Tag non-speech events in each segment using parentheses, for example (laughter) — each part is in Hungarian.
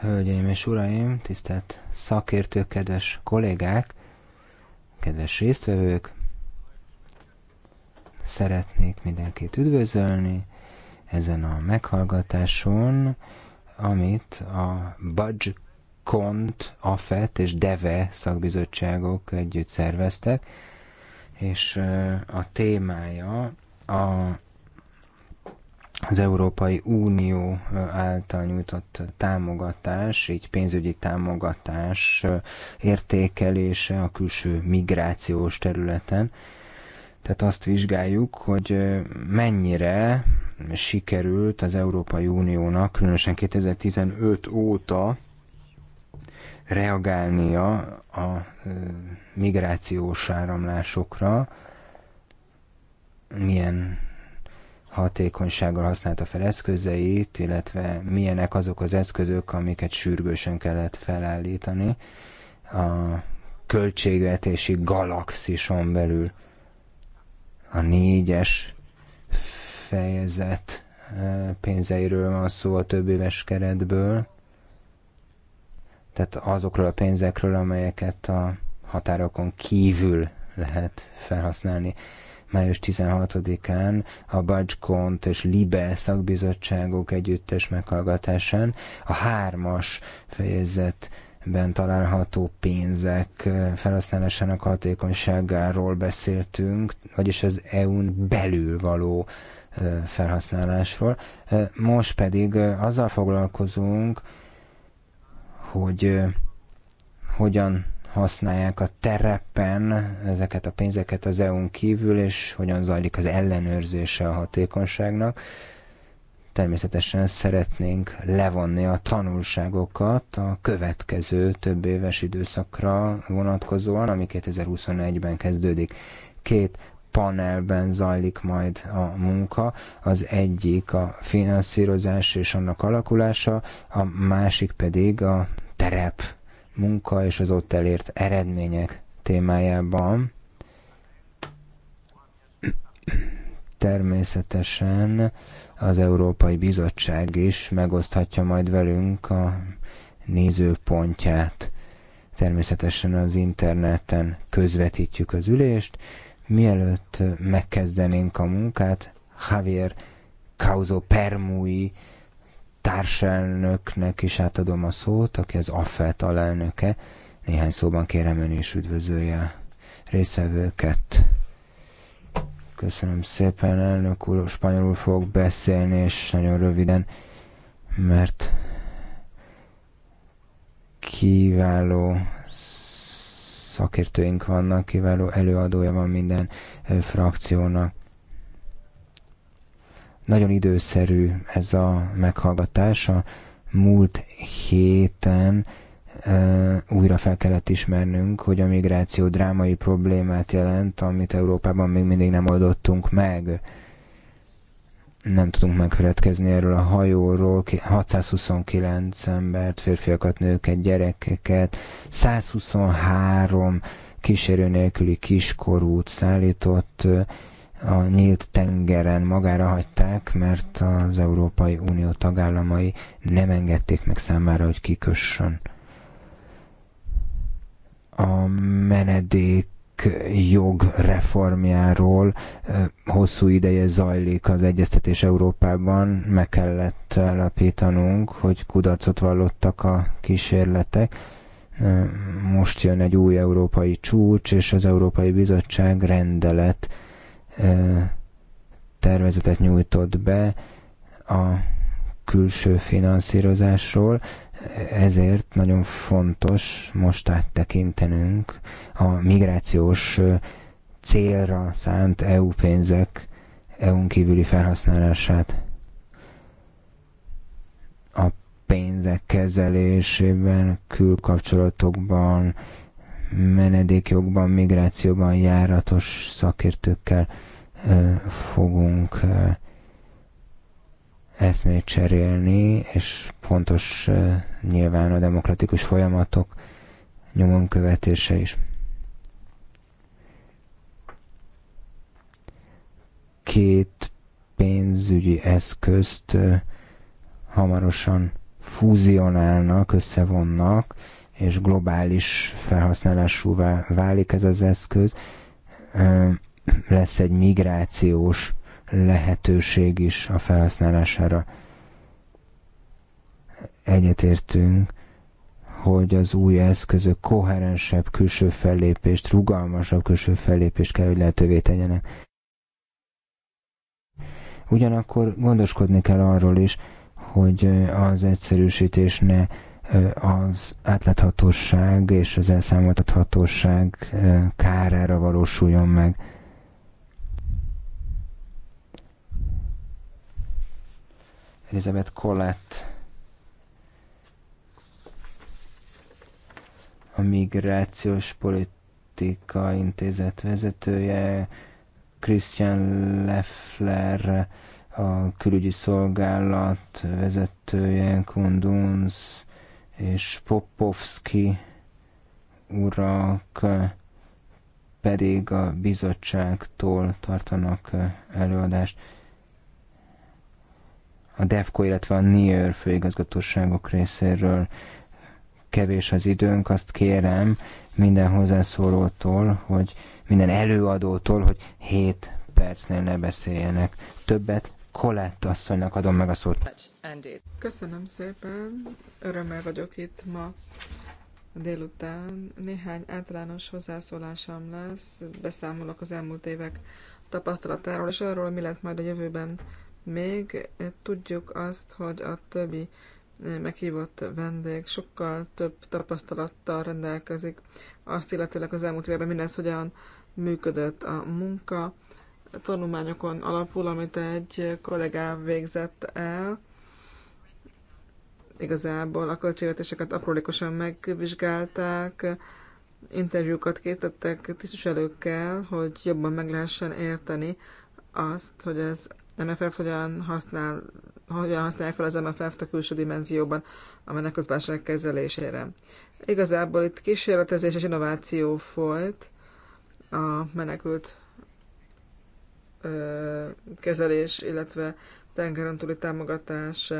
Hölgyeim és Uraim, tisztelt szakértők, kedves kollégák, kedves résztvevők, szeretnék mindenkit üdvözölni ezen a meghallgatáson, amit a Budge Kont, AFET és DEVE szakbizottságok együtt szerveztek, és a témája a az Európai Unió által nyújtott támogatás, így pénzügyi támogatás értékelése a külső migrációs területen. Tehát azt vizsgáljuk, hogy mennyire sikerült az Európai Uniónak, különösen 2015 óta reagálnia a migrációs áramlásokra, milyen hatékonysággal használta fel eszközeit, illetve milyenek azok az eszközök, amiket sürgősen kellett felállítani a költségvetési galaxison belül. A négyes fejezet eh, pénzeiről van szó a több éves keretből, tehát azokról a pénzekről, amelyeket a határokon kívül lehet felhasználni május 16-án a Bajskont és Libe szakbizottságok együttes meghallgatásán a hármas fejezet ben található pénzek felhasználásának hatékonyságáról beszéltünk, vagyis az EU-n belül való felhasználásról. Most pedig azzal foglalkozunk, hogy hogyan használják a terepen ezeket a pénzeket az EU-n kívül, és hogyan zajlik az ellenőrzése a hatékonyságnak. Természetesen szeretnénk levonni a tanulságokat a következő több éves időszakra vonatkozóan, ami 2021-ben kezdődik. Két panelben zajlik majd a munka. Az egyik a finanszírozás és annak alakulása, a másik pedig a terep munka és az ott elért eredmények témájában. Természetesen az Európai Bizottság is megoszthatja majd velünk a nézőpontját. Természetesen az interneten közvetítjük az ülést. Mielőtt megkezdenénk a munkát, Javier Causo Permui társelnöknek is átadom a szót, aki az AFET alelnöke. Néhány szóban kérem ön is üdvözölje részvevőket. Köszönöm szépen, elnök úr, spanyolul fogok beszélni, és nagyon röviden, mert kiváló szakértőink vannak, kiváló előadója van minden frakciónak. Nagyon időszerű ez a meghallgatás. A múlt héten újra fel kellett ismernünk, hogy a migráció drámai problémát jelent, amit Európában még mindig nem oldottunk meg. Nem tudunk megfeledkezni erről a hajóról. 629 embert, férfiakat, nőket, gyerekeket, 123 kísérő nélküli kiskorút szállított a nyílt tengeren magára hagyták, mert az Európai Unió tagállamai nem engedték meg számára, hogy kikössön. A menedék jog reformjáról hosszú ideje zajlik az egyeztetés Európában. Meg kellett állapítanunk, hogy kudarcot vallottak a kísérletek. Most jön egy új európai csúcs, és az Európai Bizottság rendelet tervezetet nyújtott be a külső finanszírozásról, ezért nagyon fontos most áttekintenünk a migrációs célra szánt EU pénzek EU-n kívüli felhasználását. A pénzek kezelésében, külkapcsolatokban, menedékjogban, migrációban járatos szakértőkkel fogunk eszmét cserélni, és fontos nyilván a demokratikus folyamatok nyomon követése is. Két pénzügyi eszközt hamarosan fúzionálnak, összevonnak, és globális felhasználásúvá válik ez az eszköz, lesz egy migrációs lehetőség is a felhasználására. Egyetértünk, hogy az új eszközök koherensebb külső fellépést, rugalmasabb külső fellépést kell, hogy lehetővé tegyenek. Ugyanakkor gondoskodni kell arról is, hogy az egyszerűsítés ne az átláthatóság és az elszámoltathatóság kárára valósuljon meg. Elizabeth Collett a Migrációs Politika Intézet vezetője, Christian Leffler, a külügyi szolgálat vezetője, Kundunz, és Popovski urak pedig a bizottságtól tartanak előadást. A DEFCO, illetve a NIR főigazgatóságok részéről kevés az időnk, azt kérem minden hozzászólótól, hogy minden előadótól, hogy 7 percnél ne beszéljenek többet, Colette asszonynak adom meg a szót. Köszönöm szépen, örömmel vagyok itt ma délután. Néhány általános hozzászólásom lesz, beszámolok az elmúlt évek tapasztalatáról, és arról, mi lett majd a jövőben még. Tudjuk azt, hogy a többi meghívott vendég sokkal több tapasztalattal rendelkezik, azt illetőleg az elmúlt években mindez hogyan működött a munka, tanulmányokon alapul, amit egy kollégám végzett el. Igazából a költségvetéseket aprólékosan megvizsgálták, interjúkat készítettek tisztviselőkkel, hogy jobban meg lehessen érteni azt, hogy az MFF hogyan használ, hogyan használják fel az MFF-t a külső dimenzióban a menekültválság kezelésére. Igazából itt kísérletezés és innováció folyt a menekült kezelés, illetve tengeren túli támogatás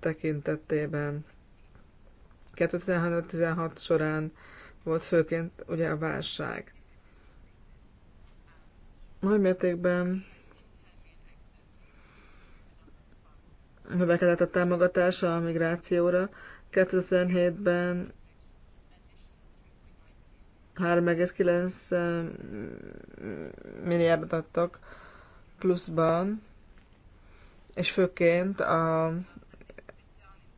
tekintetében. 2016 során volt főként ugye a válság. Nagy mértékben növekedett a támogatás a migrációra. 2007-ben 3,9 milliárdot adtak pluszban, és főként a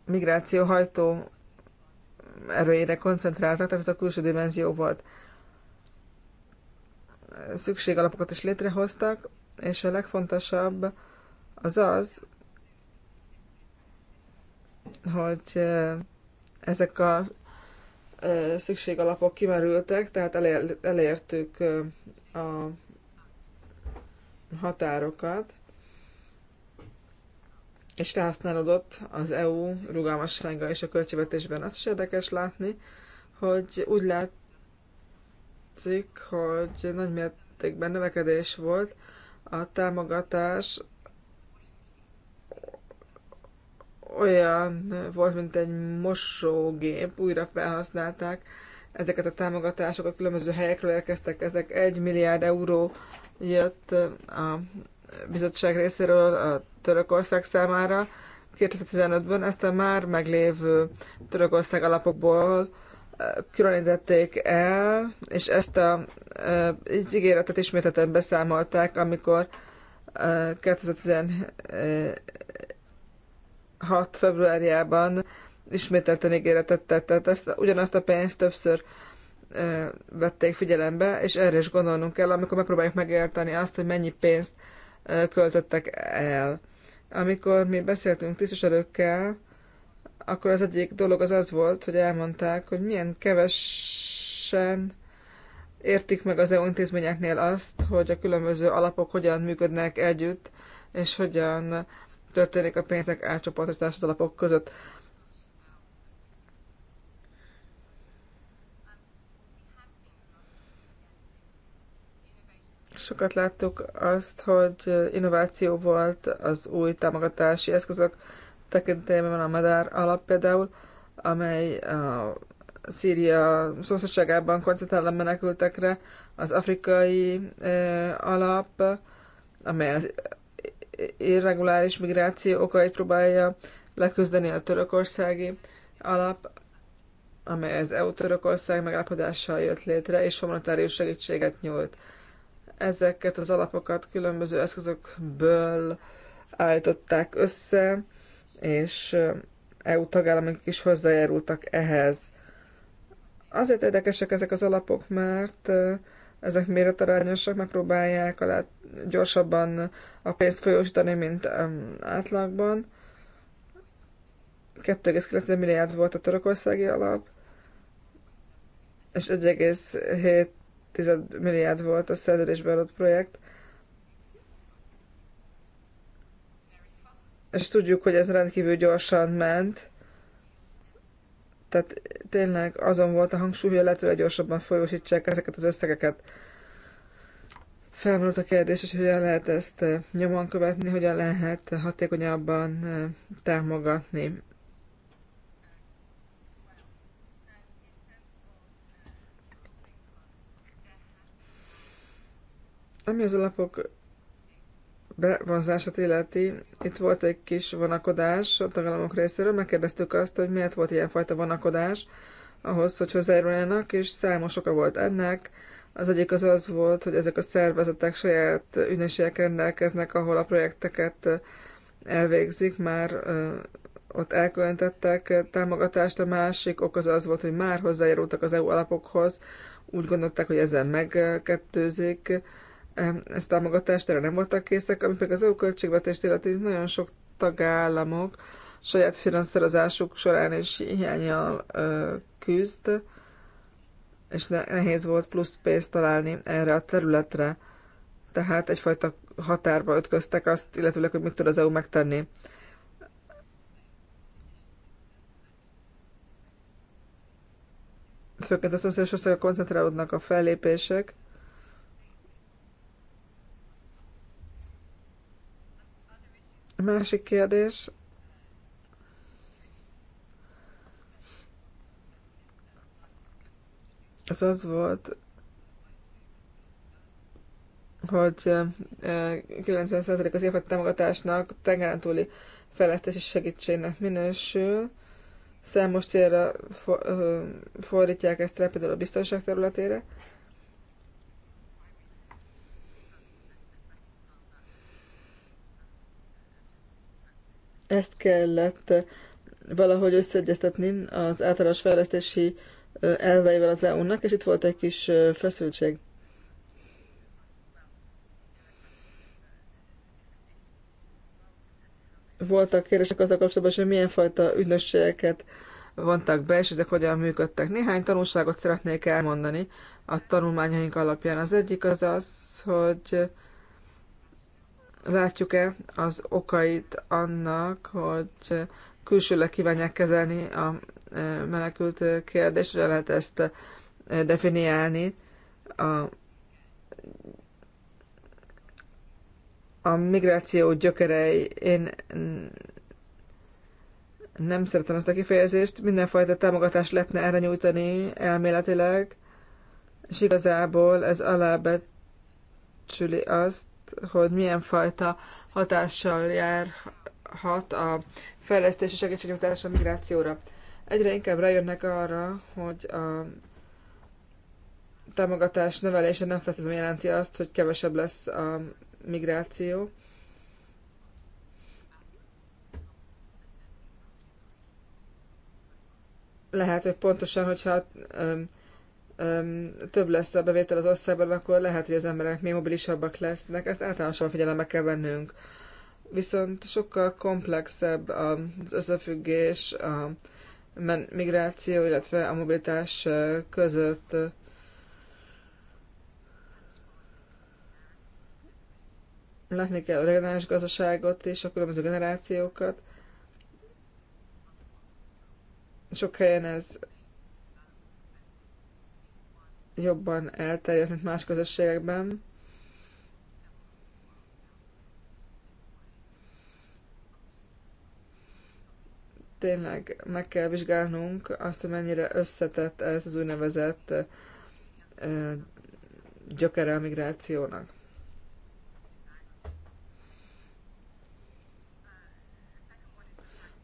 migráció hajtó erőjére koncentráltak, tehát ez a külső dimenzió volt. Szükségalapokat is létrehoztak, és a legfontosabb az az, hogy ezek a szükségalapok kimerültek, tehát elértük a határokat, és felhasználódott az EU rugalmassága és a költségvetésben. Azt is érdekes látni, hogy úgy látszik, hogy nagy mértékben növekedés volt a támogatás olyan volt, mint egy mosógép, újra felhasználták ezeket a támogatásokat, különböző helyekről érkeztek ezek. Egy milliárd euró jött a bizottság részéről a Törökország számára 2015-ben, ezt a már meglévő Törökország alapokból különítették el, és ezt a így ígéretet ismételten beszámolták, amikor 2017 februárjában ismételten ígéretet tett, tehát ezt, ugyanazt a pénzt többször ö, vették figyelembe, és erre is gondolnunk kell, amikor megpróbáljuk megérteni azt, hogy mennyi pénzt ö, költöttek el. Amikor mi beszéltünk tisztviselőkkel, akkor az egyik dolog az az volt, hogy elmondták, hogy milyen kevesen értik meg az EU intézményeknél azt, hogy a különböző alapok hogyan működnek együtt, és hogyan történik a pénzek elcsoportosítás az alapok között. Sokat láttuk azt, hogy innováció volt az új támogatási eszközök tekintetében van a Madár alap például, amely a Szíria szomszédságában koncentrál a menekültekre, az afrikai eh, alap, amely az irreguláris migráció okait próbálja leküzdeni a törökországi alap, amely az EU-Törökország megállapodással jött létre, és humanitárius segítséget nyújt. Ezeket az alapokat különböző eszközökből állították össze, és EU tagállamok is hozzájárultak ehhez. Azért érdekesek ezek az alapok, mert ezek méretarányosak, megpróbálják a lát, gyorsabban a pénzt folyósítani, mint um, átlagban. 2,9 milliárd volt a törökországi alap, és 1,7 milliárd volt a szerződésben adott projekt. És tudjuk, hogy ez rendkívül gyorsan ment, tehát tényleg azon volt a hangsúly, hogy a lehetőleg gyorsabban folyósítsák ezeket az összegeket. Felmerült a kérdés, hogy hogyan lehet ezt eh, nyomon követni, hogyan lehet hatékonyabban eh, támogatni. Ami az alapok bevonzását illeti, itt volt egy kis vonakodás a tagállamok részéről, megkérdeztük azt, hogy miért volt ilyenfajta vonakodás ahhoz, hogy hozzájáruljanak, és számos oka volt ennek. Az egyik az az volt, hogy ezek a szervezetek saját ügynökségek rendelkeznek, ahol a projekteket elvégzik, már ott elköltettek támogatást, a másik ok az az volt, hogy már hozzájárultak az EU alapokhoz, úgy gondolták, hogy ezzel megkettőzik, ezt támogatást erre nem voltak készek, ami pedig az EU költségvetést illeti, nagyon sok tagállamok saját finanszírozásuk során is hiányjal küzd, és nehéz volt plusz pénzt találni erre a területre. Tehát egyfajta határba ötköztek azt, illetőleg, hogy mit tud az EU megtenni. Főként a szomszédos országok koncentrálódnak a fellépések, Másik kérdés. Az az volt, hogy 90% eh, az évfajta támogatásnak tengeren túli fejlesztési segítségnek minősül. Számos célra fordítják ezt például a biztonság területére. Ezt kellett valahogy összeegyeztetni az általános fejlesztési elveivel az EU-nak, és itt volt egy kis feszültség. Voltak kérdések azzal kapcsolatban, hogy milyen fajta ügynökségeket vontak be, és ezek hogyan működtek. Néhány tanulságot szeretnék elmondani a tanulmányaink alapján. Az egyik az az, hogy látjuk-e az okait annak, hogy külsőleg kívánják kezelni a e, menekült kérdést, lehet ezt e, definiálni. A, a migráció gyökerei, én nem szeretem ezt a kifejezést, mindenfajta támogatást lehetne erre nyújtani elméletileg, és igazából ez alábecsüli azt, hogy milyen fajta hatással járhat a fejlesztési segítségnyújtás a migrációra. Egyre inkább rájönnek arra, hogy a támogatás növelése nem feltétlenül jelenti azt, hogy kevesebb lesz a migráció. Lehet, hogy pontosan, hogyha több lesz a bevétel az országban, akkor lehet, hogy az emberek még mobilisabbak lesznek, ezt általánosan figyelembe kell vennünk. Viszont sokkal komplexebb az összefüggés a migráció, illetve a mobilitás között. Látni kell a regionális gazdaságot és a különböző generációkat. Sok helyen ez jobban elterjedt, mint más közösségekben. Tényleg meg kell vizsgálnunk azt, hogy mennyire összetett ez az úgynevezett gyökere a migrációnak.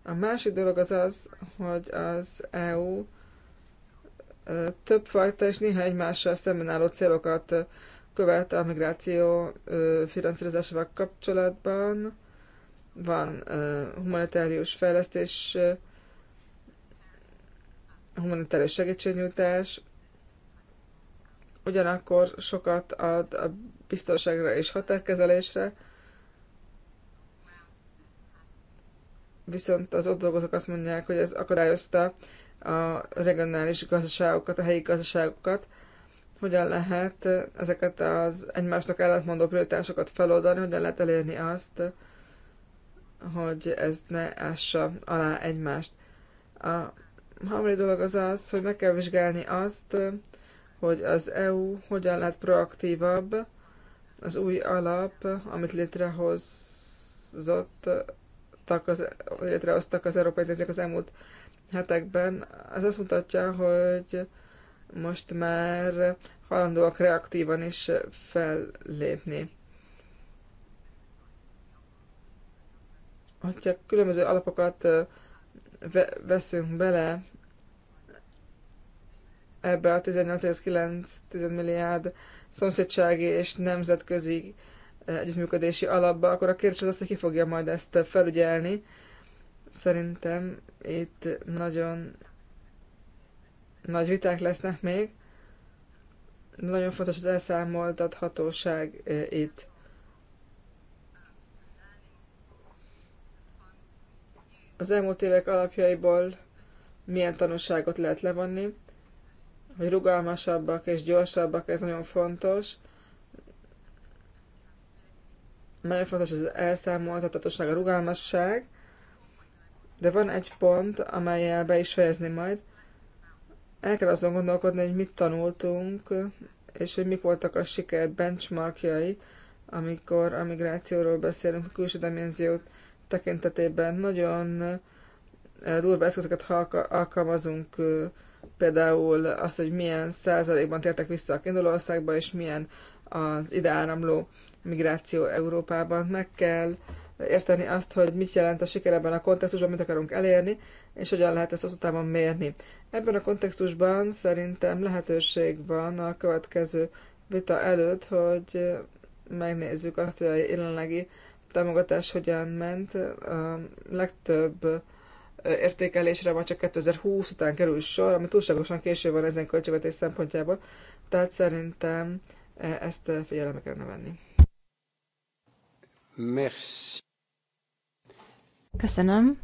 A másik dolog az az, hogy az EU többfajta és néha egymással szemben álló célokat követ a migráció finanszírozásával kapcsolatban. Van humanitárius fejlesztés, humanitárius segítségnyújtás, ugyanakkor sokat ad a biztonságra és határkezelésre, viszont az ott dolgozók azt mondják, hogy ez akadályozta a regionális gazdaságokat, a helyi gazdaságokat, hogyan lehet ezeket az egymásnak ellentmondó prioritásokat feloldani, hogyan lehet elérni azt, hogy ez ne ássa alá egymást. A harmadik dolog az az, hogy meg kell vizsgálni azt, hogy az EU hogyan lehet proaktívabb az új alap, amit létrehozott, az, létrehoztak az Európai Intézmények az elmúlt hetekben. Ez azt mutatja, hogy most már halandóak reaktívan is fellépni. Hogyha különböző alapokat veszünk bele ebbe a 18,9 milliárd szomszédsági és nemzetközi együttműködési alapba, akkor a kérdés az, hogy ki fogja majd ezt felügyelni, Szerintem itt nagyon nagy viták lesznek még. Nagyon fontos az elszámoltathatóság eh, itt. Az elmúlt évek alapjaiból milyen tanulságot lehet levonni, hogy rugalmasabbak és gyorsabbak, ez nagyon fontos. Nagyon fontos az elszámoltathatóság, a rugalmasság, de van egy pont, amelyel be is fejezni majd. El kell azon gondolkodni, hogy mit tanultunk, és hogy mik voltak a siker benchmarkjai, amikor a migrációról beszélünk, a külső dimenziót tekintetében. Nagyon eh, durva eszközöket alkalmazunk, eh, például azt, hogy milyen százalékban tértek vissza a kiindulóországba, és milyen az ideáramló migráció Európában. Meg kell érteni azt, hogy mit jelent a siker ebben a kontextusban, mit akarunk elérni, és hogyan lehet ezt az utában mérni. Ebben a kontextusban szerintem lehetőség van a következő vita előtt, hogy megnézzük azt, hogy a jelenlegi támogatás hogyan ment. A legtöbb értékelésre már csak 2020 után kerül sor, ami túlságosan késő van ezen költségvetés szempontjából, tehát szerintem e- ezt figyelembe kellene venni. Merci. Köszönöm.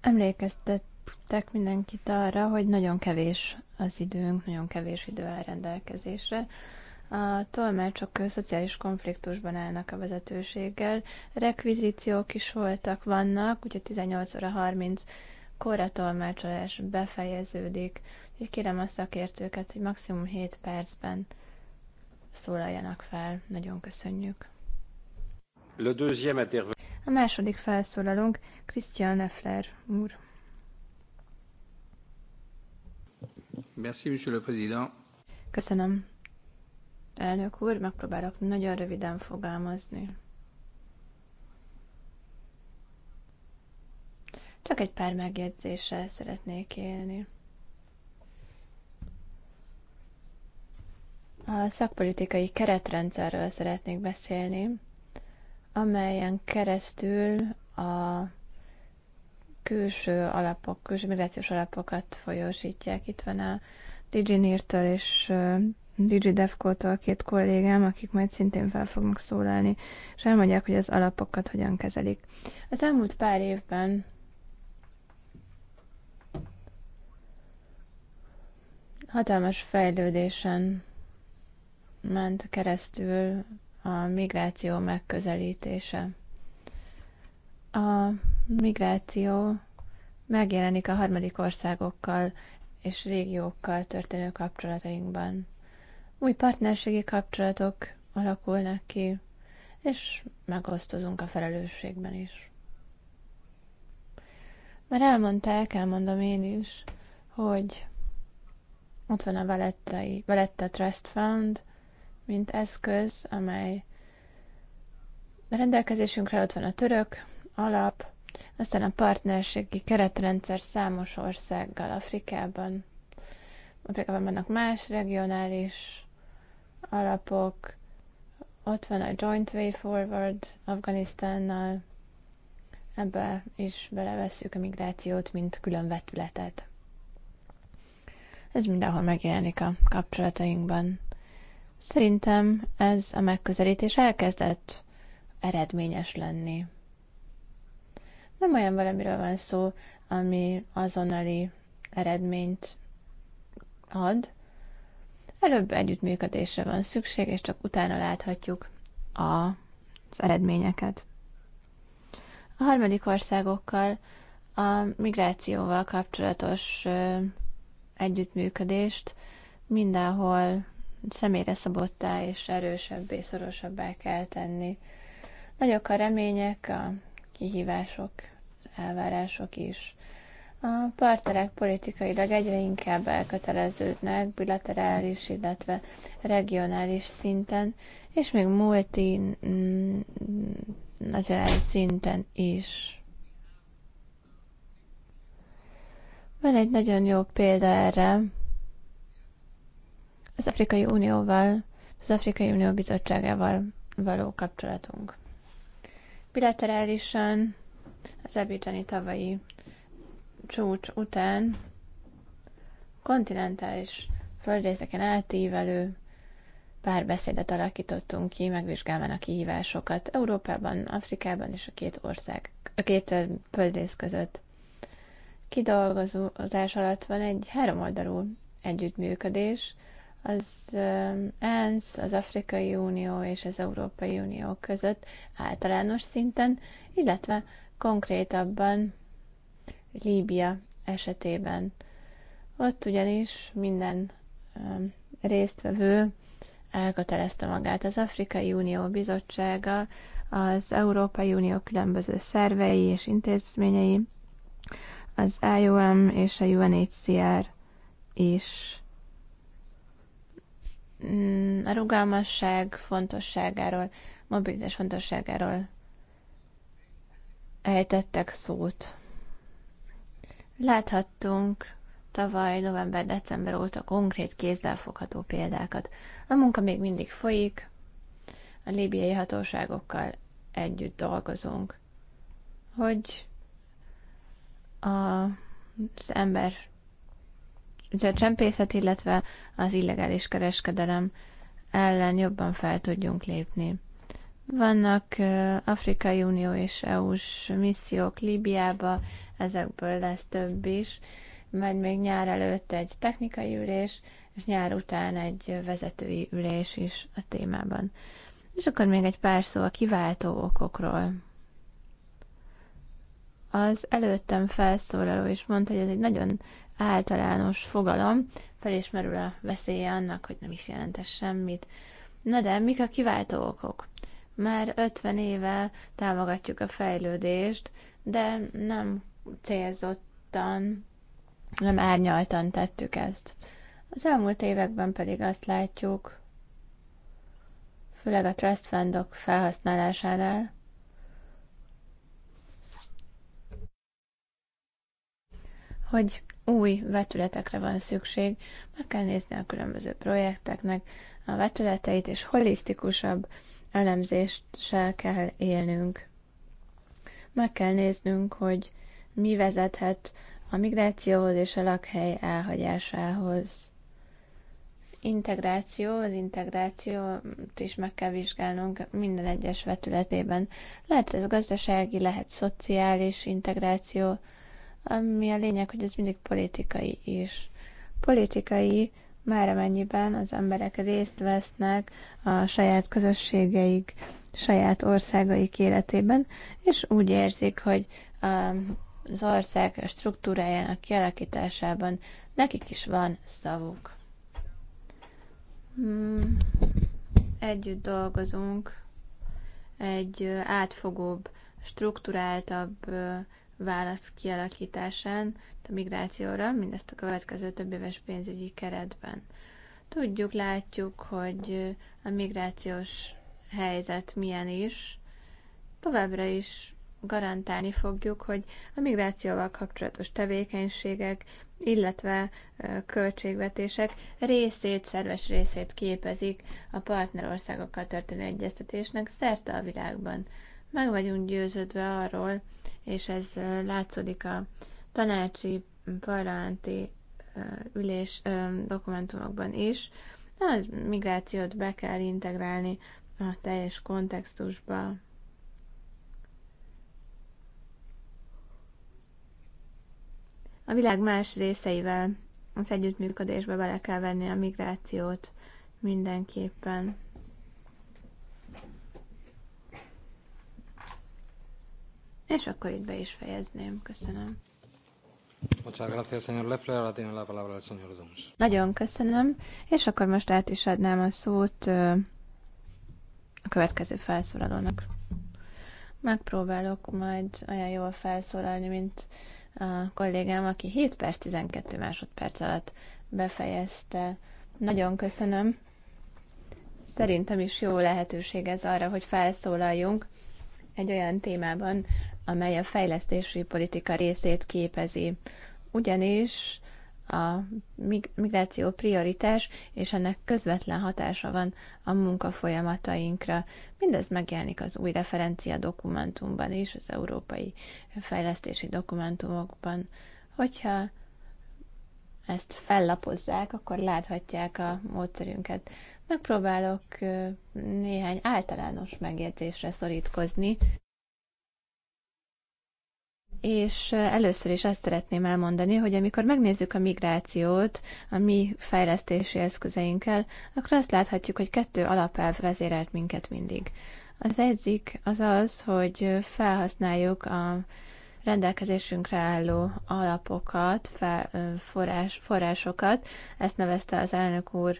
Emlékeztettek mindenkit arra, hogy nagyon kevés az időnk, nagyon kevés idő áll rendelkezésre. A tolmácsok szociális konfliktusban állnak a vezetőséggel. Rekvizíciók is voltak, vannak, úgyhogy 18 óra 30 korra tolmácsolás befejeződik. Úgyhogy kérem a szakértőket, hogy maximum 7 percben szólaljanak fel. Nagyon köszönjük. A második felszólalónk Christian Neffler úr. Merci, monsieur le président. Köszönöm. Elnök úr, megpróbálok nagyon röviden fogalmazni. Csak egy pár megjegyzéssel szeretnék élni. A szakpolitikai keretrendszerről szeretnék beszélni, amelyen keresztül a külső alapok, külső migrációs alapokat folyósítják. Itt van a DigiNIR-től és DigiDevco-tól két kollégám, akik majd szintén fel fognak szólalni, és elmondják, hogy az alapokat hogyan kezelik. Az elmúlt pár évben hatalmas fejlődésen ment keresztül a migráció megközelítése. A migráció megjelenik a harmadik országokkal és régiókkal történő kapcsolatainkban. Új partnerségi kapcsolatok alakulnak ki, és megosztozunk a felelősségben is. Már elmondták, elmondom én is, hogy ott van a Valetta Trust Fund, mint eszköz, amely rendelkezésünkre ott van a török alap, aztán a partnerségi keretrendszer számos országgal Afrikában. Afrikában vannak más regionális alapok, ott van a Joint Way Forward Afganisztánnal, ebbe is belevesszük a migrációt, mint külön vetületet. Ez mindenhol megjelenik a kapcsolatainkban. Szerintem ez a megközelítés elkezdett eredményes lenni. Nem olyan valamiről van szó, ami azonnali eredményt ad. Előbb együttműködésre van szükség, és csak utána láthatjuk a, az eredményeket. A harmadik országokkal a migrációval kapcsolatos együttműködést mindenhol személyre szabottá és erősebbé, szorosabbá kell tenni. Nagyok a remények, a kihívások, az elvárások is. A partnerek politikailag egyre inkább elköteleződnek bilaterális, illetve regionális szinten, és még multi mm, nacionális szinten is. Van egy nagyon jó példa erre, az Afrikai Unióval, az Afrikai Unió Bizottságával való kapcsolatunk. Bilaterálisan az Abidjani tavalyi csúcs után kontinentális földrészeken átívelő párbeszédet alakítottunk ki, megvizsgálva a kihívásokat Európában, Afrikában és a két ország, a két földrész között. Kidolgozás alatt van egy háromoldalú együttműködés, az ENSZ, az Afrikai Unió és az Európai Unió között általános szinten, illetve konkrétabban Líbia esetében. Ott ugyanis minden résztvevő elkötelezte magát. Az Afrikai Unió Bizottsága, az Európai Unió különböző szervei és intézményei, az IOM és a UNHCR is Mm, a rugalmasság fontosságáról, mobilitás fontosságáról ejtettek szót. Láthattunk tavaly november-december óta konkrét fogható példákat. A munka még mindig folyik, a líbiai hatóságokkal együtt dolgozunk, hogy a, az ember a csempészet, illetve az illegális kereskedelem ellen jobban fel tudjunk lépni. Vannak Afrikai Unió és EU-s missziók Líbiába, ezekből lesz több is, majd még nyár előtt egy technikai ülés, és nyár után egy vezetői ülés is a témában. És akkor még egy pár szó a kiváltó okokról. Az előttem felszólaló is mondta, hogy ez egy nagyon általános fogalom, felismerül a veszélye annak, hogy nem is jelentes semmit. Na de mik a kiváltó okok? Már 50 éve támogatjuk a fejlődést, de nem célzottan, nem árnyaltan tettük ezt. Az elmúlt években pedig azt látjuk, főleg a trust fundok felhasználásánál, hogy új vetületekre van szükség, meg kell nézni a különböző projekteknek a vetületeit, és holisztikusabb elemzéssel kell élnünk. Meg kell néznünk, hogy mi vezethet a migrációhoz és a lakhely elhagyásához. Integráció, az integrációt is meg kell vizsgálnunk minden egyes vetületében. Lehet ez gazdasági, lehet szociális integráció, ami a lényeg, hogy ez mindig politikai is. Politikai már amennyiben az emberek részt vesznek a saját közösségeik, saját országaik életében, és úgy érzik, hogy az ország struktúrájának kialakításában nekik is van szavuk. Hmm. Együtt dolgozunk egy átfogóbb, struktúráltabb válasz kialakításán a migrációra, mindezt a következő több éves pénzügyi keretben. Tudjuk, látjuk, hogy a migrációs helyzet milyen is. Továbbra is garantálni fogjuk, hogy a migrációval kapcsolatos tevékenységek, illetve költségvetések részét, szerves részét képezik a partnerországokkal történő egyeztetésnek szerte a világban. Meg vagyunk győződve arról, és ez látszódik a tanácsi parlamenti ülés dokumentumokban is. A migrációt be kell integrálni a teljes kontextusba. A világ más részeivel az együttműködésbe bele kell venni a migrációt mindenképpen. És akkor itt be is fejezném. Köszönöm. Nagyon köszönöm, és akkor most át is adnám a szót a következő felszólalónak. Megpróbálok majd olyan jól felszólalni, mint a kollégám, aki 7 perc 12 másodperc alatt befejezte. Nagyon köszönöm. Szerintem is jó lehetőség ez arra, hogy felszólaljunk egy olyan témában, amely a fejlesztési politika részét képezi. Ugyanis a migráció prioritás, és ennek közvetlen hatása van a munka folyamatainkra. Mindez megjelenik az új referencia dokumentumban is, az európai fejlesztési dokumentumokban. Hogyha ezt fellapozzák, akkor láthatják a módszerünket. Megpróbálok néhány általános megjegyzésre szorítkozni. És először is azt szeretném elmondani, hogy amikor megnézzük a migrációt a mi fejlesztési eszközeinkkel, akkor azt láthatjuk, hogy kettő alapelv vezérelt minket mindig. Az egyik az az, hogy felhasználjuk a rendelkezésünkre álló alapokat, fel, forrás, forrásokat, ezt nevezte az elnök úr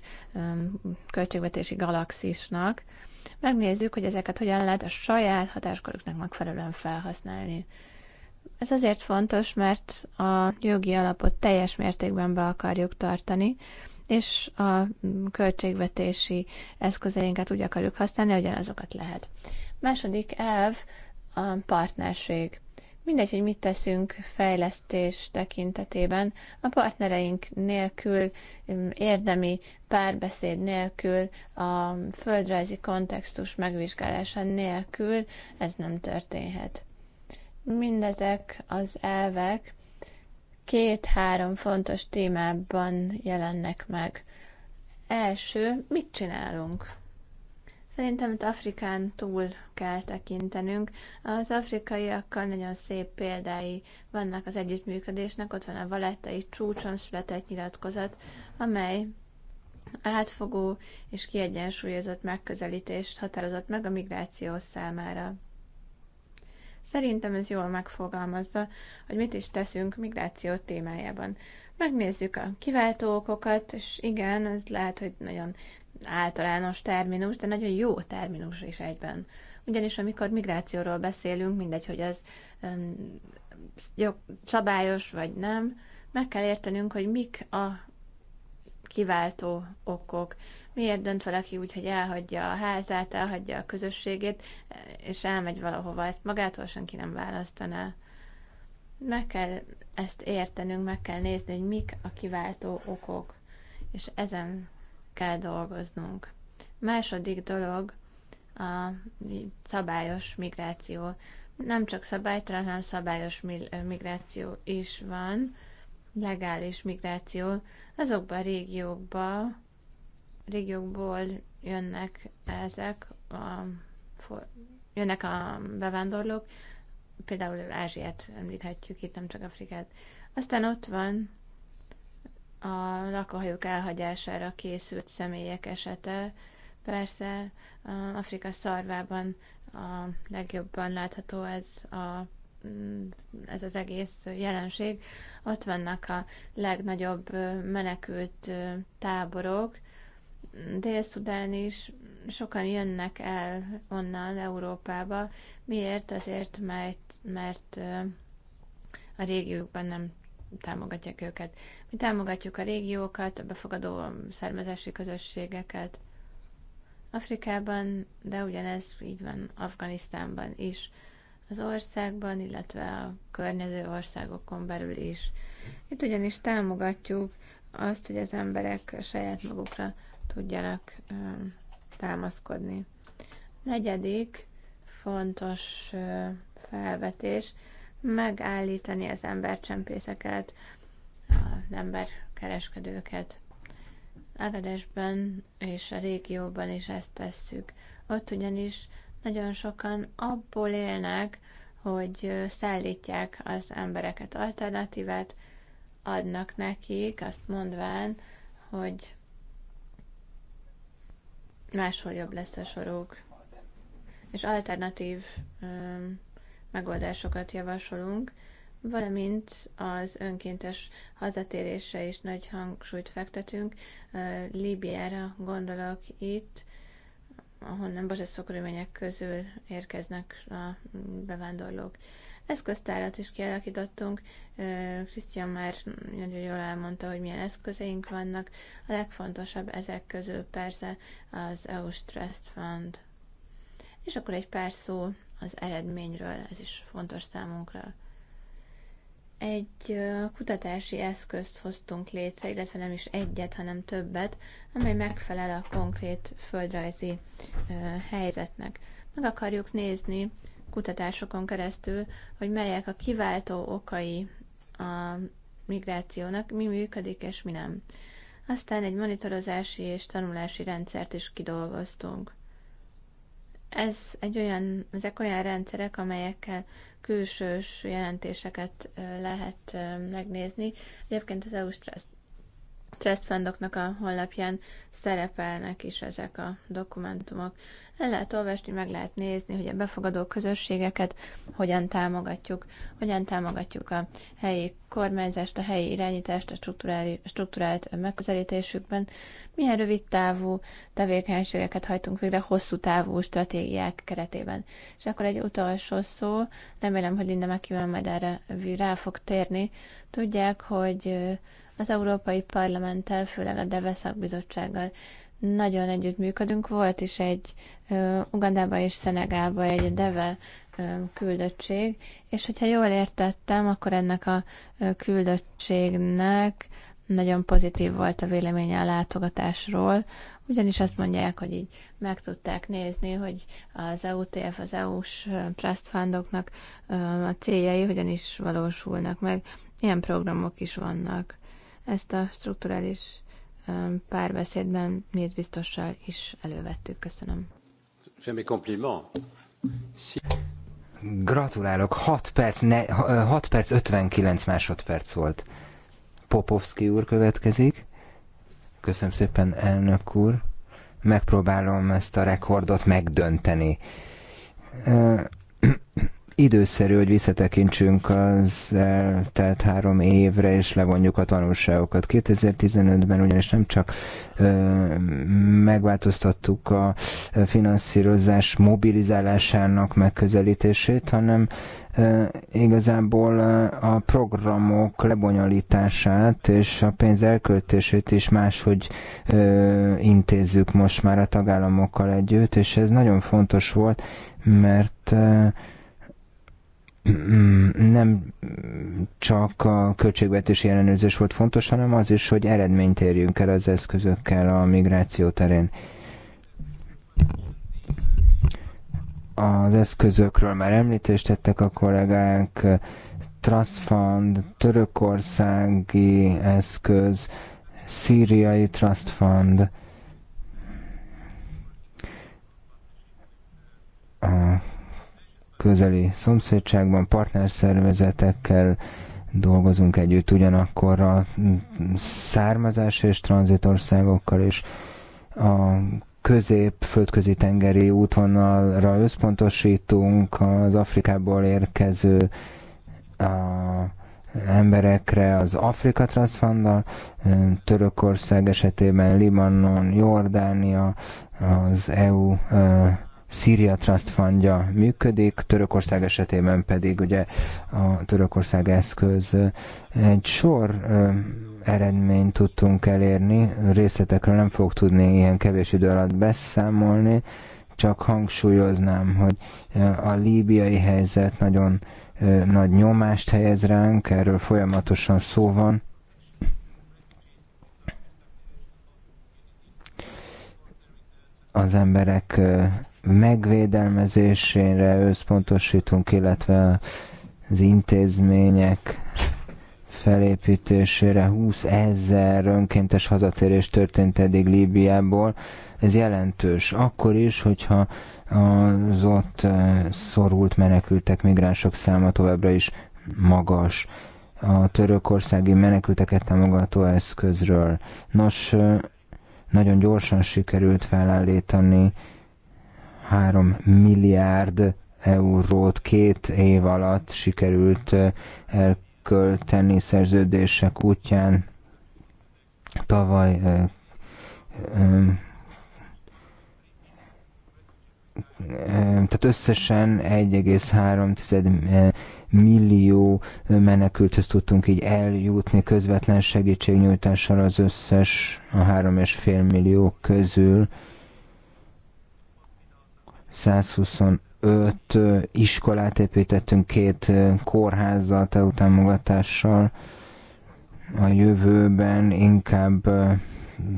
költségvetési galaxisnak. Megnézzük, hogy ezeket hogyan lehet a saját hatáskörüknek megfelelően felhasználni. Ez azért fontos, mert a jogi alapot teljes mértékben be akarjuk tartani, és a költségvetési eszközeinket úgy akarjuk használni, hogy azokat lehet. Második elv a partnerség. Mindegy, hogy mit teszünk fejlesztés tekintetében, a partnereink nélkül, érdemi párbeszéd nélkül, a földrajzi kontextus megvizsgálása nélkül ez nem történhet mindezek az elvek két-három fontos témában jelennek meg. Első, mit csinálunk? Szerintem itt Afrikán túl kell tekintenünk. Az afrikaiakkal nagyon szép példái vannak az együttműködésnek. Ott van a valettai csúcson született nyilatkozat, amely átfogó és kiegyensúlyozott megközelítést határozott meg a migráció számára. Szerintem ez jól megfogalmazza, hogy mit is teszünk migráció témájában. Megnézzük a kiváltó okokat, és igen, ez lehet, hogy nagyon általános terminus, de nagyon jó terminus is egyben. Ugyanis amikor migrációról beszélünk, mindegy, hogy az um, szabályos vagy nem, meg kell értenünk, hogy mik a kiváltó okok, Miért dönt valaki úgy, hogy elhagyja a házát, elhagyja a közösségét, és elmegy valahova? Ezt magától senki nem választaná. Meg kell ezt értenünk, meg kell nézni, hogy mik a kiváltó okok, és ezen kell dolgoznunk. Második dolog a szabályos migráció. Nem csak szabálytalan, hanem szabályos migráció is van, legális migráció Azokban a régiókba, régiókból jönnek ezek, a, jönnek a bevándorlók, például Ázsiát említhetjük itt, nem csak Afrikát. Aztán ott van a lakóhajók elhagyására készült személyek esete. Persze Afrika szarvában a legjobban látható ez a ez az egész jelenség. Ott vannak a legnagyobb menekült táborok, Dél-Szudán is sokan jönnek el onnan Európába. Miért? Azért, mert, mert a régiókban nem támogatják őket. Mi támogatjuk a régiókat, a befogadó származási közösségeket. Afrikában, de ugyanez így van Afganisztánban is, az országban, illetve a környező országokon belül is. Itt ugyanis támogatjuk azt, hogy az emberek saját magukra tudjanak támaszkodni. Negyedik fontos felvetés megállítani az embercsempészeket, az emberkereskedőket. Ágadásban és a régióban is ezt tesszük. Ott ugyanis nagyon sokan abból élnek, hogy szállítják az embereket alternatívát, adnak nekik, azt mondván, hogy máshol jobb lesz a soruk. És alternatív um, megoldásokat javasolunk, valamint az önkéntes hazatérésre is nagy hangsúlyt fektetünk. Uh, Líbiára gondolok itt, ahonnan borzasztó körülmények közül érkeznek a bevándorlók. Uh, Eszköztárat is kialakítottunk. Krisztián már nagyon jól elmondta, hogy milyen eszközeink vannak. A legfontosabb ezek közül persze az EU Stress Fund. És akkor egy pár szó az eredményről, ez is fontos számunkra egy kutatási eszközt hoztunk létre, illetve nem is egyet, hanem többet, amely megfelel a konkrét földrajzi helyzetnek. Meg akarjuk nézni, kutatásokon keresztül, hogy melyek a kiváltó okai a migrációnak, mi működik és mi nem. Aztán egy monitorozási és tanulási rendszert is kidolgoztunk. Ez egy olyan, ezek olyan rendszerek, amelyekkel külsős jelentéseket lehet megnézni. Egyébként az EU trust fundoknak a honlapján szerepelnek is ezek a dokumentumok. El lehet olvasni, meg lehet nézni, hogy a befogadó közösségeket hogyan támogatjuk, hogyan támogatjuk a helyi kormányzást, a helyi irányítást, a struktúrált megközelítésükben, milyen rövid távú tevékenységeket hajtunk végre hosszú távú stratégiák keretében. És akkor egy utolsó szó, remélem, hogy Linda megkíván majd erre rá fog térni. Tudják, hogy az Európai Parlamenttel, főleg a DEVE szakbizottsággal nagyon együttműködünk. Volt is egy uh, Ugandába és Szenegában egy DEVE küldöttség, és hogyha jól értettem, akkor ennek a küldöttségnek nagyon pozitív volt a véleménye a látogatásról, ugyanis azt mondják, hogy így meg tudták nézni, hogy az EUTF, az EU-s trust fundoknak a céljai hogyan is valósulnak meg, ilyen programok is vannak. Ezt a strukturális párbeszédben miért biztossal is elővettük. Köszönöm. Semmi kompliment. Gratulálok, 6 perc, ne, 6 perc 59 másodperc volt. Popovski úr következik. Köszönöm szépen, elnök úr. Megpróbálom ezt a rekordot megdönteni időszerű, hogy visszatekintsünk az eltelt három évre, és levonjuk a tanulságokat. 2015-ben ugyanis nem csak ö, megváltoztattuk a finanszírozás mobilizálásának megközelítését, hanem ö, igazából a programok lebonyolítását és a pénz elköltését is máshogy ö, intézzük most már a tagállamokkal együtt, és ez nagyon fontos volt, mert ö, nem csak a költségvetési ellenőrzés volt fontos, hanem az is, hogy eredményt érjünk el az eszközökkel a migráció terén. Az eszközökről már említést tettek a kollégák, Trust Fund, törökországi eszköz, szíriai Trust Fund, a közeli szomszédságban, partnerszervezetekkel dolgozunk együtt, ugyanakkor a származás és tranzitországokkal is a közép-földközi tengeri útvonalra összpontosítunk, az Afrikából érkező a emberekre az Afrika Transfandal, Törökország esetében Libanon, Jordánia, az EU Syria Trust Fundja működik, Törökország esetében pedig ugye a Törökország eszköz egy sor eredményt tudtunk elérni, részletekről nem fog tudni ilyen kevés idő alatt beszámolni, csak hangsúlyoznám, hogy a líbiai helyzet nagyon nagy nyomást helyez ránk, erről folyamatosan szó van. Az emberek megvédelmezésére összpontosítunk, illetve az intézmények felépítésére 20 ezer önkéntes hazatérés történt eddig Líbiából. Ez jelentős. Akkor is, hogyha az ott eh, szorult menekültek, migránsok száma továbbra is magas. A törökországi menekülteket támogató eszközről. Nos, eh, nagyon gyorsan sikerült felállítani 3 milliárd eurót két év alatt sikerült eh, elkölteni szerződések útján. Tavaly eh, eh, tehát összesen 1,3 millió menekülthöz tudtunk így eljutni közvetlen segítségnyújtással az összes a 3,5 millió közül. 125 iskolát építettünk, két kórházzal, te utámogatással. A jövőben inkább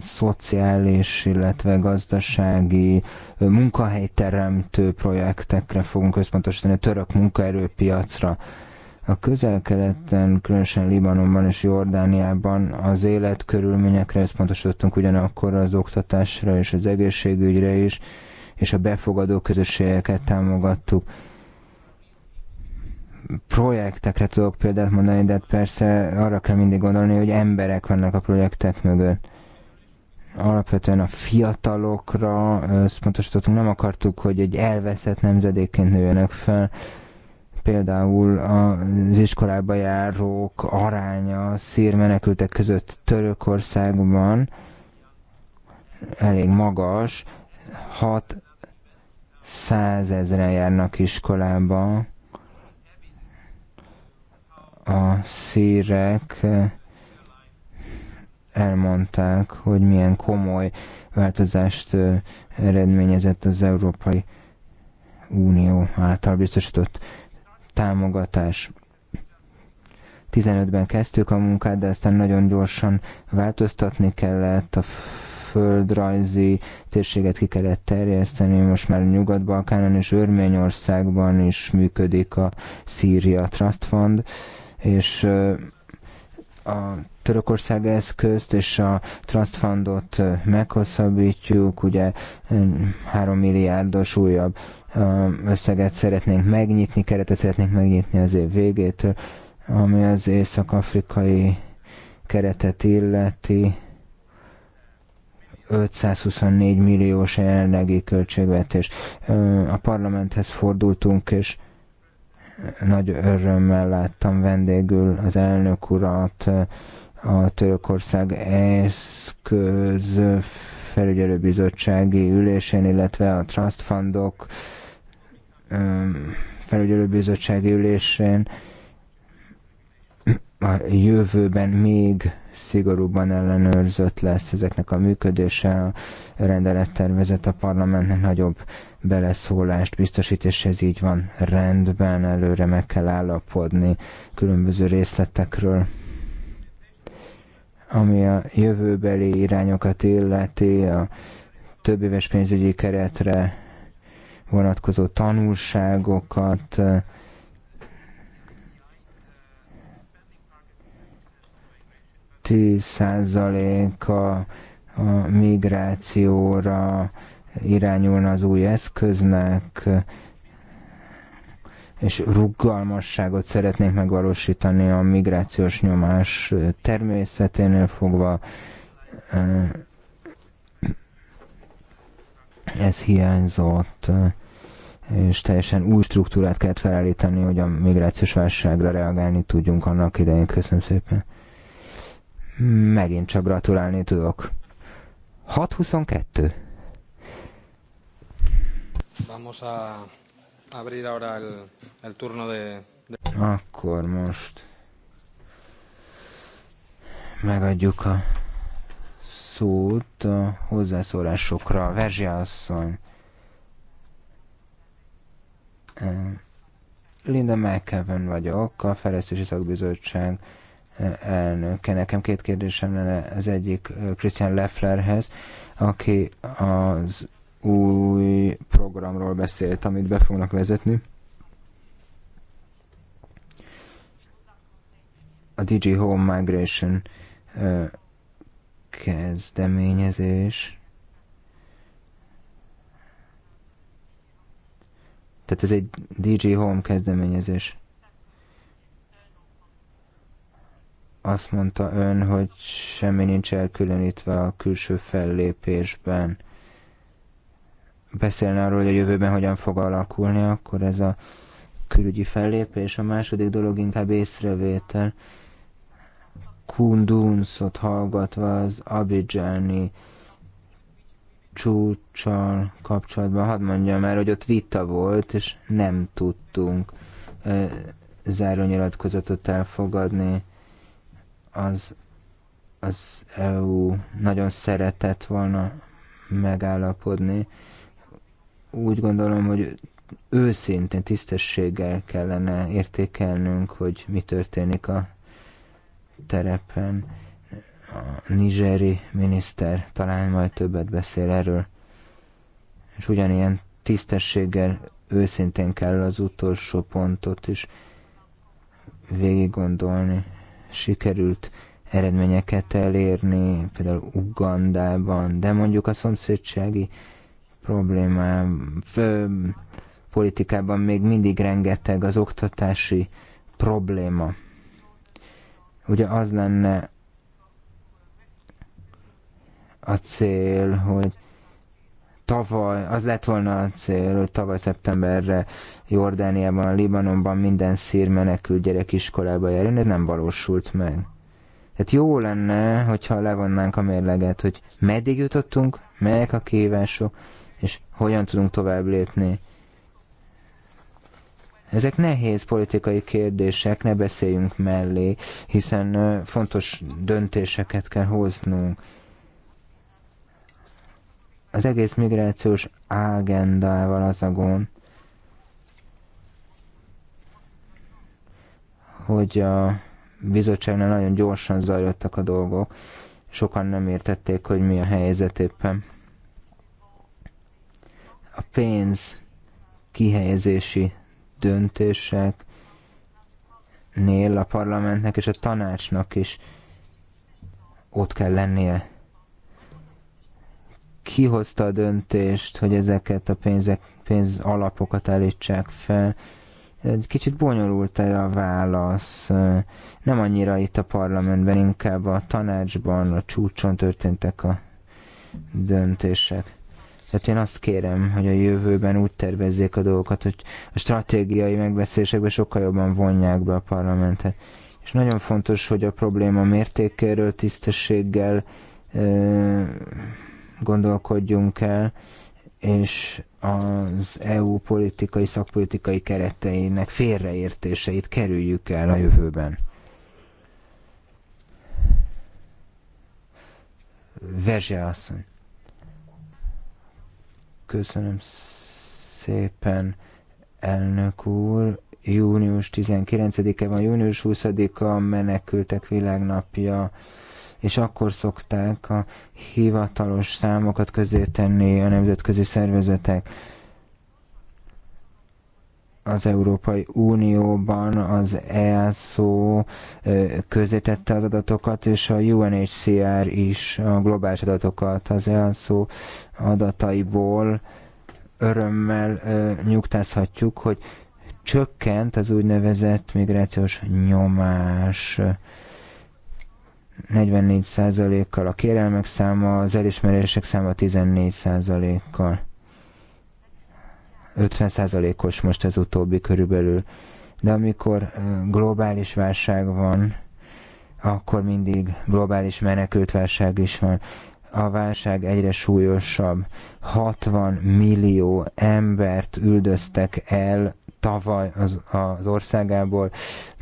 szociális, illetve gazdasági munkahelyteremtő projektekre fogunk összpontosítani, a török munkaerőpiacra. A közel-keleten, különösen Libanonban és Jordániában az életkörülményekre összpontosítottunk ugyanakkor az oktatásra és az egészségügyre is, és a befogadó közösségeket támogattuk. Projektekre tudok példát mondani, de persze arra kell mindig gondolni, hogy emberek vannak a projektek mögött alapvetően a fiatalokra összpontosítottunk, nem akartuk, hogy egy elveszett nemzedékként nőjönök fel. Például az iskolába járók aránya szír menekültek között Törökországban elég magas, 6 százezren járnak iskolába, a szírek eh, elmondták, hogy milyen komoly változást eh, eredményezett az Európai Unió által biztosított támogatás. 15-ben kezdtük a munkát, de aztán nagyon gyorsan változtatni kellett a földrajzi térséget ki kellett terjeszteni, most már Nyugat-Balkánon és Örményországban is működik a Szíria Trust Fund, és a Törökország eszközt és a Trust Fundot meghosszabbítjuk, ugye 3 milliárdos újabb összeget szeretnénk megnyitni, keretet szeretnénk megnyitni az év végétől, ami az észak-afrikai keretet illeti, 524 milliós jelenlegi költségvetés. A parlamenthez fordultunk, és nagy örömmel láttam vendégül az elnök urat, a Törökország eszköz felügyelőbizottsági ülésén, illetve a Trust Fundok felügyelőbizottsági ülésén a jövőben még szigorúban ellenőrzött lesz ezeknek a működése, a rendelettervezet a parlamentnek nagyobb beleszólást biztosít, és ez így van rendben, előre meg kell állapodni különböző részletekről. Ami a jövőbeli irányokat illeti, a több éves pénzügyi keretre vonatkozó tanulságokat, 10%-a a migrációra irányulna az új eszköznek, és rugalmasságot szeretnénk megvalósítani a migrációs nyomás természeténél fogva. Ez hiányzott, és teljesen új struktúrát kellett felállítani, hogy a migrációs válságra reagálni tudjunk annak idején. Köszönöm szépen! Megint csak gratulálni tudok. 6-22. Vamos a abrir ahora el, el turno de, de... Akkor most megadjuk a szót a hozzászólásokra. Verzsia asszony. Linda McKeven vagyok, a Fejlesztési Szakbizottság elnöke. Nekem két kérdésem lenne az egyik Christian Lefflerhez, aki az új programról beszélt, amit be fognak vezetni. A DG Home Migration kezdeményezés. Tehát ez egy DG Home kezdeményezés. Azt mondta ön, hogy semmi nincs elkülönítve a külső fellépésben. Beszélne arról, hogy a jövőben hogyan fog alakulni, akkor ez a külügyi fellépés. A második dolog inkább észrevétel. Kundunszot hallgatva az abidzsáni csúcsal kapcsolatban, hadd mondjam már, hogy ott vita volt, és nem tudtunk eh, zárónyilatkozatot elfogadni az, az EU nagyon szeretett volna megállapodni. Úgy gondolom, hogy őszintén, tisztességgel kellene értékelnünk, hogy mi történik a terepen. A nizseri miniszter talán majd többet beszél erről. És ugyanilyen tisztességgel, őszintén kell az utolsó pontot is végig gondolni sikerült eredményeket elérni, például Ugandában, de mondjuk a szomszédsági problémám, fő, politikában még mindig rengeteg az oktatási probléma. Ugye az lenne a cél, hogy tavaly, az lett volna a cél, hogy tavaly szeptemberre Jordániában, Libanonban minden szír menekült gyerek iskolába járjon, ez nem valósult meg. Tehát jó lenne, hogyha levonnánk a mérleget, hogy meddig jutottunk, melyek a kívások, és hogyan tudunk tovább lépni. Ezek nehéz politikai kérdések, ne beszéljünk mellé, hiszen fontos döntéseket kell hoznunk az egész migrációs ágendával az a gond, hogy a bizottságnál nagyon gyorsan zajlottak a dolgok, sokan nem értették, hogy mi a helyzet éppen. A pénz kihelyezési döntések nél a parlamentnek és a tanácsnak is ott kell lennie ki hozta a döntést, hogy ezeket a pénzek, pénz alapokat állítsák fel. Egy kicsit bonyolult erre a válasz. Nem annyira itt a parlamentben, inkább a tanácsban, a csúcson történtek a döntések. Tehát én azt kérem, hogy a jövőben úgy tervezzék a dolgokat, hogy a stratégiai megbeszélésekben sokkal jobban vonják be a parlamentet. És nagyon fontos, hogy a probléma mértékéről, tisztességgel, gondolkodjunk el, és az EU politikai, szakpolitikai kereteinek félreértéseit kerüljük el a jövőben. Verzse asszony. Köszönöm szépen, elnök úr. Június 19-e van, június 20-a menekültek világnapja és akkor szokták a hivatalos számokat közé tenni a nemzetközi szervezetek. Az Európai Unióban az ESO közétette az adatokat, és a UNHCR is a globális adatokat az ESO adataiból örömmel nyugtázhatjuk, hogy csökkent az úgynevezett migrációs nyomás 44%-kal, a kérelmek száma, az elismerések száma 14%-kal. 50%-os most ez utóbbi körülbelül. De amikor globális válság van, akkor mindig globális válság is van. A válság egyre súlyosabb. 60 millió embert üldöztek el tavaly az, az országából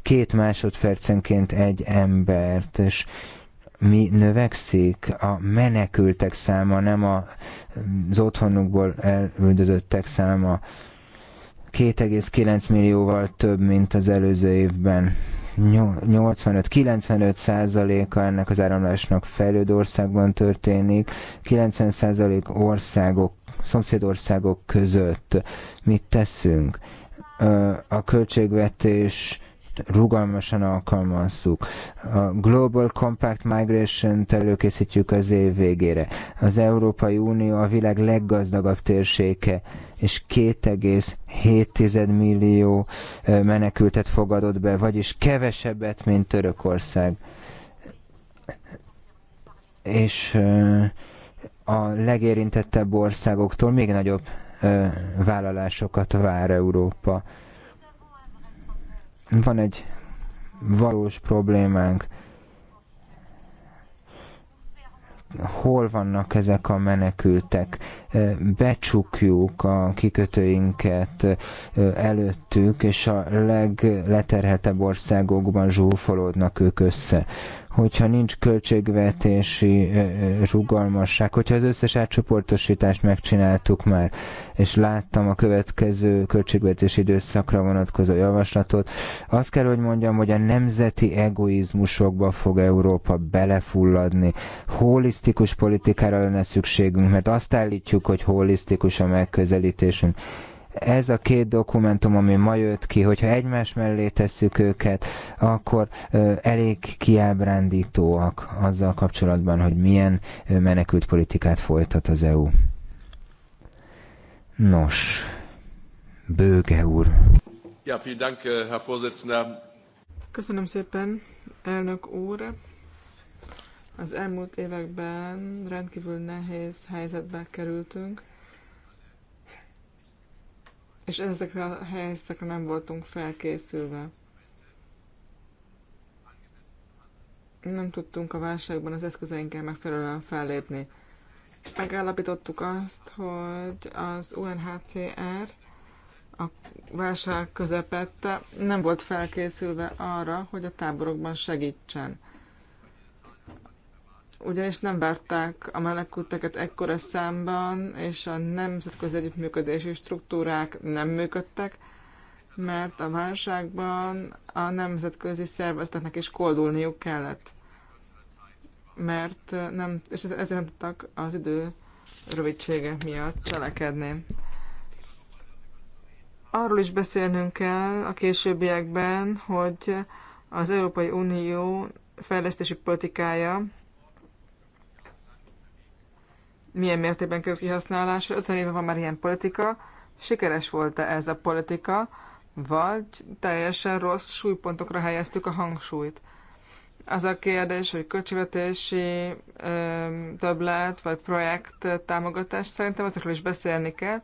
két másodpercenként egy embert, és mi növekszik, a menekültek száma, nem az otthonukból elüldözöttek száma. 2,9 millióval több, mint az előző évben. 85-95 százaléka ennek az áramlásnak fejlődő országban történik, 90 százalék országok, szomszédországok között mit teszünk. A költségvetés rugalmasan alkalmazzuk. A Global Compact Migration-t előkészítjük az év végére. Az Európai Unió a világ leggazdagabb térsége, és 2,7 millió menekültet fogadott be, vagyis kevesebbet, mint Törökország. És a legérintettebb országoktól még nagyobb vállalásokat vár Európa van egy valós problémánk. Hol vannak ezek a menekültek? Becsukjuk a kikötőinket előttük, és a legleterhetebb országokban zsúfolódnak ők össze hogyha nincs költségvetési rugalmasság, hogyha az összes átcsoportosítást megcsináltuk már, és láttam a következő költségvetési időszakra vonatkozó javaslatot, azt kell, hogy mondjam, hogy a nemzeti egoizmusokba fog Európa belefulladni. Holisztikus politikára lenne szükségünk, mert azt állítjuk, hogy holisztikus a megközelítésünk ez a két dokumentum, ami ma jött ki, hogyha egymás mellé tesszük őket, akkor elég kiábrándítóak azzal kapcsolatban, hogy milyen menekült politikát folytat az EU. Nos, Bőge úr. Ja, vielen Dank, äh, Herr Vorsitzender. Köszönöm szépen, elnök úr. Az elmúlt években rendkívül nehéz helyzetbe kerültünk és ezekre a helyzetekre nem voltunk felkészülve. Nem tudtunk a válságban az eszközeinkkel megfelelően fellépni. Megállapítottuk azt, hogy az UNHCR a válság közepette nem volt felkészülve arra, hogy a táborokban segítsen ugyanis nem várták a menekülteket ekkora számban, és a nemzetközi együttműködési struktúrák nem működtek, mert a válságban a nemzetközi szervezeteknek is koldulniuk kellett. Mert nem, és ezért nem tudtak az idő rövidsége miatt cselekedni. Arról is beszélnünk kell a későbbiekben, hogy az Európai Unió fejlesztési politikája milyen mértékben kerül kihasználásra. 50 éve van már ilyen politika. Sikeres volt-e ez a politika, vagy teljesen rossz súlypontokra helyeztük a hangsúlyt? Az a kérdés, hogy költségvetési többlet vagy projekt támogatás, szerintem ezekről is beszélni kell,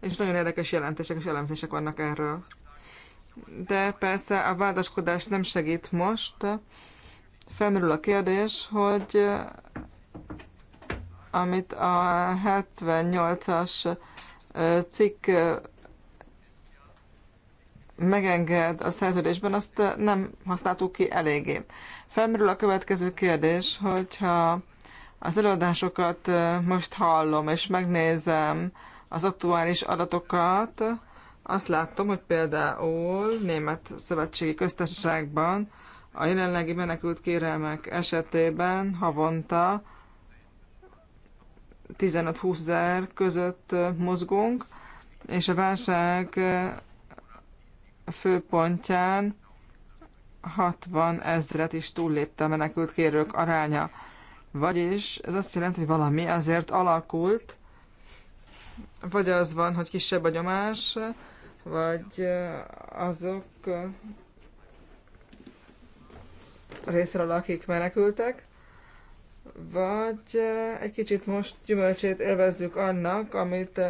és nagyon érdekes jelentések és elemzések vannak erről. De persze a vádaskodás nem segít most. Felmerül a kérdés, hogy amit a 78-as cikk megenged a szerződésben, azt nem használtuk ki eléggé. Felmerül a következő kérdés, hogyha az előadásokat most hallom és megnézem az aktuális adatokat, azt látom, hogy például Német Szövetségi Köztársaságban a jelenlegi menekült kérelmek esetében havonta 15-20 ezer között mozgunk, és a válság főpontján 60 ezret is túllépte a menekült kérők aránya. Vagyis ez azt jelenti, hogy valami azért alakult, vagy az van, hogy kisebb a nyomás, vagy azok részről, akik menekültek, vagy egy kicsit most gyümölcsét élvezzük annak, amit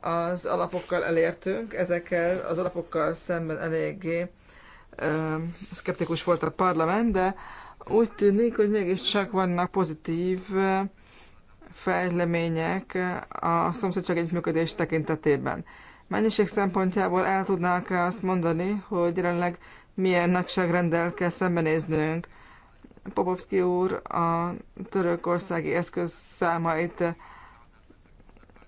az alapokkal elértünk. Ezekkel az alapokkal szemben eléggé szkeptikus volt a parlament, de úgy tűnik, hogy mégiscsak vannak pozitív fejlemények a szomszédság együttműködés tekintetében. Mennyiség szempontjából el tudnák -e azt mondani, hogy jelenleg milyen nagyságrendel kell szembenéznünk? Popovski úr a törökországi eszköz számait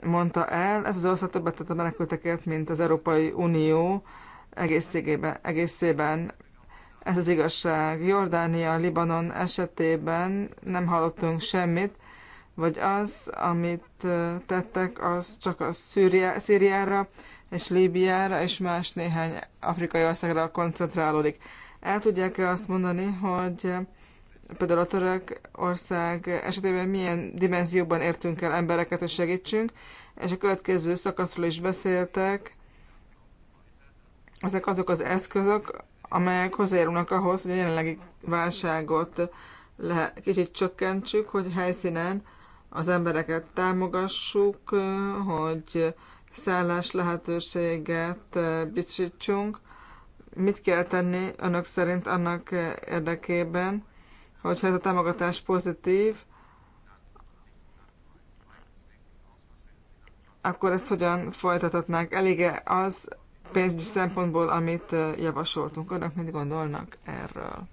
mondta el. Ez az ország többet tett a menekülteket, mint az Európai Unió egészében. Ez az igazság. Jordánia, Libanon esetében nem hallottunk semmit, vagy az, amit tettek, az csak a Szíriá, Szíriára és Líbiára és más néhány afrikai országra koncentrálódik. El tudják-e azt mondani, hogy például a török ország esetében milyen dimenzióban értünk el embereket, hogy segítsünk, és a következő szakaszról is beszéltek. Ezek azok az eszközök, amelyek hozzájárulnak ahhoz, hogy a jelenlegi válságot le, kicsit csökkentsük, hogy helyszínen az embereket támogassuk, hogy szállás lehetőséget biztosítsunk. Mit kell tenni önök szerint annak érdekében, hogyha ez a támogatás pozitív, akkor ezt hogyan folytathatnánk? Elég-e az pénzügyi szempontból, amit javasoltunk? Önök mit gondolnak erről?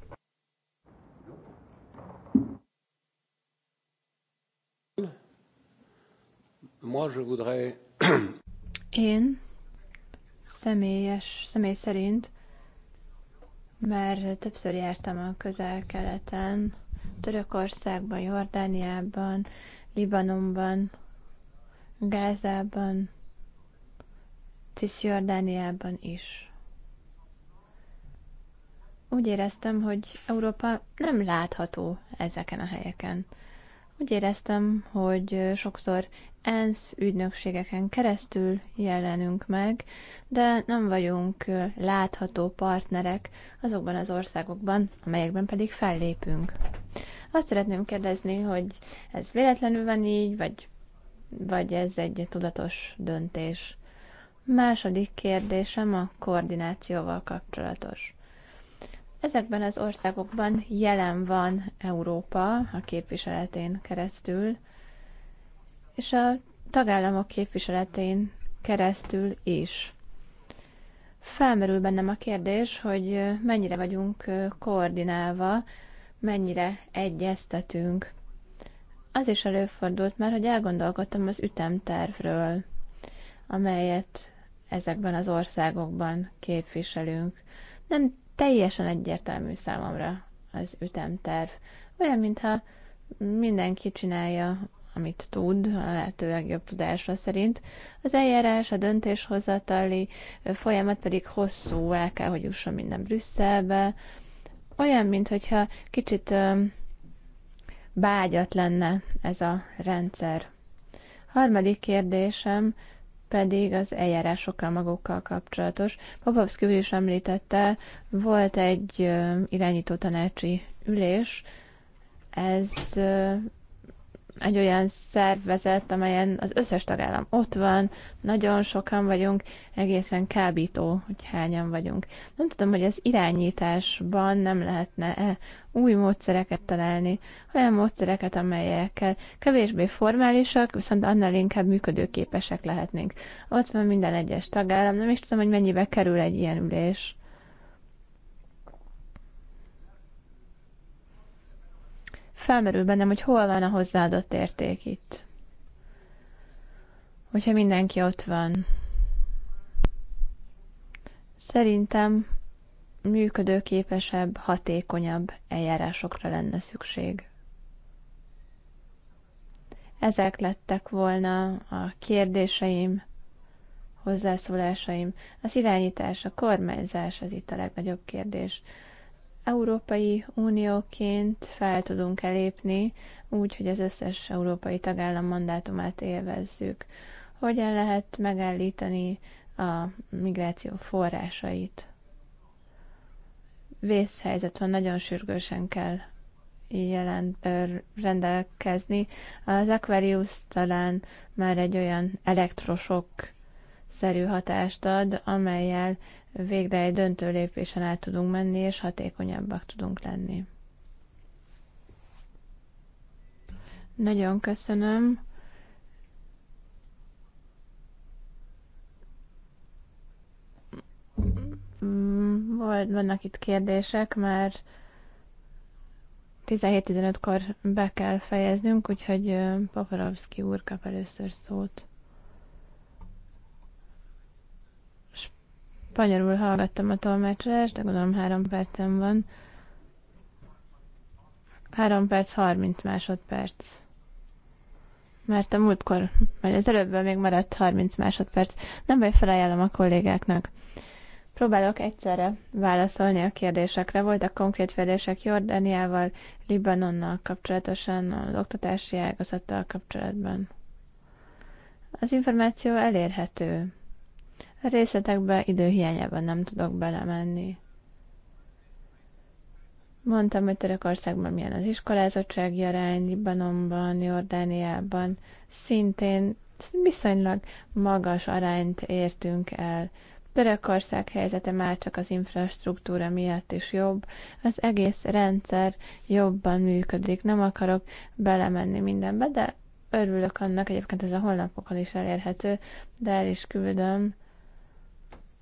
Én személyes, személy szerint mert többször jártam a közel-keleten, Törökországban, Jordániában, Libanonban, Gázában, Cisjordániában is. Úgy éreztem, hogy Európa nem látható ezeken a helyeken. Úgy éreztem, hogy sokszor ENSZ ügynökségeken keresztül jelenünk meg, de nem vagyunk látható partnerek azokban az országokban, amelyekben pedig fellépünk. Azt szeretném kérdezni, hogy ez véletlenül van így, vagy, vagy ez egy tudatos döntés. Második kérdésem a koordinációval kapcsolatos. Ezekben az országokban jelen van Európa a képviseletén keresztül, és a tagállamok képviseletén keresztül is. Felmerül bennem a kérdés, hogy mennyire vagyunk koordinálva, mennyire egyeztetünk. Az is előfordult már, hogy elgondolkodtam az ütemtervről, amelyet ezekben az országokban képviselünk. Nem teljesen egyértelmű számomra az ütemterv. Olyan, mintha mindenki csinálja, amit tud, a lehető legjobb tudásra szerint. Az eljárás, a döntéshozatali folyamat pedig hosszú, el kell, hogy jusson minden Brüsszelbe. Olyan, mintha kicsit bágyat lenne ez a rendszer. Harmadik kérdésem pedig az eljárásokkal magukkal kapcsolatos. Popovszki úr is említette, volt egy irányító tanácsi ülés, ez egy olyan szervezet, amelyen az összes tagállam ott van, nagyon sokan vagyunk, egészen kábító, hogy hányan vagyunk. Nem tudom, hogy az irányításban nem lehetne -e új módszereket találni, olyan módszereket, amelyekkel kevésbé formálisak, viszont annál inkább működőképesek lehetnénk. Ott van minden egyes tagállam, nem is tudom, hogy mennyibe kerül egy ilyen ülés. felmerül bennem, hogy hol van a hozzáadott érték itt. Hogyha mindenki ott van. Szerintem működőképesebb, hatékonyabb eljárásokra lenne szükség. Ezek lettek volna a kérdéseim, hozzászólásaim. Az irányítás, a kormányzás, ez itt a legnagyobb kérdés. Európai Unióként fel tudunk elépni, úgy, hogy az összes európai tagállam mandátumát élvezzük. Hogyan lehet megállítani a migráció forrásait? Vészhelyzet van, nagyon sürgősen kell jelen, rendelkezni. Az Aquarius talán már egy olyan elektrosok szerű hatást ad, amelyel végre egy döntő lépésen át tudunk menni, és hatékonyabbak tudunk lenni. Nagyon köszönöm. Vannak itt kérdések, mert 17-15-kor be kell fejeznünk, úgyhogy Paparovszki úr kap először szót. Spanyolul hallgattam a tolmácsolást, de gondolom három percem van. Három perc, harminc másodperc. Mert a múltkor, vagy az előbb még maradt 30 másodperc. Nem baj, felajánlom a kollégáknak. Próbálok egyszerre válaszolni a kérdésekre. Voltak konkrét kérdések Jordániával, Libanonnal kapcsolatosan, az oktatási ágazattal kapcsolatban. Az információ elérhető Részletekbe időhiányában nem tudok belemenni. Mondtam, hogy Törökországban milyen az iskolázottsági arány, Libanonban, Jordániában. Szintén viszonylag magas arányt értünk el. Törökország helyzete már csak az infrastruktúra miatt is jobb, az egész rendszer jobban működik. Nem akarok belemenni mindenbe, de örülök annak, egyébként ez a holnapokon is elérhető, de el is küldöm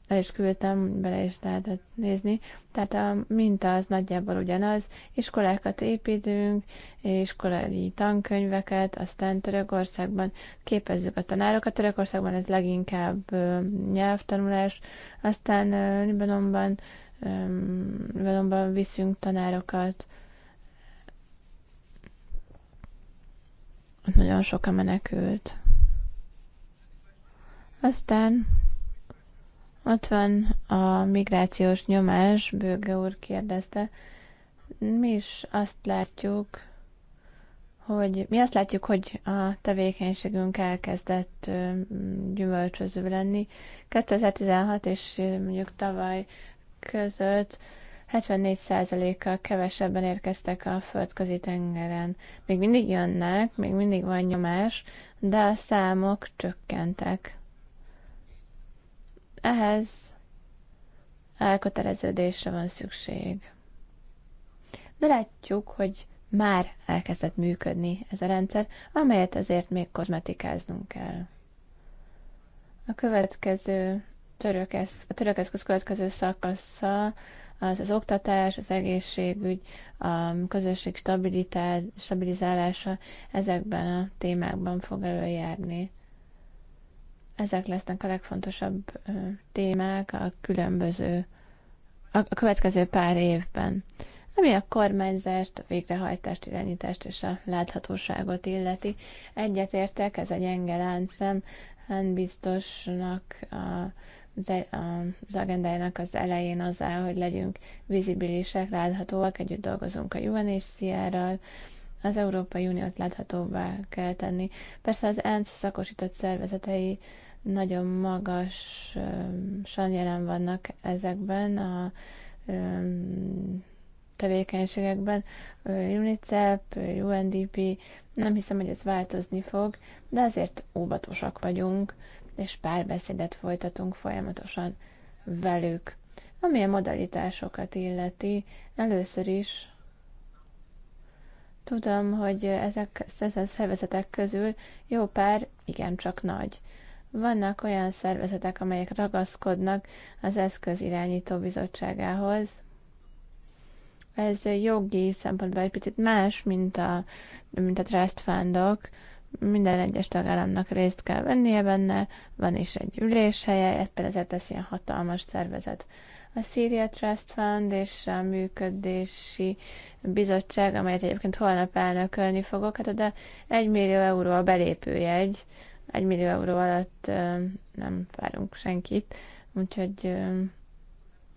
el is küldtem, bele is lehetett nézni. Tehát a minta az nagyjából ugyanaz, iskolákat építünk, iskolai tankönyveket, aztán Törökországban képezzük a tanárokat. Törökországban ez leginkább nyelvtanulás, aztán Libanonban, Libanonban viszünk tanárokat, ott nagyon sokan menekült. Aztán ott van a migrációs nyomás, Bőge úr kérdezte. Mi is azt látjuk, hogy mi azt látjuk, hogy a tevékenységünk elkezdett gyümölcsöző lenni. 2016 és mondjuk tavaly között 74%-kal kevesebben érkeztek a földközi tengeren. Még mindig jönnek, még mindig van nyomás, de a számok csökkentek. Ehhez elköteleződésre van szükség. De látjuk, hogy már elkezdett működni ez a rendszer, amelyet azért még kozmetikáznunk kell. A következő török a török eszköz következő szakasza az az oktatás, az egészségügy, a közösség stabilitáz, stabilizálása ezekben a témákban fog előjárni. Ezek lesznek a legfontosabb témák a különböző, a következő pár évben. Ami a kormányzást, a végrehajtást, irányítást és a láthatóságot illeti, egyetértek, ez a gyenge láncszem, biztosnak a az agendájának az elején az áll, hogy legyünk vizibilisek, láthatóak, együtt dolgozunk a UNHCR-ral, az Európai Uniót láthatóvá kell tenni. Persze az ENSZ szakosított szervezetei nagyon magasan jelen vannak ezekben a tevékenységekben, UNICEF, UNDP, nem hiszem, hogy ez változni fog, de azért óvatosak vagyunk, és párbeszédet folytatunk folyamatosan velük. Ami a modalitásokat illeti, először is tudom, hogy ezek, a szervezetek közül jó pár igencsak nagy. Vannak olyan szervezetek, amelyek ragaszkodnak az eszköz irányító bizottságához. Ez jogi szempontból egy picit más, mint a, mint a trust fundok. Minden egyes tagállamnak részt kell vennie benne, van is egy üléshelye, ez például tesz ilyen hatalmas szervezet a Syria Trust Fund és a működési bizottság, amelyet egyébként holnap elnökölni fogok, hát oda 1 millió euró a belépőjegy, egy millió euró alatt nem várunk senkit, úgyhogy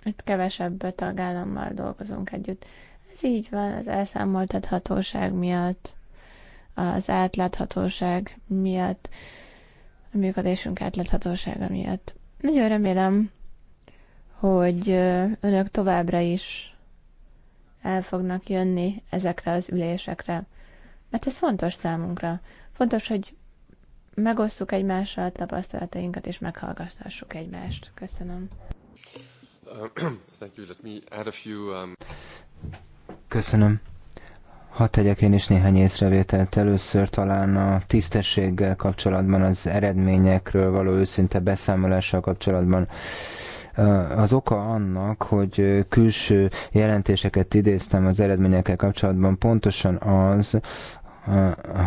itt kevesebb tagállammal dolgozunk együtt. Ez így van, az elszámoltathatóság miatt, az átláthatóság miatt, a működésünk átláthatósága miatt. Nagyon remélem, hogy önök továbbra is el fognak jönni ezekre az ülésekre, mert ez fontos számunkra. Fontos, hogy megosszuk egymással a tapasztalatainkat, és meghallgassuk egymást. Köszönöm. (coughs) Um, Köszönöm. Hadd tegyek én is néhány észrevételt. Először talán a tisztességgel kapcsolatban, az eredményekről való őszinte beszámolással kapcsolatban az oka annak, hogy külső jelentéseket idéztem az eredményekkel kapcsolatban, pontosan az,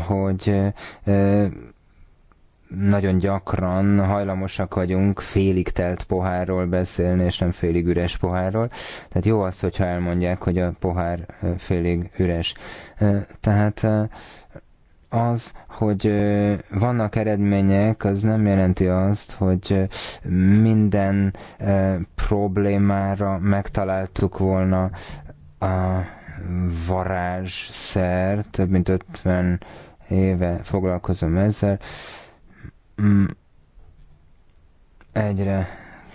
hogy nagyon gyakran hajlamosak vagyunk félig telt pohárról beszélni, és nem félig üres pohárról. Tehát jó az, hogyha elmondják, hogy a pohár félig üres. Tehát az, hogy vannak eredmények, az nem jelenti azt, hogy minden problémára megtaláltuk volna a varázsszer, több mint 50 éve foglalkozom ezzel, Mm. egyre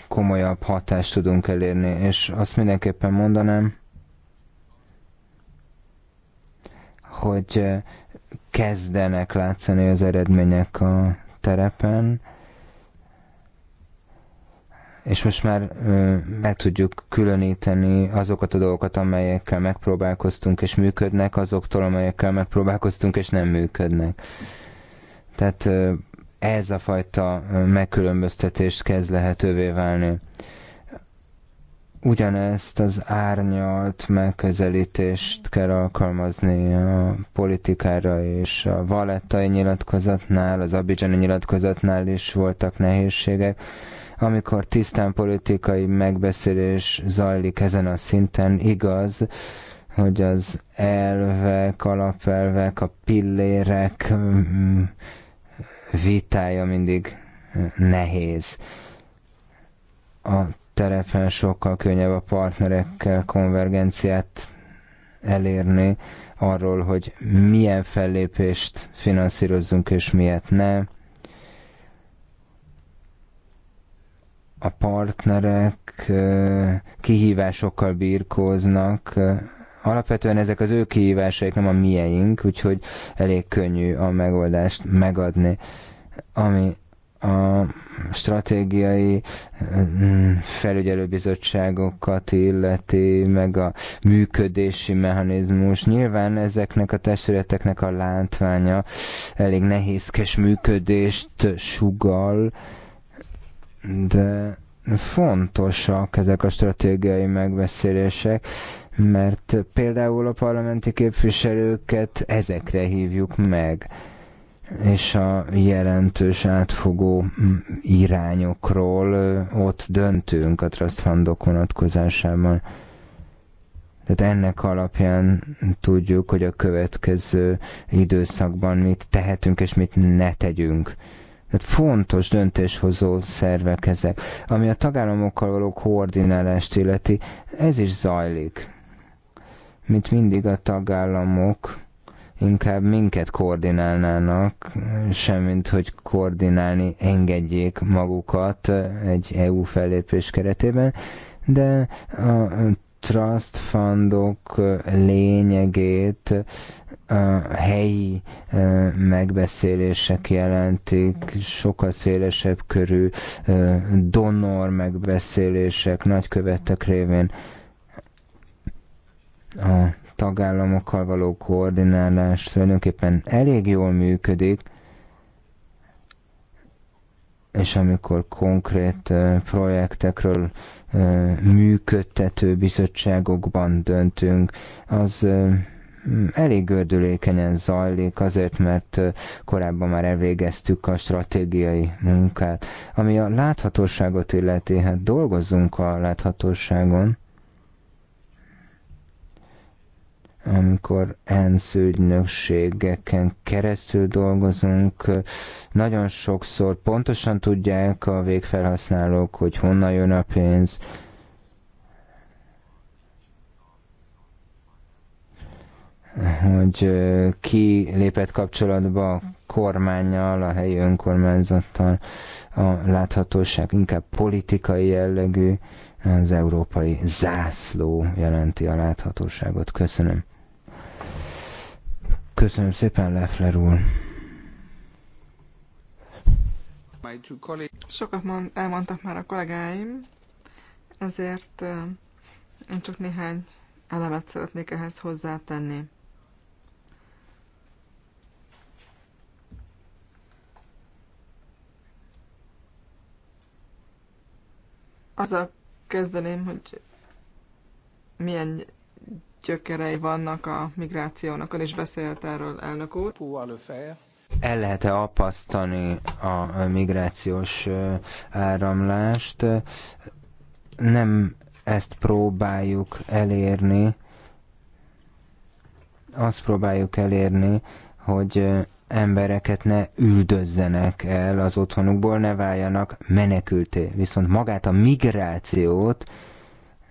komolyabb hatást tudunk elérni, és azt mindenképpen mondanám, hogy eh, kezdenek látszani az eredmények a terepen, és most már eh, meg tudjuk különíteni azokat a dolgokat, amelyekkel megpróbálkoztunk és működnek, azoktól, amelyekkel megpróbálkoztunk és nem működnek. Tehát eh, ez a fajta megkülönböztetés kezd lehetővé válni. Ugyanezt az árnyalt megközelítést kell alkalmazni a politikára és a valettai nyilatkozatnál, az abidzsani nyilatkozatnál is voltak nehézségek. Amikor tisztán politikai megbeszélés zajlik ezen a szinten, igaz, hogy az elvek, alapelvek, a pillérek mm, vitája mindig nehéz. A terepen sokkal könnyebb a partnerekkel konvergenciát elérni arról, hogy milyen fellépést finanszírozzunk és miért ne. A partnerek kihívásokkal birkóznak Alapvetően ezek az ő kihívásaik, nem a mieink, úgyhogy elég könnyű a megoldást megadni. Ami a stratégiai mm, felügyelőbizottságokat illeti, meg a működési mechanizmus. Nyilván ezeknek a testületeknek a látványa elég nehézkes működést sugal, de fontosak ezek a stratégiai megbeszélések, mert például a parlamenti képviselőket ezekre hívjuk meg, és a jelentős átfogó irányokról ott döntünk a trust fundok vonatkozásában. Tehát ennek alapján tudjuk, hogy a következő időszakban mit tehetünk és mit ne tegyünk. Tehát fontos döntéshozó szervek ezek. Ami a tagállamokkal való koordinálást illeti, ez is zajlik mint mindig a tagállamok inkább minket koordinálnának, semmint hogy koordinálni engedjék magukat egy EU fellépés keretében, de a trust fundok lényegét a helyi e, megbeszélések jelentik, sokkal szélesebb körű e, donor megbeszélések nagykövetek révén a tagállamokkal való koordinálás tulajdonképpen elég jól működik, és amikor konkrét projektekről működtető bizottságokban döntünk, az elég gördülékenyen zajlik, azért mert korábban már elvégeztük a stratégiai munkát. Ami a láthatóságot illeti, hát dolgozzunk a láthatóságon, amikor enszőgynökségeken keresztül dolgozunk, nagyon sokszor pontosan tudják a végfelhasználók, hogy honnan jön a pénz, hogy eh, ki lépett kapcsolatba a kormányjal, a helyi önkormányzattal, a láthatóság inkább politikai jellegű, az európai zászló jelenti a láthatóságot. Köszönöm. Köszönöm szépen, Leffler úr. Sokat mond, elmondtak már a kollégáim, ezért én csak néhány elemet szeretnék ehhez hozzátenni. Azzal kezdeném, hogy milyen gyökerei vannak a migrációnak, és beszélt erről, elnök úr. El lehet-e apasztani a migrációs áramlást? Nem ezt próbáljuk elérni, azt próbáljuk elérni, hogy embereket ne üldözzenek el az otthonukból, ne váljanak menekülté. Viszont magát a migrációt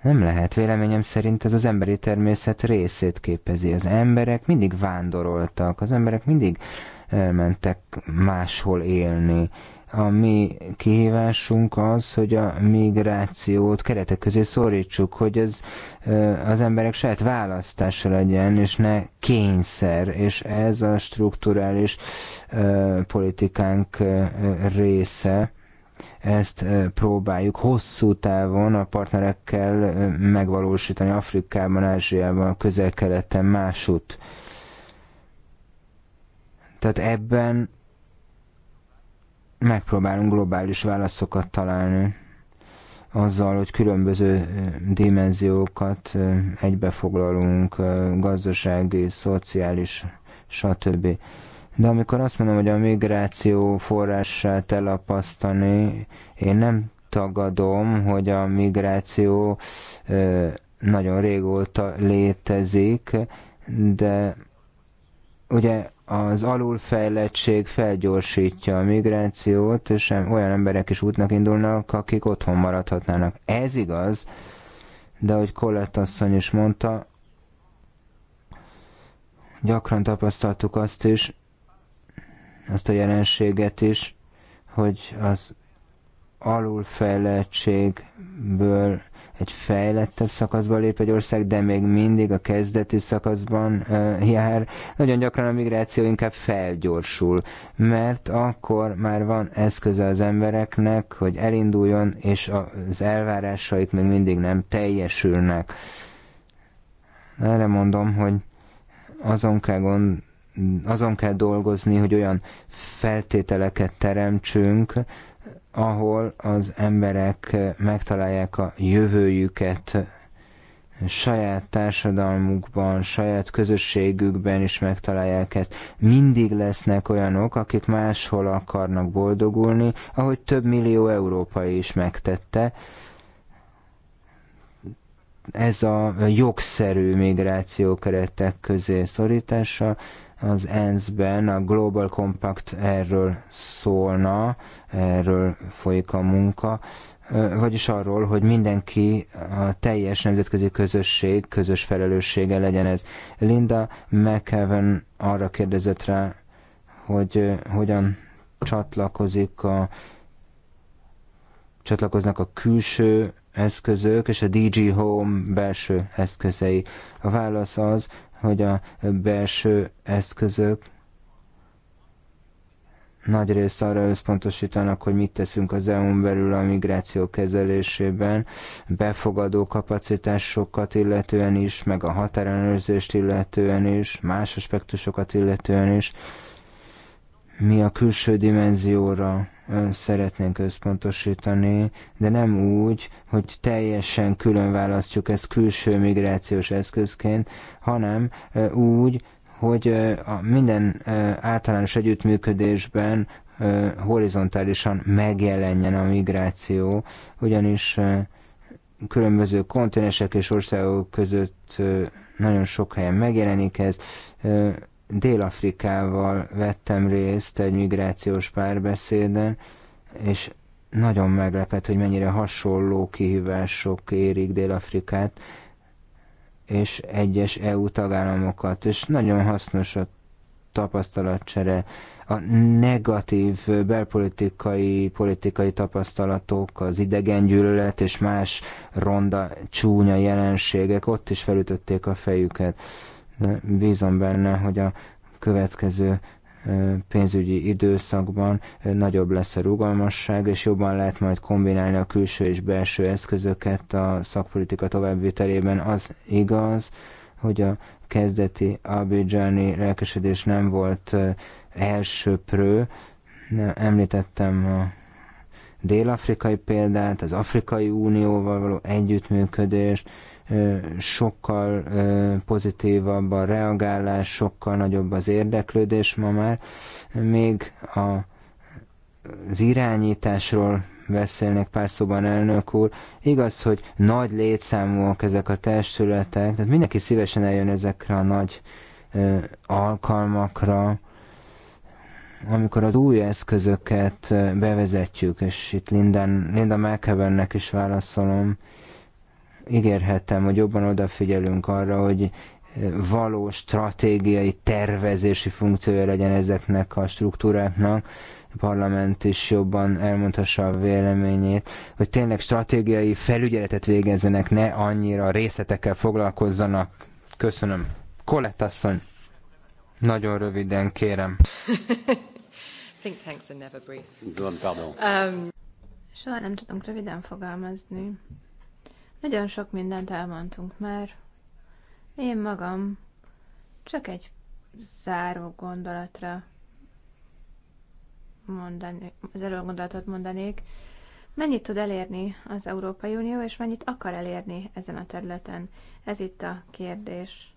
nem lehet, véleményem szerint ez az emberi természet részét képezi. Az emberek mindig vándoroltak, az emberek mindig elmentek máshol élni. A mi kihívásunk az, hogy a migrációt keretek közé szorítsuk, hogy ez az emberek saját választása legyen, és ne kényszer, és ez a strukturális politikánk része ezt próbáljuk hosszú távon a partnerekkel megvalósítani Afrikában, Ázsiában, közel-keleten, másút. Tehát ebben megpróbálunk globális válaszokat találni azzal, hogy különböző dimenziókat egybefoglalunk, gazdasági, szociális, stb. De amikor azt mondom, hogy a migráció forrását elapasztani, én nem tagadom, hogy a migráció nagyon régóta létezik, de ugye az alulfejlettség felgyorsítja a migrációt, és olyan emberek is útnak indulnak, akik otthon maradhatnának. Ez igaz, de ahogy Colette asszony is mondta, gyakran tapasztaltuk azt is, azt a jelenséget is, hogy az alulfejlettségből egy fejlettebb szakaszba lép egy ország, de még mindig a kezdeti szakaszban uh, jár. Nagyon gyakran a migráció inkább felgyorsul, mert akkor már van eszköze az embereknek, hogy elinduljon, és az elvárásaik még mindig nem teljesülnek. Erre mondom, hogy azon kell gondolni, azon kell dolgozni, hogy olyan feltételeket teremtsünk, ahol az emberek megtalálják a jövőjüket saját társadalmukban, saját közösségükben is megtalálják ezt. Mindig lesznek olyanok, akik máshol akarnak boldogulni, ahogy több millió európai is megtette. Ez a jogszerű migráció keretek közé szorítása az ENSZ-ben a Global Compact erről szólna, erről folyik a munka, vagyis arról, hogy mindenki, a teljes nemzetközi közösség, közös felelőssége legyen ez. Linda McEwen arra kérdezett rá, hogy hogyan csatlakozik a csatlakoznak a külső eszközök és a DG Home belső eszközei. A válasz az, hogy a belső eszközök nagy részt arra összpontosítanak, hogy mit teszünk az EU-n belül a migráció kezelésében, befogadó kapacitásokat illetően is, meg a határellenőrzést illetően is, más aspektusokat illetően is. Mi a külső dimenzióra szeretnénk összpontosítani, de nem úgy, hogy teljesen külön választjuk ezt külső migrációs eszközként, hanem úgy, hogy a minden általános együttműködésben horizontálisan megjelenjen a migráció, ugyanis különböző kontinensek és országok között nagyon sok helyen megjelenik ez. Dél-Afrikával vettem részt egy migrációs párbeszéden, és nagyon meglepett, hogy mennyire hasonló kihívások érik Dél-Afrikát, és egyes EU tagállamokat, és nagyon hasznos a tapasztalatcsere, a negatív belpolitikai politikai tapasztalatok, az idegengyűlölet és más ronda csúnya jelenségek ott is felütötték a fejüket. De bízom benne, hogy a következő pénzügyi időszakban nagyobb lesz a rugalmasság, és jobban lehet majd kombinálni a külső és belső eszközöket a szakpolitika továbbvitelében. Az igaz, hogy a kezdeti abidzsáni lelkesedés nem volt elsőprő. említettem a dél-afrikai példát, az Afrikai Unióval való együttműködést, sokkal pozitívabb a reagálás, sokkal nagyobb az érdeklődés ma már. Még a, az irányításról beszélnek pár szóban, elnök úr. Igaz, hogy nagy létszámúak ezek a testületek, tehát mindenki szívesen eljön ezekre a nagy ö, alkalmakra, amikor az új eszközöket bevezetjük, és itt Linda, Linda McEvennek is válaszolom, ígérhettem, hogy jobban odafigyelünk arra, hogy valós stratégiai tervezési funkciója legyen ezeknek a struktúráknak, a parlament is jobban elmondhassa a véleményét, hogy tényleg stratégiai felügyeletet végezzenek, ne annyira részletekkel foglalkozzanak. Köszönöm. Kolett asszony, nagyon röviden kérem. (laughs) Think tanks are never brief. Um... Soha nem tudunk röviden fogalmazni. Nagyon sok mindent elmondtunk már. Én magam csak egy záró gondolatra mondani, záró gondolatot mondanék. Mennyit tud elérni az Európai Unió, és mennyit akar elérni ezen a területen? Ez itt a kérdés.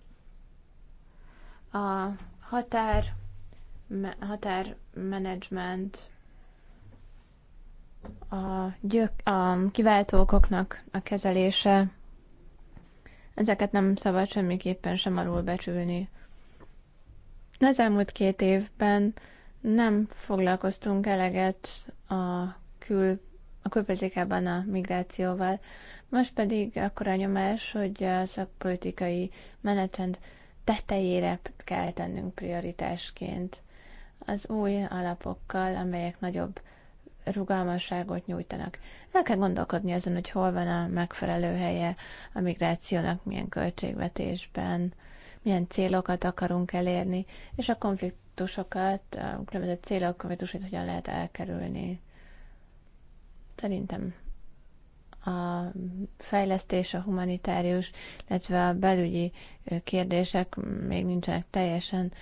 A határ, határmenedzsment, a, gyök, a kiváltókoknak a kezelése, ezeket nem szabad semmiképpen sem alul becsülni. Az elmúlt két évben nem foglalkoztunk eleget a kül a külpolitikában a migrációval. Most pedig akkor a nyomás, hogy a szakpolitikai menetrend tetejére kell tennünk prioritásként. Az új alapokkal, amelyek nagyobb rugalmasságot nyújtanak. El kell gondolkodni azon, hogy hol van a megfelelő helye a migrációnak, milyen költségvetésben, milyen célokat akarunk elérni, és a konfliktusokat, a különböző célok konfliktusokat hogyan lehet elkerülni. Szerintem a fejlesztés, a humanitárius, illetve a belügyi kérdések még nincsenek teljesen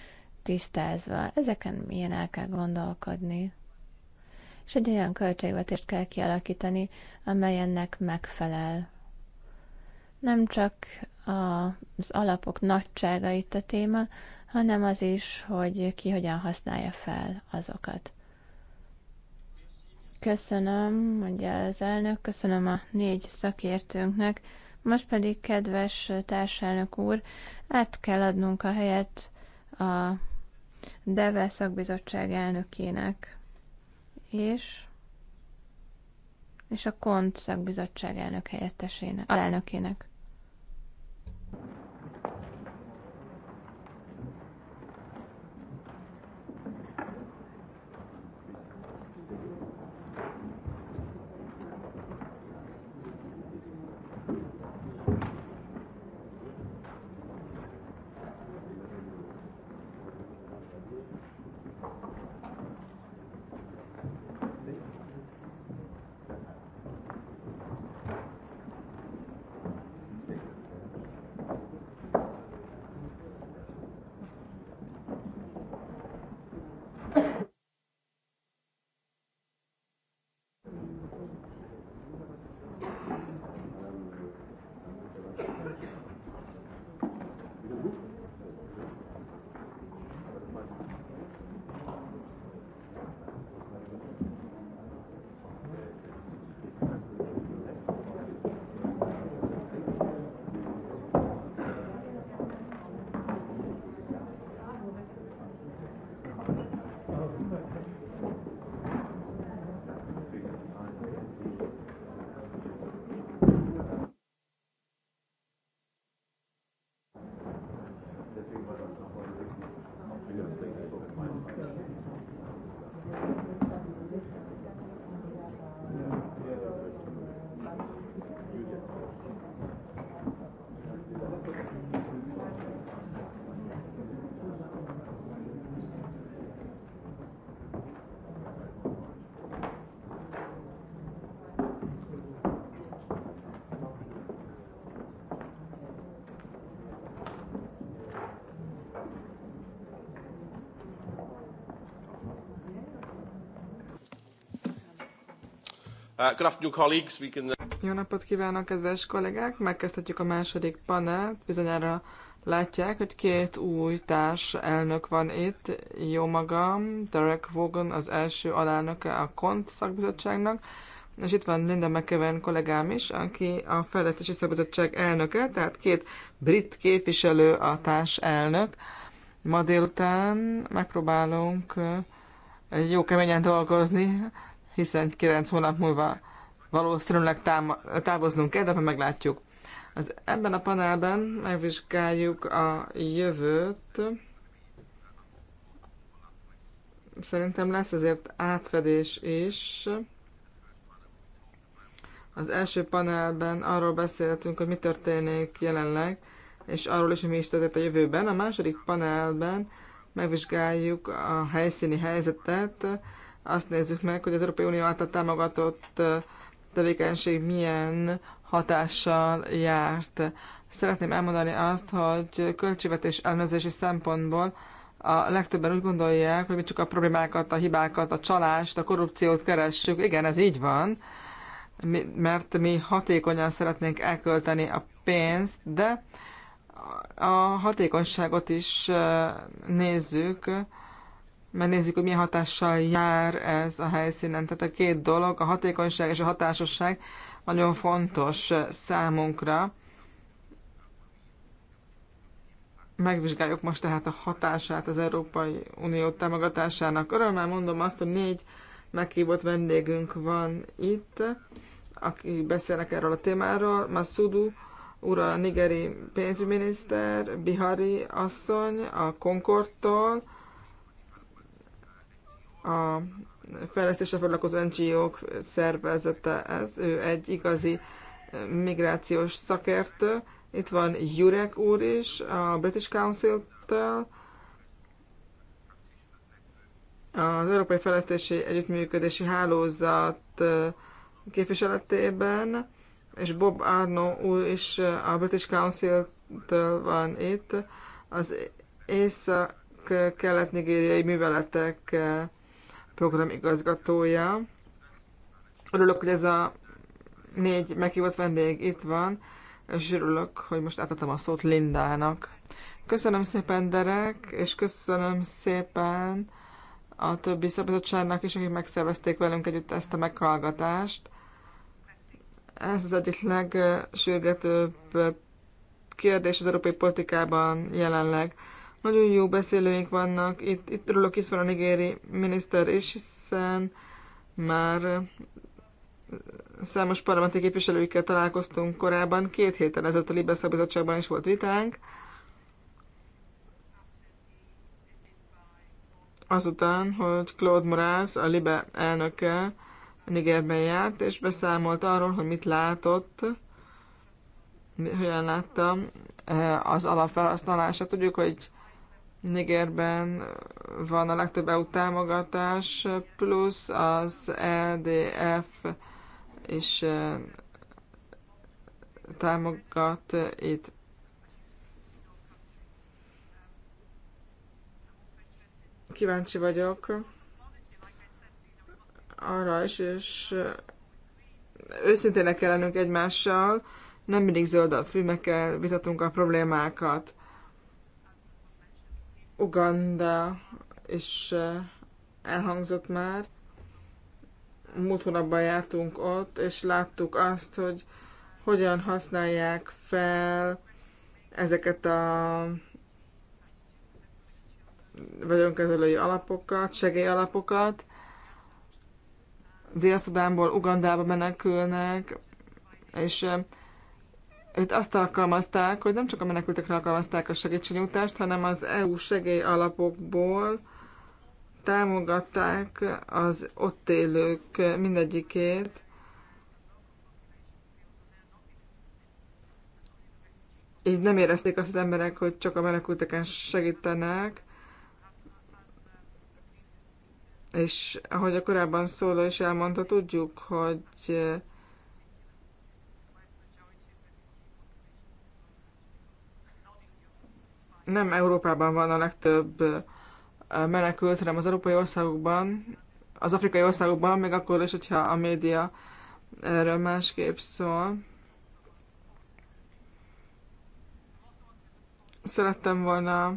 tisztázva. Ezeken milyen el kell gondolkodni és egy olyan költségvetést kell kialakítani, amely ennek megfelel. Nem csak az alapok nagysága itt a téma, hanem az is, hogy ki hogyan használja fel azokat. Köszönöm, mondja az elnök, köszönöm a négy szakértőnknek. Most pedig, kedves társelnök úr, át kell adnunk a helyet a DEVE szakbizottság elnökének és és a KONT szakbizottság elnök helyettesének, alelnökének. Uh, uh, jó napot kívánok, kedves kollégák! Megkezdhetjük a második panelt. Bizonyára látják, hogy két új társ elnök van itt. Jó magam, Derek Vaughan az első alelnöke a KONT szakbizottságnak, és itt van Linda McEwen kollégám is, aki a Fejlesztési Szakbizottság elnöke, tehát két brit képviselő a társ elnök. Ma délután megpróbálunk uh, jó keményen dolgozni, hiszen 9 hónap múlva valószínűleg távoznunk kell, de meglátjuk. Az, ebben a panelben megvizsgáljuk a jövőt. Szerintem lesz azért átfedés is. Az első panelben arról beszéltünk, hogy mi történik jelenleg, és arról is, hogy mi is történt a jövőben. A második panelben megvizsgáljuk a helyszíni helyzetet, azt nézzük meg, hogy az Európai Unió által támogatott tevékenység milyen hatással járt. Szeretném elmondani azt, hogy költségvetés ellenőrzési szempontból a legtöbben úgy gondolják, hogy mi csak a problémákat, a hibákat, a csalást, a korrupciót keressük. Igen, ez így van, mert mi hatékonyan szeretnénk elkölteni a pénzt, de a hatékonyságot is nézzük, megnézzük, hogy milyen hatással jár ez a helyszínen. Tehát a két dolog, a hatékonyság és a hatásosság nagyon fontos számunkra. Megvizsgáljuk most tehát a hatását az Európai Unió támogatásának. Örömmel mondom azt, hogy négy meghívott vendégünk van itt, aki beszélnek erről a témáról. Masudu ura, nigeri pénzügyminiszter, Bihari asszony a Concordtól, a fejlesztésre foglalkozó NGO-k szervezete ez, ő egy igazi eh, migrációs szakértő. Itt van Jurek úr is, a British Council-től, az Európai Fejlesztési Együttműködési Hálózat eh, képviseletében, és Bob Arno úr is eh, a British Council-től van itt, az észak-kelet-nigériai műveletek programigazgatója. Örülök, hogy ez a négy meghívott vendég itt van, és örülök, hogy most átadtam a szót Lindának. Köszönöm szépen, Derek, és köszönöm szépen a többi szabadságnak is, akik megszervezték velünk együtt ezt a meghallgatást. Ez az egyik legsürgetőbb kérdés az európai politikában jelenleg nagyon jó beszélőink vannak, itt, itt örülök, is van a nigéri miniszter is, hiszen már eh, számos parlamenti képviselőikkel találkoztunk korábban, két héten ezelőtt a Libes Szabizottságban is volt vitánk. Azután, hogy Claude Moraz a Libe elnöke Nigerben járt, és beszámolt arról, hogy mit látott, hogyan látta eh, az alapfelhasználását. Tudjuk, hogy Nigerben van a legtöbb EU támogatás, plusz az EDF is támogat itt. Kíváncsi vagyok arra is, és őszintének kell lennünk egymással, nem mindig zöld a fű, meg kell vitatunk a problémákat. Uganda is elhangzott már. Múlt hónapban jártunk ott, és láttuk azt, hogy hogyan használják fel ezeket a vagyonkezelői alapokat, segélyalapokat. Dél-Szudánból Ugandába menekülnek, és itt azt alkalmazták, hogy nem csak a menekültekre alkalmazták a segítségnyújtást, hanem az EU segélyalapokból támogatták az ott élők mindegyikét, így nem érezték azt az emberek, hogy csak a menekülteken segítenek, és ahogy a korábban szóló is elmondta, tudjuk, hogy nem Európában van a legtöbb menekült, hanem az európai országokban, az afrikai országokban, még akkor is, hogyha a média erről másképp szól. Szerettem volna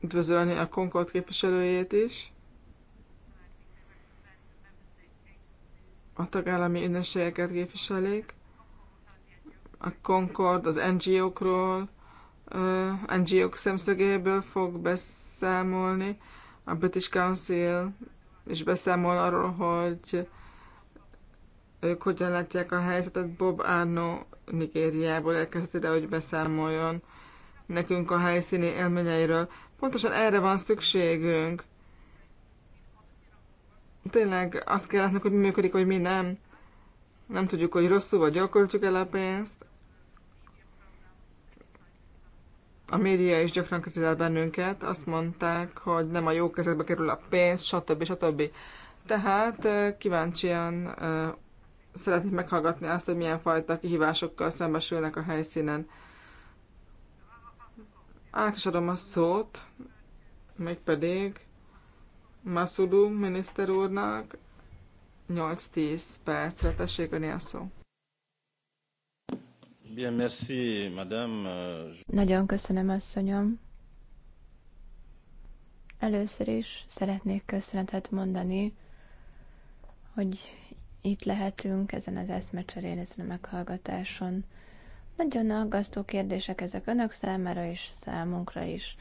üdvözölni a Concord képviselőjét is. A tagállami ünnepségeket képviselik. A Concord az NGO-król, NGO-k szemszögéből fog beszámolni. A British Council is beszámol arról, hogy ők hogyan látják a helyzetet. Bob Arno Nigériából érkezett ide, hogy beszámoljon nekünk a helyszíni élményeiről. Pontosan erre van szükségünk. Tényleg azt kell látnunk, hogy mi működik, hogy mi nem. Nem tudjuk, hogy rosszul vagy jól költjük el a pénzt. a média is gyakran kritizál bennünket, azt mondták, hogy nem a jó kezekbe kerül a pénz, stb. stb. Tehát kíváncsian szeretnék meghallgatni azt, hogy milyen fajta kihívásokkal szembesülnek a helyszínen. Át is adom a szót, mégpedig Masudu miniszter úrnak 8-10 percre tessék öné a szó. Bien, merci, madame. Nagyon köszönöm, asszonyom. Először is szeretnék köszönetet mondani, hogy itt lehetünk ezen az eszmecserén, ezen a meghallgatáson. Nagyon aggasztó kérdések ezek önök számára és számunkra is.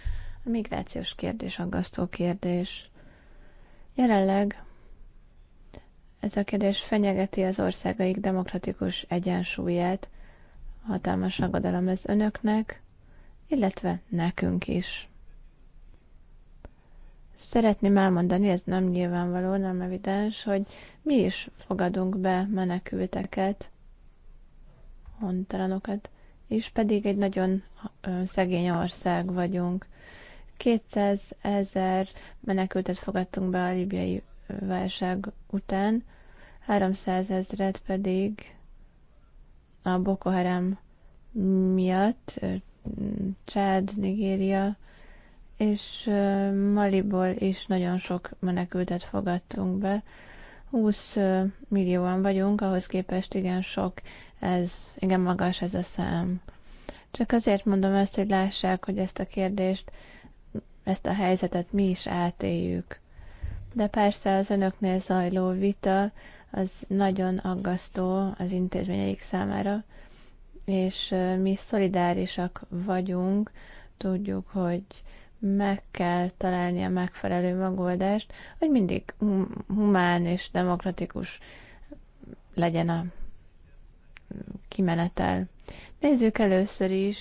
A migrációs kérdés aggasztó kérdés. Jelenleg ez a kérdés fenyegeti az országaik demokratikus egyensúlyát, hatalmas aggodalom ez önöknek, illetve nekünk is. Szeretném elmondani, ez nem nyilvánvaló, nem evidens, hogy mi is fogadunk be menekülteket, hontalanokat, és pedig egy nagyon szegény ország vagyunk. 200 ezer menekültet fogadtunk be a libiai válság után, 300 ezret pedig a Boko Haram miatt, Csád, Nigéria, és Maliból is nagyon sok menekültet fogadtunk be. 20 millióan vagyunk, ahhoz képest igen sok, ez igen magas ez a szám. Csak azért mondom ezt, hogy lássák, hogy ezt a kérdést, ezt a helyzetet mi is átéljük de persze az önöknél zajló vita az nagyon aggasztó az intézményeik számára, és mi szolidárisak vagyunk, tudjuk, hogy meg kell találni a megfelelő megoldást, hogy mindig humán és demokratikus legyen a kimenetel. Nézzük először is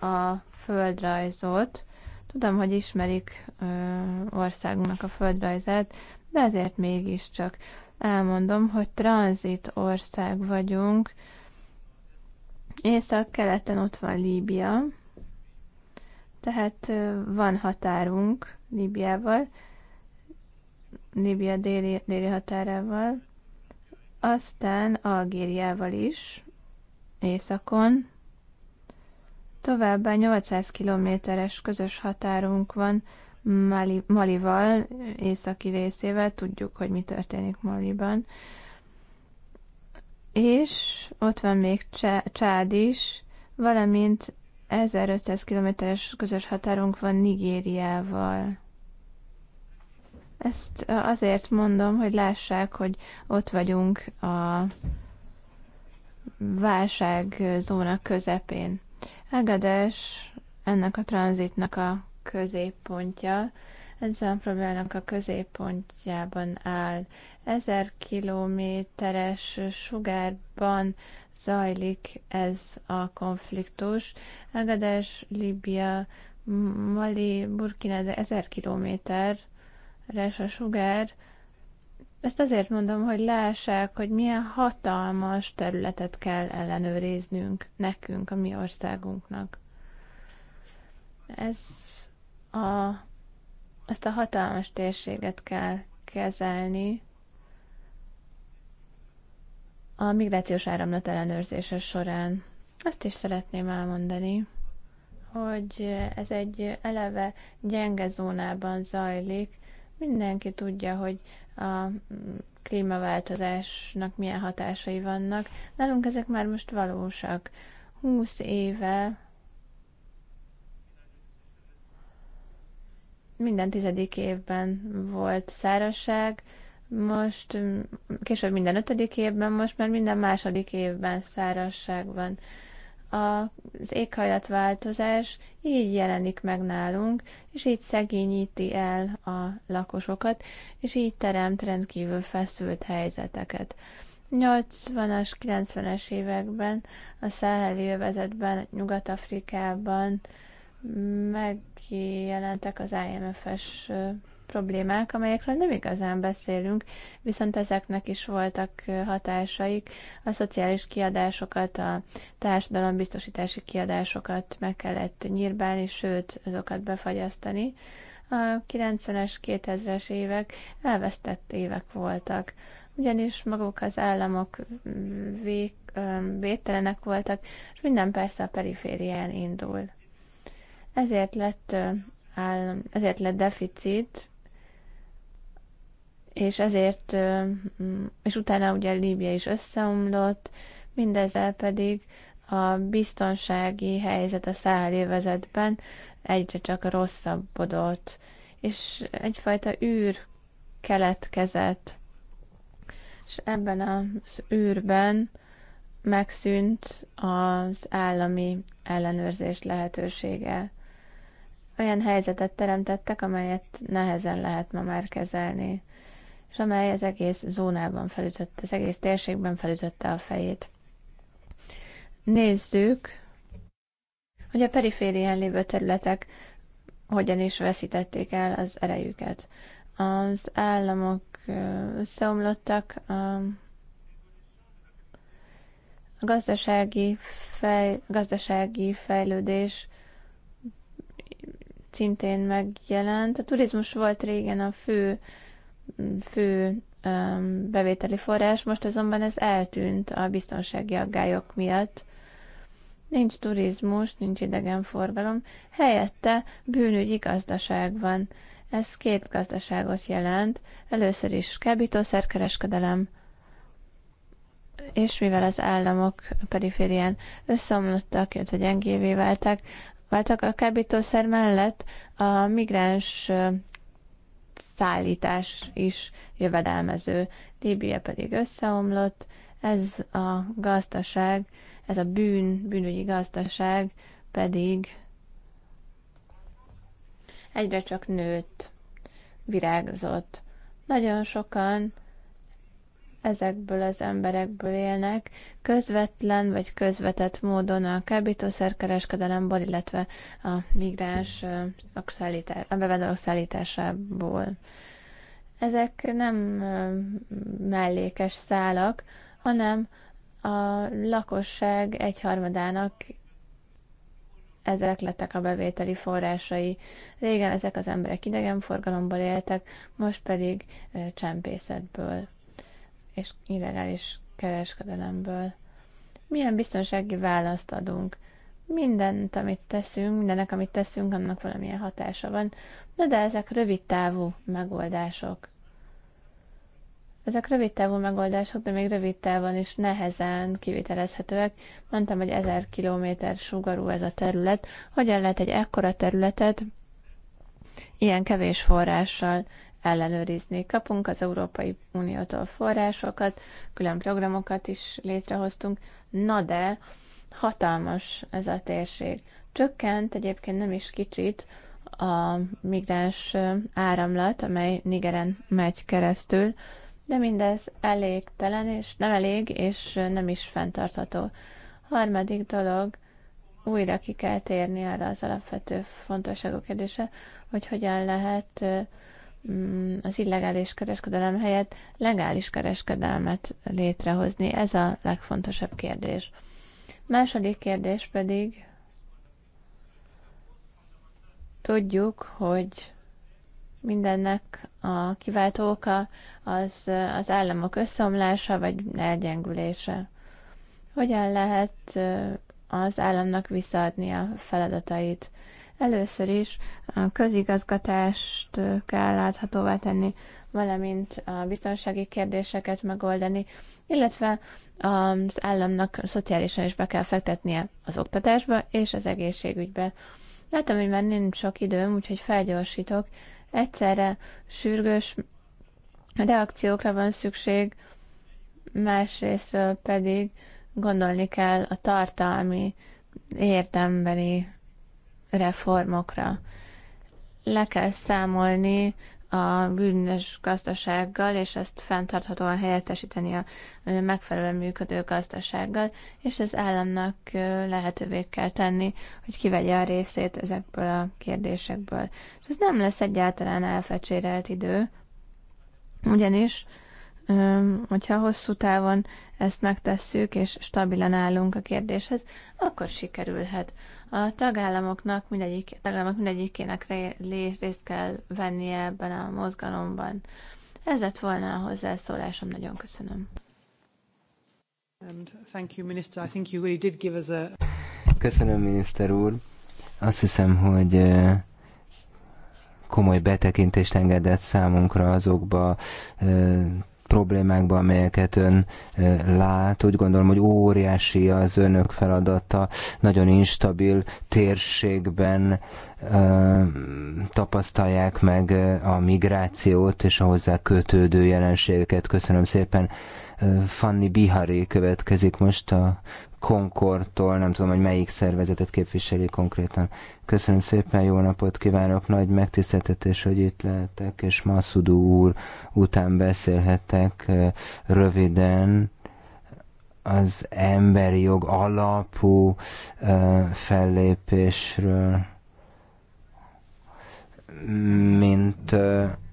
a földrajzot, Tudom, hogy ismerik ö, országunknak a földrajzát, de azért mégiscsak elmondom, hogy tranzit ország vagyunk. Észak-keleten ott van Líbia, tehát ö, van határunk Líbiával, Líbia déli, déli határával, aztán Algériával is, északon, Továbbá 800 kilométeres közös határunk van Mali, Malival, északi részével, tudjuk, hogy mi történik Maliban. És ott van még Csád is, valamint 1500 kilométeres közös határunk van Nigériával. Ezt azért mondom, hogy lássák, hogy ott vagyunk a válságzóna közepén. Egedes ennek a tranzitnak a középpontja, ezzel a problémának a középpontjában áll. Ezer kilométeres sugárban zajlik ez a konfliktus. Egedes, Libia, Mali, Burkina, de ezer kilométeres a sugár, ezt azért mondom, hogy lássák, hogy milyen hatalmas területet kell ellenőriznünk nekünk, a mi országunknak. Ez a, ezt a hatalmas térséget kell kezelni a migrációs áramlat ellenőrzése során. Azt is szeretném elmondani, hogy ez egy eleve gyenge zónában zajlik. Mindenki tudja, hogy a mm, klímaváltozásnak milyen hatásai vannak. Nálunk ezek már most valósak. 20 éve minden tizedik évben volt szárazság, most mm, később minden ötödik évben, most már minden második évben szárazság van az éghajlatváltozás így jelenik meg nálunk, és így szegényíti el a lakosokat, és így teremt rendkívül feszült helyzeteket. 80-as, 90-es években a száheli övezetben, Nyugat-Afrikában megjelentek az IMF-es problémák, amelyekről nem igazán beszélünk, viszont ezeknek is voltak hatásaik. A szociális kiadásokat, a társadalombiztosítási kiadásokat meg kellett nyírbálni, sőt, azokat befagyasztani. A 90-es, 2000-es évek elvesztett évek voltak, ugyanis maguk az államok vég, voltak, és minden persze a periférián indul. Ezért lett, ezért lett deficit, és ezért, és utána ugye Líbia is összeomlott, mindezzel pedig a biztonsági helyzet a szállévezetben egyre csak rosszabbodott, és egyfajta űr keletkezett. És ebben az űrben megszűnt az állami ellenőrzés lehetősége. Olyan helyzetet teremtettek, amelyet nehezen lehet ma már kezelni és amely az egész zónában felütötte, az egész térségben felütötte a fejét. Nézzük, hogy a periférián lévő területek hogyan is veszítették el az erejüket. Az államok összeomlottak, a gazdasági, fej, gazdasági fejlődés szintén megjelent. A turizmus volt régen a fő fő bevételi forrás, most azonban ez eltűnt a biztonsági aggályok miatt. Nincs turizmus, nincs idegenforgalom, helyette bűnügyi gazdaság van. Ez két gazdaságot jelent, először is kábítószerkereskedelem, és mivel az államok periférián összeomlottak, illetve gyengévé váltak, váltak a kábítószer mellett a migráns szállítás is jövedelmező. Líbia pedig összeomlott, ez a gazdaság, ez a bűn, bűnügyi gazdaság pedig egyre csak nőtt, virágzott. Nagyon sokan ezekből az emberekből élnek, közvetlen vagy közvetett módon a kábítószerkereskedelemből, illetve a migráns a bevándorlók szállításából. Ezek nem mellékes szálak, hanem a lakosság egyharmadának ezek lettek a bevételi forrásai. Régen ezek az emberek idegenforgalomból éltek, most pedig csempészetből és illegális kereskedelemből. Milyen biztonsági választ adunk? Mindent, amit teszünk, mindenek, amit teszünk, annak valamilyen hatása van. Na de ezek rövid távú megoldások. Ezek rövid távú megoldások, de még rövid távon is nehezen kivitelezhetőek. Mondtam, hogy 1000 kilométer sugarú ez a terület. Hogyan lehet egy ekkora területet ilyen kevés forrással ellenőrizni. Kapunk az Európai Uniótól forrásokat, külön programokat is létrehoztunk, na de hatalmas ez a térség. Csökkent egyébként nem is kicsit a migráns áramlat, amely Nigeren megy keresztül, de mindez elégtelen, és nem elég, és nem is fenntartható. Harmadik dolog, újra ki kell térni arra az alapvető fontosságú kérdése, hogy hogyan lehet Mm, az illegális kereskedelem helyett legális kereskedelmet létrehozni? Ez a legfontosabb kérdés. Második kérdés pedig, tudjuk, hogy mindennek a kiváltó oka az, az államok összeomlása vagy elgyengülése. Hogyan lehet az államnak visszaadni a feladatait? Először is a közigazgatást kell láthatóvá tenni, valamint a biztonsági kérdéseket megoldani, illetve az államnak szociálisan is be kell fektetnie az oktatásba és az egészségügybe. Látom, hogy már nincs sok időm, úgyhogy felgyorsítok. Egyszerre sürgős reakciókra van szükség, másrészt pedig gondolni kell a tartalmi értembeli reformokra. Le kell számolni a bűnös gazdasággal, és ezt fenntarthatóan helyettesíteni a megfelelően működő gazdasággal, és az államnak lehetővé kell tenni, hogy kivegye a részét ezekből a kérdésekből. És ez nem lesz egyáltalán elfecsérelt idő, ugyanis hogyha hosszú távon ezt megtesszük, és stabilan állunk a kérdéshez, akkor sikerülhet. A tagállamoknak mindegyik, tagállamok mindegyikének részt kell vennie ebben a mozgalomban. Ez lett volna a hozzászólásom, nagyon köszönöm. Köszönöm, miniszter úr. Azt hiszem, hogy komoly betekintést engedett számunkra azokba problémákba, amelyeket ön lát. Úgy gondolom, hogy óriási az önök feladata, nagyon instabil térségben tapasztalják meg a migrációt és a hozzá kötődő jelenségeket. Köszönöm szépen. Fanni Bihari következik most a Konkortól, nem tudom, hogy melyik szervezetet képviseli konkrétan. Köszönöm szépen, jó napot kívánok, nagy megtiszteltetés, hogy itt lehetek, és Masudú úr után beszélhetek röviden az emberi jog alapú fellépésről, mint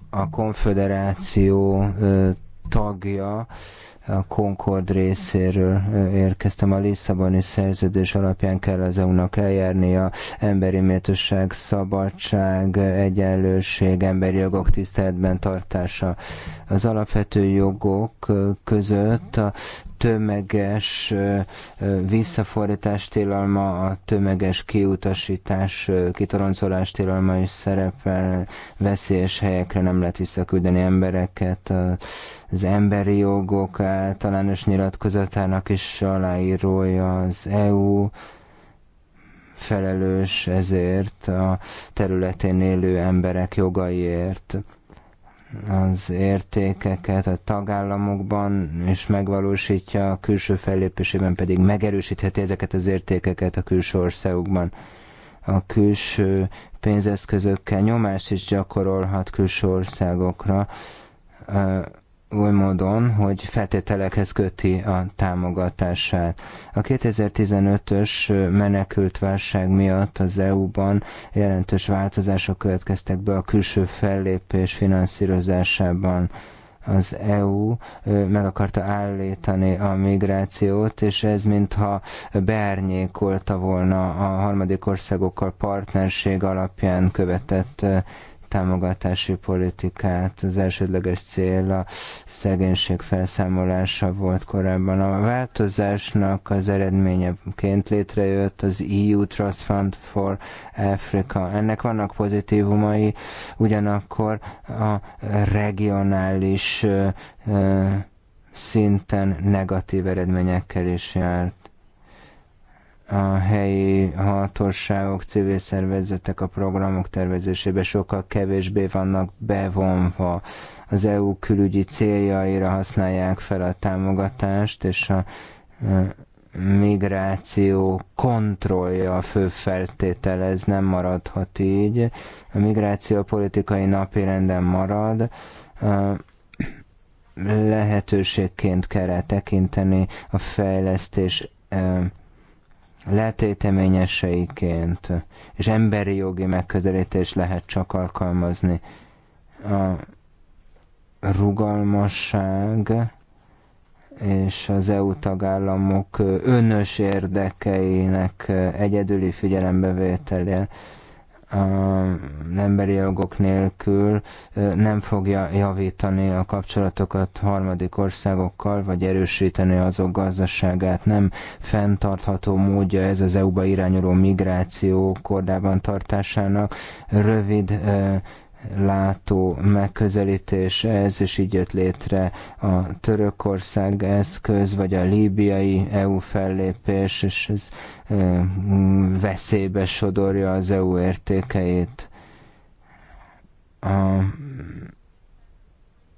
a konfederáció tagja, a Concord részéről érkeztem. A Lisszaboni szerződés alapján kell az EU-nak a Emberi méltóság, szabadság, egyenlőség, emberi jogok tiszteletben tartása. Az alapvető jogok között a tömeges visszafordítás tilalma, a tömeges kiutasítás, kitoroncolás tilalma is szerepel, veszélyes helyekre nem lehet visszaküldeni embereket, az emberi jogok általános nyilatkozatának is aláírója az EU, felelős ezért a területén élő emberek jogaiért az értékeket a tagállamokban, és megvalósítja, a külső fellépésében pedig megerősítheti ezeket az értékeket a külső országokban. A külső pénzeszközökkel nyomást is gyakorolhat külső országokra, oly módon, hogy feltételekhez köti a támogatását. A 2015-ös menekült válság miatt az EU-ban jelentős változások következtek be a külső fellépés finanszírozásában az EU meg akarta állítani a migrációt, és ez mintha beárnyékolta volna a harmadik országokkal partnerség alapján követett támogatási politikát. Az elsődleges cél a szegénység felszámolása volt korábban. A változásnak az eredményeként létrejött az EU Trust Fund for Africa. Ennek vannak pozitívumai, ugyanakkor a regionális szinten negatív eredményekkel is járt a helyi hatóságok, civil szervezetek a programok tervezésébe sokkal kevésbé vannak bevonva. Az EU külügyi céljaira használják fel a támogatást, és a migráció kontrollja a fő feltétel, ez nem maradhat így. A migráció politikai napirenden marad, lehetőségként kell tekinteni a fejlesztés letéteményeseiként, és emberi jogi megközelítés lehet csak alkalmazni. A rugalmasság és az EU tagállamok önös érdekeinek egyedüli figyelembevétele emberi jogok nélkül nem fogja javítani a kapcsolatokat harmadik országokkal, vagy erősíteni azok gazdaságát. Nem fenntartható módja ez az EU-ba irányuló migráció kordában tartásának. Rövid látó megközelítés ez, és így jött létre a Törökország eszköz, vagy a líbiai EU fellépés, és ez veszélybe sodorja az EU értékeit. A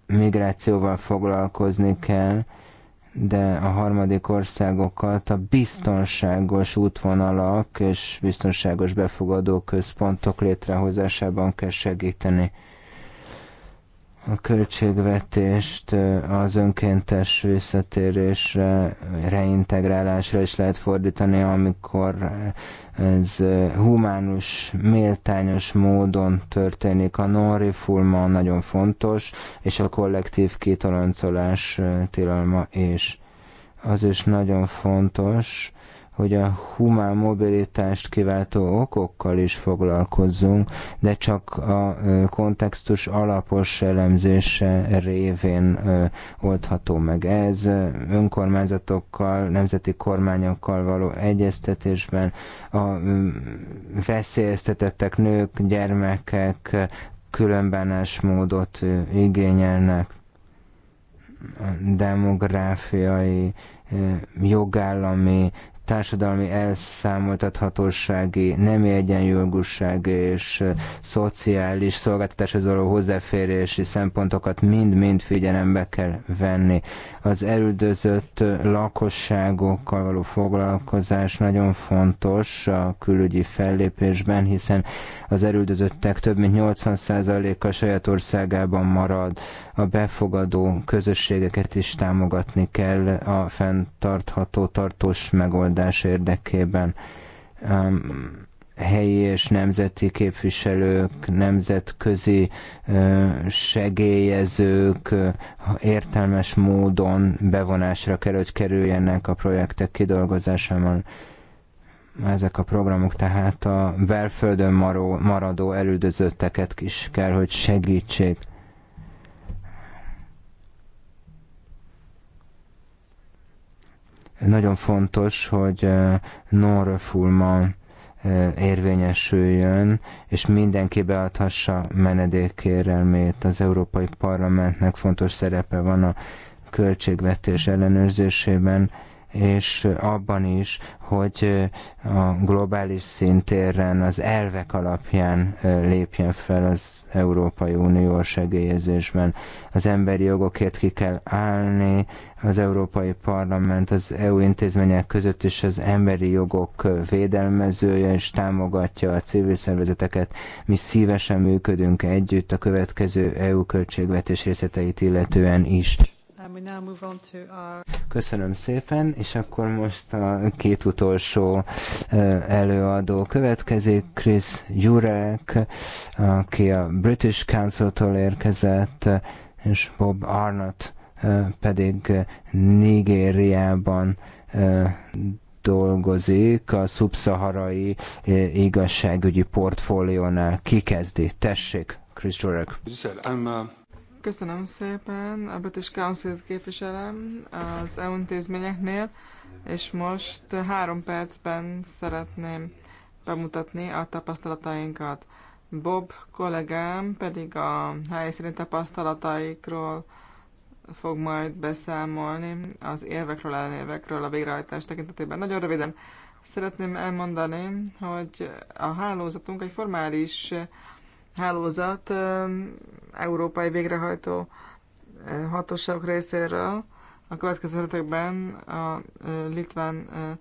migrációval foglalkozni kell, de a harmadik országokat a biztonságos útvonalak és biztonságos befogadó központok létrehozásában kell segíteni. A költségvetést az önkéntes visszatérésre, reintegrálásra is lehet fordítani, amikor ez humánus, méltányos módon történik. A non reforma nagyon fontos, és a kollektív kitoloncolás tilalma is. Az is nagyon fontos, hogy a humán mobilitást kiváltó okokkal is foglalkozzunk, de csak a kontextus alapos elemzése révén oldható meg ez. Önkormányzatokkal, nemzeti kormányokkal való egyeztetésben a veszélyeztetettek nők, gyermekek különbánásmódot igényelnek demográfiai, jogállami társadalmi elszámoltathatósági, nem egyenjogúság és szociális szolgáltatáshoz való hozzáférési szempontokat mind-mind figyelembe kell venni. Az elüldözött lakosságokkal való foglalkozás nagyon fontos a külügyi fellépésben, hiszen az elüldözöttek több mint 80%-a saját országában marad. A befogadó közösségeket is támogatni kell a fenntartható tartós megoldás megoldás érdekében helyi és nemzeti képviselők, nemzetközi segélyezők értelmes módon bevonásra kell, hogy kerüljenek a projektek kidolgozásában. Ezek a programok tehát a belföldön maradó elüldözötteket is kell, hogy segítsék. Nagyon fontos, hogy eh, non refulma eh, érvényesüljön, és mindenki beadhassa menedékkérelmét. Az Európai Parlamentnek fontos szerepe van a költségvetés ellenőrzésében, és abban is, hogy a globális szintéren az elvek alapján lépjen fel az Európai Unió segélyezésben. Az emberi jogokért ki kell állni, az Európai Parlament az EU intézmények között is az emberi jogok védelmezője és támogatja a civil szervezeteket. Mi szívesen működünk együtt a következő EU költségvetés részleteit illetően is. Köszönöm szépen, és akkor most a két utolsó előadó következik, Chris Jurek, aki a British Council-tól érkezett, és Bob Arnott pedig Nigériában dolgozik a szubszaharai igazságügyi portfóliónál. Ki kezdi? Tessék, Chris Jurek. Köszönöm szépen, a British council képviselem az EU intézményeknél, és most három percben szeretném bemutatni a tapasztalatainkat. Bob kollégám pedig a helyszíni tapasztalataikról fog majd beszámolni az érvekről, elnévekről a végrehajtás tekintetében. Nagyon röviden szeretném elmondani, hogy a hálózatunk egy formális hálózat európai végrehajtó eh, hatóságok részéről. A következő hetekben a eh, litván eh,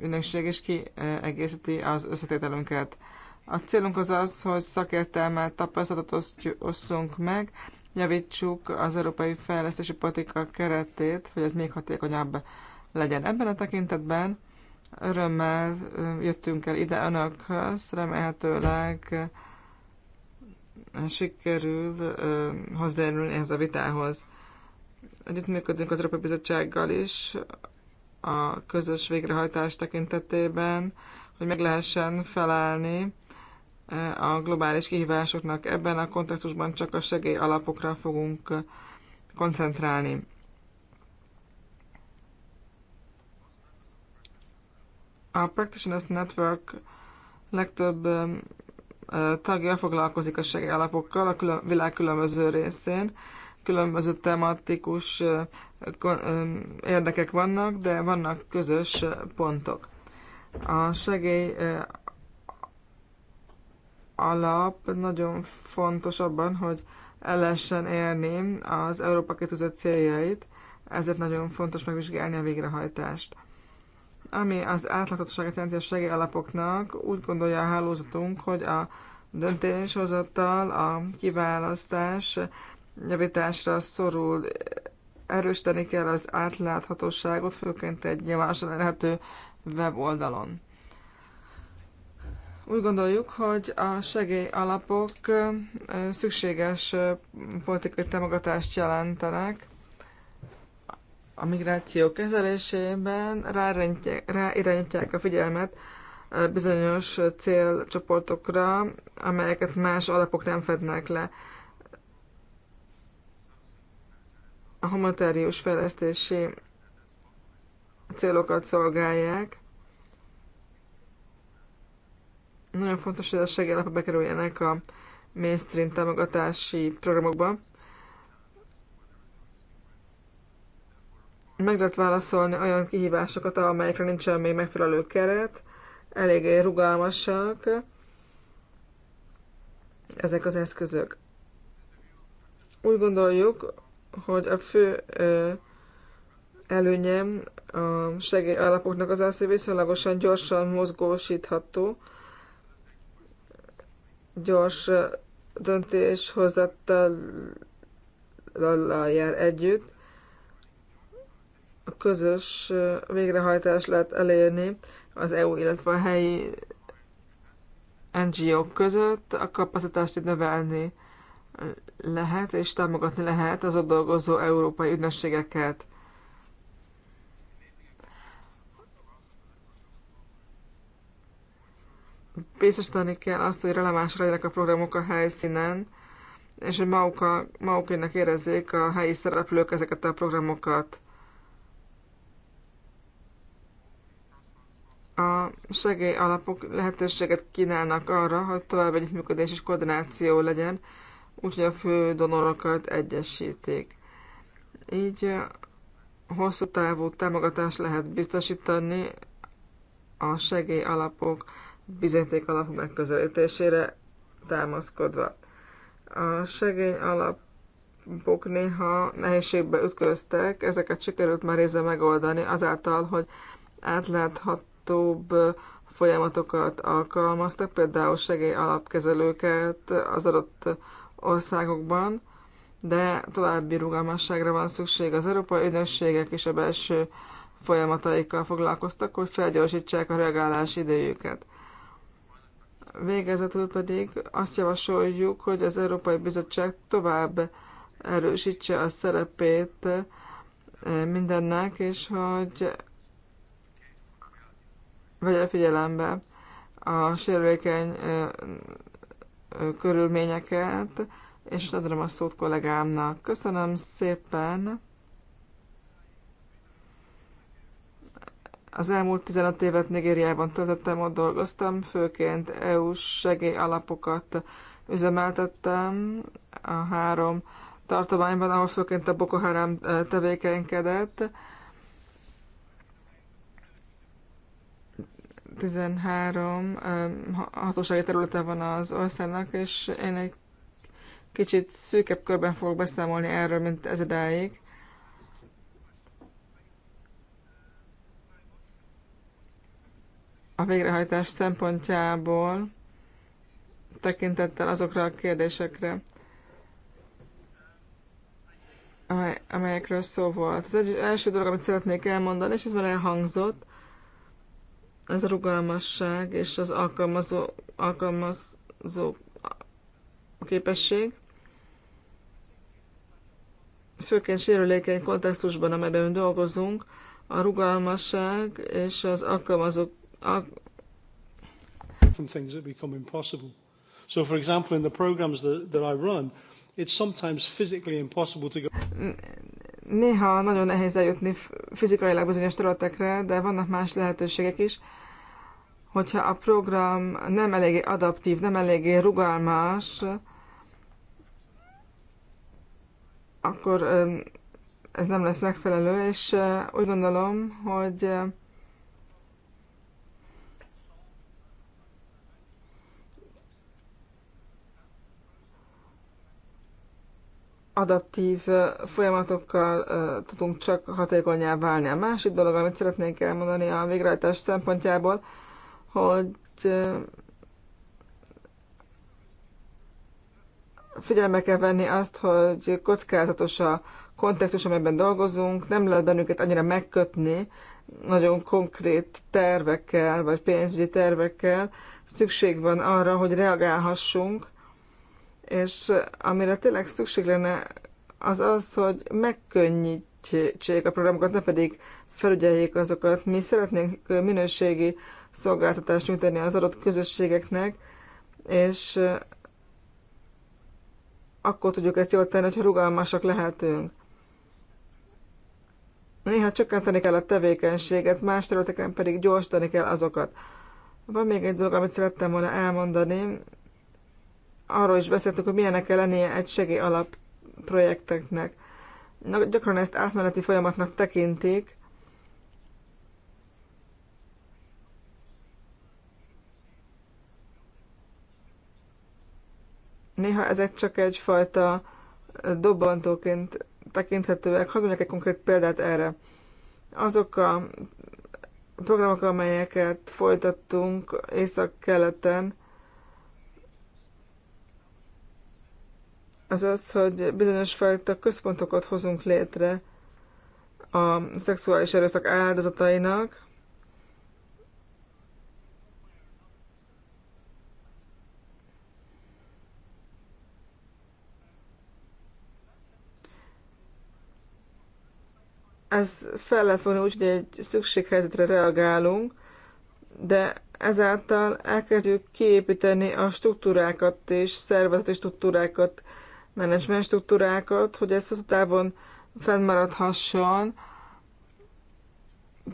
ünnepség is kiegészíti az összetételünket. A célunk az az, hogy szakértelmet, tapasztalatot osszunk meg, javítsuk az európai fejlesztési politika keretét, hogy ez még hatékonyabb legyen. Ebben a tekintetben örömmel jöttünk el ide önökhöz, remélhetőleg sikerül hozzájárulni ehhez a vitához. Együttműködünk az Európai Bizottsággal is a közös végrehajtás tekintetében, hogy meg lehessen felelni a globális kihívásoknak. Ebben a kontextusban csak a segély alapokra fogunk koncentrálni. A Practitioners Network legtöbb tagja foglalkozik a segélyalapokkal a külön, világ különböző részén. Különböző tematikus érdekek vannak, de vannak közös pontok. A segély alap nagyon fontos abban, hogy el lehessen érni az Európa 2000 céljait, ezért nagyon fontos megvizsgálni a végrehajtást. Ami az átláthatóságot jelenti a segélyalapoknak, úgy gondolja a hálózatunk, hogy a döntéshozattal a kiválasztás javításra szorul. erősteni kell az átláthatóságot, főként egy nyilvánosan elérhető weboldalon. Úgy gondoljuk, hogy a segélyalapok szükséges politikai támogatást jelentenek a migráció kezelésében ráirányítják a figyelmet bizonyos célcsoportokra, amelyeket más alapok nem fednek le. A humanitárius fejlesztési célokat szolgálják. Nagyon fontos, hogy a segélyalapok bekerüljenek a mainstream támogatási programokba. meg lehet válaszolni olyan kihívásokat, amelyekre nincsen még megfelelő keret, eléggé rugalmasak ezek az eszközök. Úgy gondoljuk, hogy a fő előnyem a segélyalapoknak az az, hogy viszonylagosan gyorsan mozgósítható, gyors döntéshozattal jár együtt, közös végrehajtás lehet elérni az EU, illetve a helyi NGO-k között, a kapacitást növelni lehet, és támogatni lehet az ott dolgozó európai ügynökségeket. Biztosítani kell azt, hogy releváns legyenek a programok a helyszínen, és hogy maguk a, magukének érezzék a helyi szereplők ezeket a programokat. a segélyalapok lehetőséget kínálnak arra, hogy tovább együttműködés és koordináció legyen, úgyhogy a fő donorokat egyesítik. Így hosszú távú támogatást lehet biztosítani a segélyalapok bizeték alapú megközelítésére támaszkodva. A segélyalapok néha nehézségbe ütköztek, ezeket sikerült már érzel megoldani azáltal, hogy átláthat támogatóbb folyamatokat alkalmaztak, például segélyalapkezelőket az adott országokban, de további rugalmasságra van szükség. Az európai ügynökségek és a belső folyamataikkal foglalkoztak, hogy felgyorsítsák a reagálás idejüket. Végezetül pedig azt javasoljuk, hogy az Európai Bizottság tovább erősítse a szerepét mindennek, és hogy vegye figyelembe a sérülékeny körülményeket, és most adom a szót kollégámnak. Köszönöm szépen! Az elmúlt 15 évet Nigériában töltöttem, ott dolgoztam, főként EU-s segélyalapokat üzemeltettem a három tartományban, ahol főként a Boko Haram tevékenykedett. 13 hatósági területe van az országnak, és én egy kicsit szűkebb körben fogok beszámolni erről, mint ez idáig. A végrehajtás szempontjából tekintettel azokra a kérdésekre, amelyekről szó volt. Az első dolog, amit szeretnék elmondani, és ez már elhangzott, ez a rugalmasság és az alkalmazó, alkalmazó képesség. Főként sérülékeny kontextusban, amelyben dolgozunk, a rugalmasság és az alkalmazó ak from things that become impossible. So, for example, in the programs that, that I run, it's sometimes physically impossible to go Néha nagyon nehéz eljutni fizikailag bizonyos területekre, de vannak más lehetőségek is. Hogyha a program nem eléggé adaptív, nem eléggé rugalmas, akkor ez nem lesz megfelelő, és úgy gondolom, hogy adaptív folyamatokkal tudunk csak hatékonyá válni. A másik dolog, amit szeretnék elmondani a végrehajtás szempontjából, hogy figyelme kell venni azt, hogy kockázatos a kontextus, amiben dolgozunk, nem lehet bennünket annyira megkötni nagyon konkrét tervekkel, vagy pénzügyi tervekkel. Szükség van arra, hogy reagálhassunk, és amire tényleg szükség lenne, az az, hogy megkönnyítsék a programokat, ne pedig felügyeljék azokat. Mi szeretnénk minőségi szolgáltatást nyújtani az adott közösségeknek, és akkor tudjuk ezt jól tenni, hogyha rugalmasak lehetünk. Néha csökkenteni kell a tevékenységet, más területeken pedig gyorsítani kell azokat. Van még egy dolog, amit szerettem volna elmondani, arról is beszéltük, hogy milyenek kell lennie egy segélyalap projekteknek. Na, gyakran ezt átmeneti folyamatnak tekintik, Néha ezek csak egyfajta dobbantóként tekinthetőek. Hadd mondjak egy konkrét példát erre. Azok a programok, amelyeket folytattunk észak-keleten, az az, hogy bizonyos fajta központokat hozunk létre a szexuális erőszak áldozatainak, ez fel lehet fogni úgy, hogy egy szükséghelyzetre reagálunk, de ezáltal elkezdjük kiépíteni a struktúrákat és szervezeti struktúrákat menedzsment struktúrákat, hogy ez hosszú távon fennmaradhasson.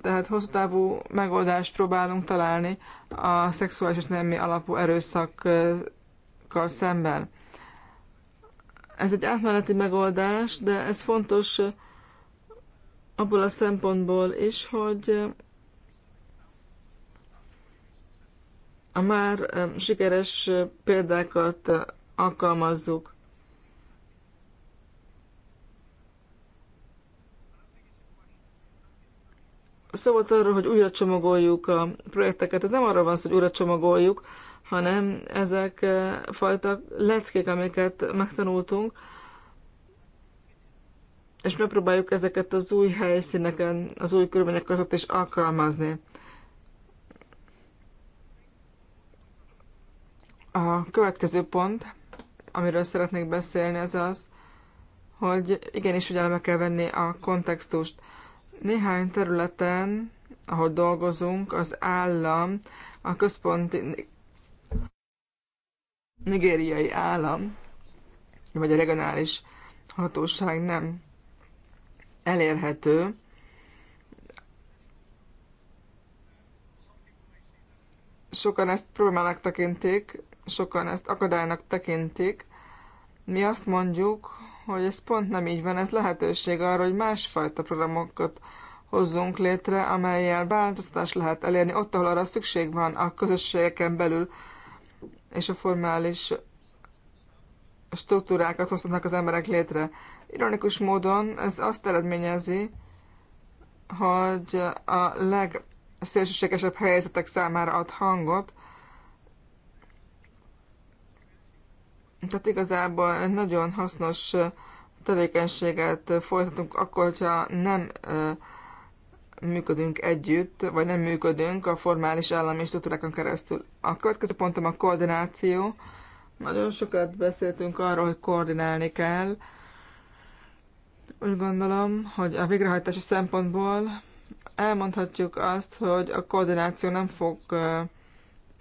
Tehát hosszú távú megoldást próbálunk találni a szexuális és nemi alapú erőszakkal szemben. Ez egy átmeneti megoldás, de ez fontos abból a szempontból is, hogy a már sikeres példákat alkalmazzuk. Szó szóval volt arról, hogy újra csomagoljuk a projekteket. Ez nem arra van szó, hogy újra csomagoljuk, hanem ezek eh, fajta leckék, amiket megtanultunk, és megpróbáljuk ezeket az új helyszíneken, az új körülmények között is alkalmazni. A következő pont, amiről szeretnék beszélni, az az, hogy igenis figyelembe kell venni a kontextust. Néhány területen, ahol dolgozunk, az állam, a központi nigériai állam, vagy a regionális hatóság nem elérhető. Sokan ezt problémának tekintik, sokan ezt akadálynak tekintik. Mi azt mondjuk, hogy ez pont nem így van, ez lehetőség arra, hogy másfajta programokat hozzunk létre, amelyel változtatást lehet elérni ott, ahol arra szükség van a közösségeken belül, és a formális struktúrákat hozhatnak az emberek létre. Ironikus módon ez azt eredményezi, hogy a legszélsőségesebb helyzetek számára ad hangot, Tehát igazából egy nagyon hasznos tevékenységet folytatunk akkor, hogyha nem működünk együtt, vagy nem működünk a formális állami struktúrákon keresztül. A következő pontom a koordináció. Nagyon sokat beszéltünk arról, hogy koordinálni kell. Úgy gondolom, hogy a végrehajtási szempontból elmondhatjuk azt, hogy a koordináció nem fog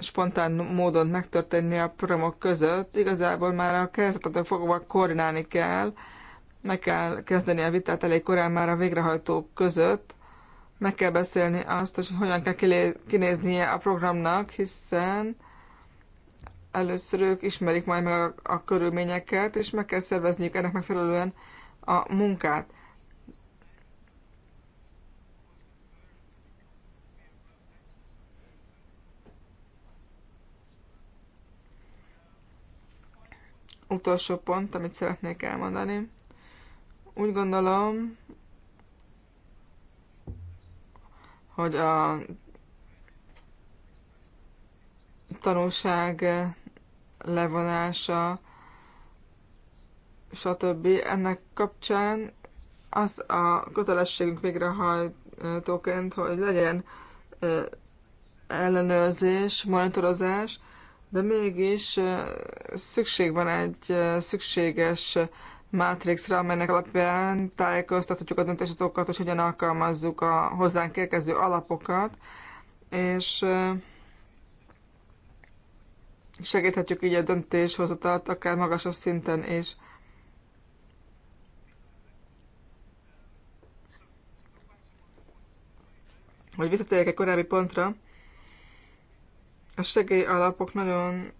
spontán módon megtörténni a programok között, igazából már a kezdetetől fogva koordinálni kell, meg kell kezdeni a vitát elég korán már a végrehajtók között, meg kell beszélni azt, hogy hogyan kell kinéznie a programnak, hiszen először ők ismerik majd meg a, a körülményeket, és meg kell szervezniük ennek megfelelően a munkát. utolsó pont, amit szeretnék elmondani. Úgy gondolom, hogy a tanulság levonása, stb. Ennek kapcsán az a kötelességünk végrehajtóként, hogy legyen ellenőrzés, monitorozás, de mégis szükség van egy szükséges mátrixra, amelynek alapján tájékoztathatjuk a döntéshozókat, hogy hogyan alkalmazzuk a hozzánk érkező alapokat, és segíthetjük így a döntéshozatat akár magasabb szinten is. Hogy visszatérjek egy korábbi pontra, a segélyalapok nagyon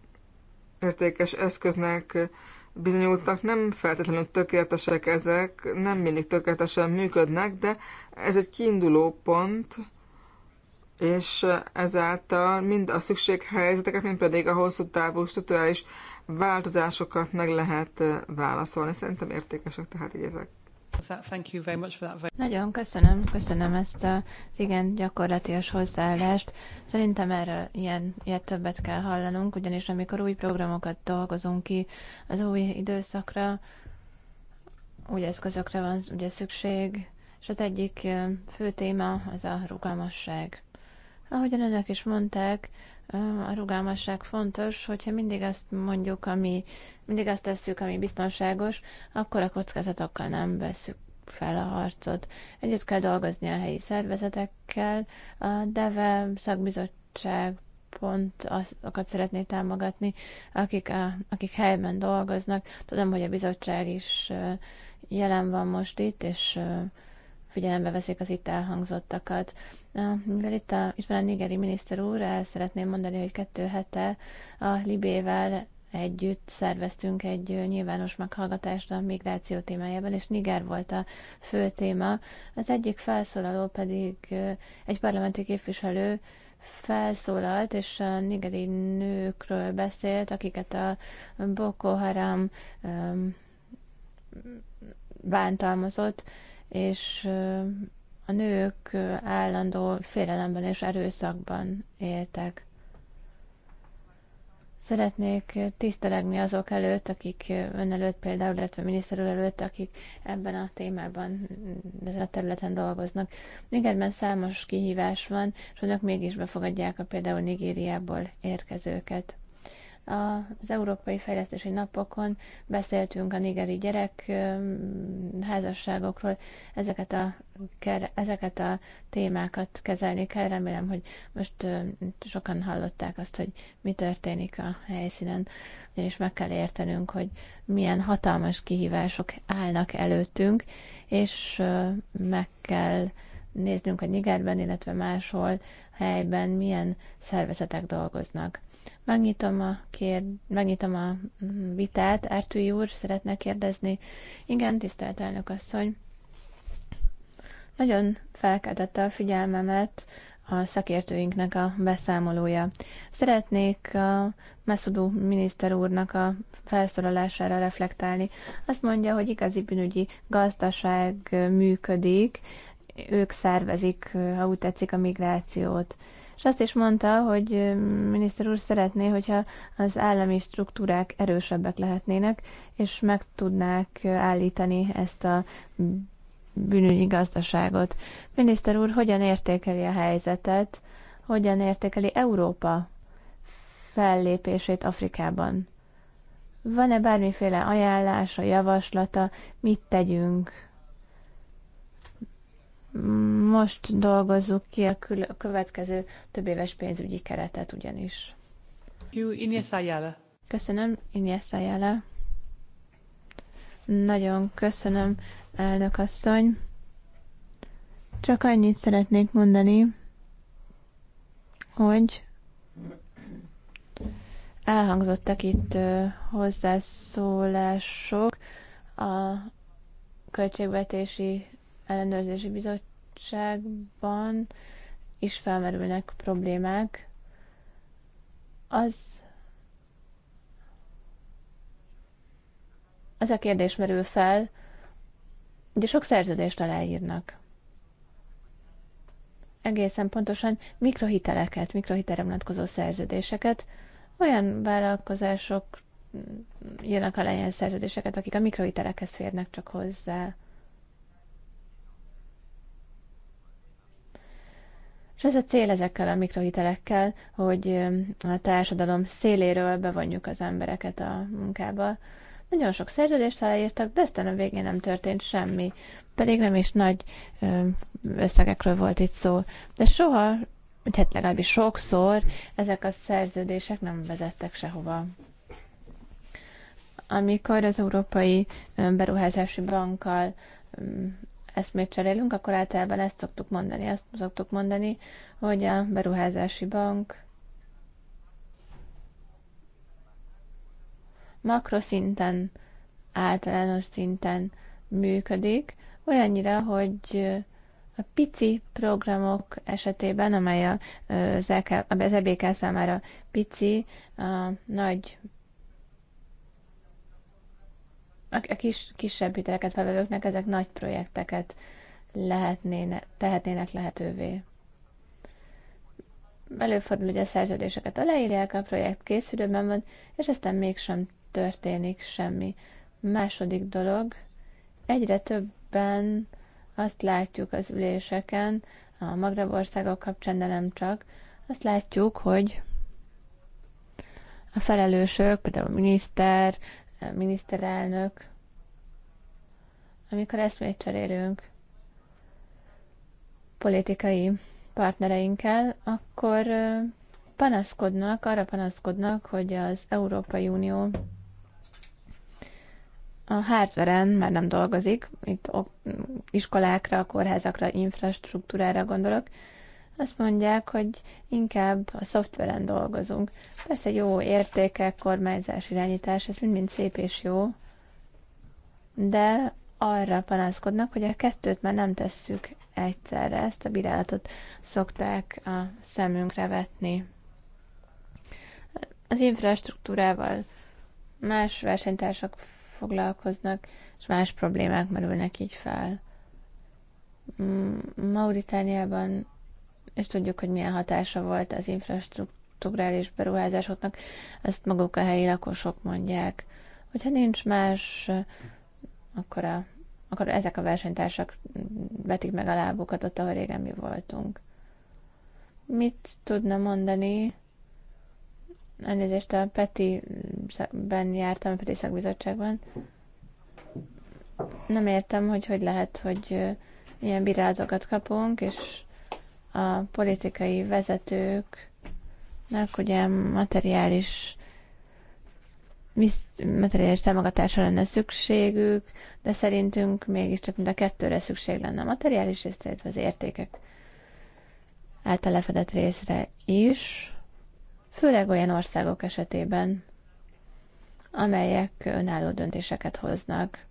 értékes eszköznek bizonyultak, nem feltétlenül tökéletesek ezek, nem mindig tökéletesen működnek, de ez egy kiinduló pont, és ezáltal mind a szükséghelyzeteket, mind pedig a hosszú távú struktúrális változásokat meg lehet válaszolni. Szerintem értékesek tehát így ezek. Nagyon köszönöm, köszönöm ezt a igen gyakorlatias hozzáállást. Szerintem erre ilyen, ilyet többet kell hallanunk, ugyanis amikor új programokat dolgozunk ki az új időszakra, új eszközökre van ugye szükség, és az egyik fő téma az a rugalmasság. Ahogyan önök is mondták, a rugalmasság fontos, hogyha mindig azt mondjuk, ami mindig azt tesszük, ami biztonságos, akkor a kockázatokkal nem veszük fel a harcot. Együtt kell dolgozni a helyi szervezetekkel, a DEVE szakbizottság pont azokat szeretné támogatni, akik, a, akik helyben dolgoznak. Tudom, hogy a bizottság is jelen van most itt, és figyelembe veszik az itt elhangzottakat. Mivel itt, a, itt van a nigeri miniszter úr, el szeretném mondani, hogy kettő hete a Libével együtt szerveztünk egy nyilvános meghallgatást a migráció témájában, és Niger volt a fő téma. Az egyik felszólaló pedig egy parlamenti képviselő felszólalt, és a nigeri nőkről beszélt, akiket a Boko Haram bántalmazott, és a nők állandó félelemben és erőszakban éltek. Szeretnék tisztelegni azok előtt, akik ön előtt például, illetve miniszter úr előtt, akik ebben a témában, ezen a területen dolgoznak. Nigerben számos kihívás van, és önök mégis befogadják a például Nigériából érkezőket. Az Európai Fejlesztési Napokon beszéltünk a nigeri gyerek házasságokról. Ezeket a, ezeket a témákat kezelni kell. Remélem, hogy most sokan hallották azt, hogy mi történik a helyszínen, és meg kell értenünk, hogy milyen hatalmas kihívások állnak előttünk, és meg kell néznünk, hogy Nigerben, illetve máshol helyben milyen szervezetek dolgoznak. Megnyitom a, kér... Megnyitom a mm, vitát. Ártúj úr, szeretne kérdezni? Igen, tisztelt elnök asszony. Nagyon felkeltette a figyelmemet a szakértőinknek a beszámolója. Szeretnék a Meszudú miniszter úrnak a felszólalására reflektálni. Azt mondja, hogy igazi bűnügyi gazdaság működik, ők szervezik, ha úgy tetszik, a migrációt és azt is mondta, hogy miniszter úr szeretné, hogyha az állami struktúrák erősebbek lehetnének, és meg tudnák állítani ezt a bűnügyi gazdaságot. Miniszter úr, hogyan értékeli a helyzetet, hogyan értékeli Európa fellépését Afrikában? Van-e bármiféle ajánlása, javaslata, mit tegyünk? Most dolgozzuk ki a, a következő több éves pénzügyi keretet ugyanis. Köszönöm, Iniesta Jele. Nagyon köszönöm, elnök asszony. Csak annyit szeretnék mondani, hogy elhangzottak itt hozzászólások a költségvetési ellenőrzési bizottságban is felmerülnek problémák. Az az a kérdés merül fel, hogy sok szerződést aláírnak. Egészen pontosan mikrohiteleket, mikrohitelre vonatkozó szerződéseket, olyan vállalkozások jönnek alá ilyen szerződéseket, akik a mikrohitelekhez férnek csak hozzá. És ez a cél ezekkel a mikrohitelekkel, hogy a társadalom széléről bevonjuk az embereket a munkába. Nagyon sok szerződést aláírtak, de aztán a végén nem történt semmi. Pedig nem is nagy összegekről volt itt szó. De soha, vagy hát legalábbis sokszor ezek a szerződések nem vezettek sehova amikor az Európai Beruházási Bankkal eszmét cserélünk, akkor általában ezt szoktuk mondani, azt szoktuk mondani, hogy a beruházási bank makroszinten, általános szinten működik, olyannyira, hogy a pici programok esetében, amely az EBK e számára pici, a nagy a kis, kisebb hiteleket felvevőknek ezek nagy projekteket lehetnéne, tehetnének lehetővé. Előfordul, hogy a szerződéseket aláírják, a projekt készülőben van, és aztán mégsem történik semmi. Második dolog, egyre többen azt látjuk az üléseken, a Magreb országok kapcsán, de nem csak, azt látjuk, hogy a felelősök, például a miniszter, miniszterelnök, amikor eszmét cserélünk politikai partnereinkkel, akkor panaszkodnak, arra panaszkodnak, hogy az Európai Unió a hardveren már nem dolgozik, itt iskolákra, kórházakra, infrastruktúrára gondolok, azt mondják, hogy inkább a szoftveren dolgozunk. Persze jó értékek, kormányzás, irányítás, ez mind-mind szép és jó, de arra panaszkodnak, hogy a kettőt már nem tesszük egyszerre. Ezt a bírálatot szokták a szemünkre vetni. Az infrastruktúrával más versenytársak foglalkoznak, és más problémák merülnek így fel. Mauritániában és tudjuk, hogy milyen hatása volt az infrastruktúrális beruházásoknak, ezt maguk a helyi lakosok mondják. Hogyha nincs más, akkor, a, akkor ezek a versenytársak vetik meg a lábukat ott, ahol régen mi voltunk. Mit tudna mondani? Elnézést, a Peti-ben jártam, a Peti szakbizottságban. Nem értem, hogy hogy lehet, hogy ilyen bírálatokat kapunk, és a politikai vezetőknek ugye materiális materiális támogatásra lenne szükségük, de szerintünk mégiscsak mind a kettőre szükség lenne a materiális részre, illetve az értékek által lefedett részre is, főleg olyan országok esetében, amelyek önálló döntéseket hoznak,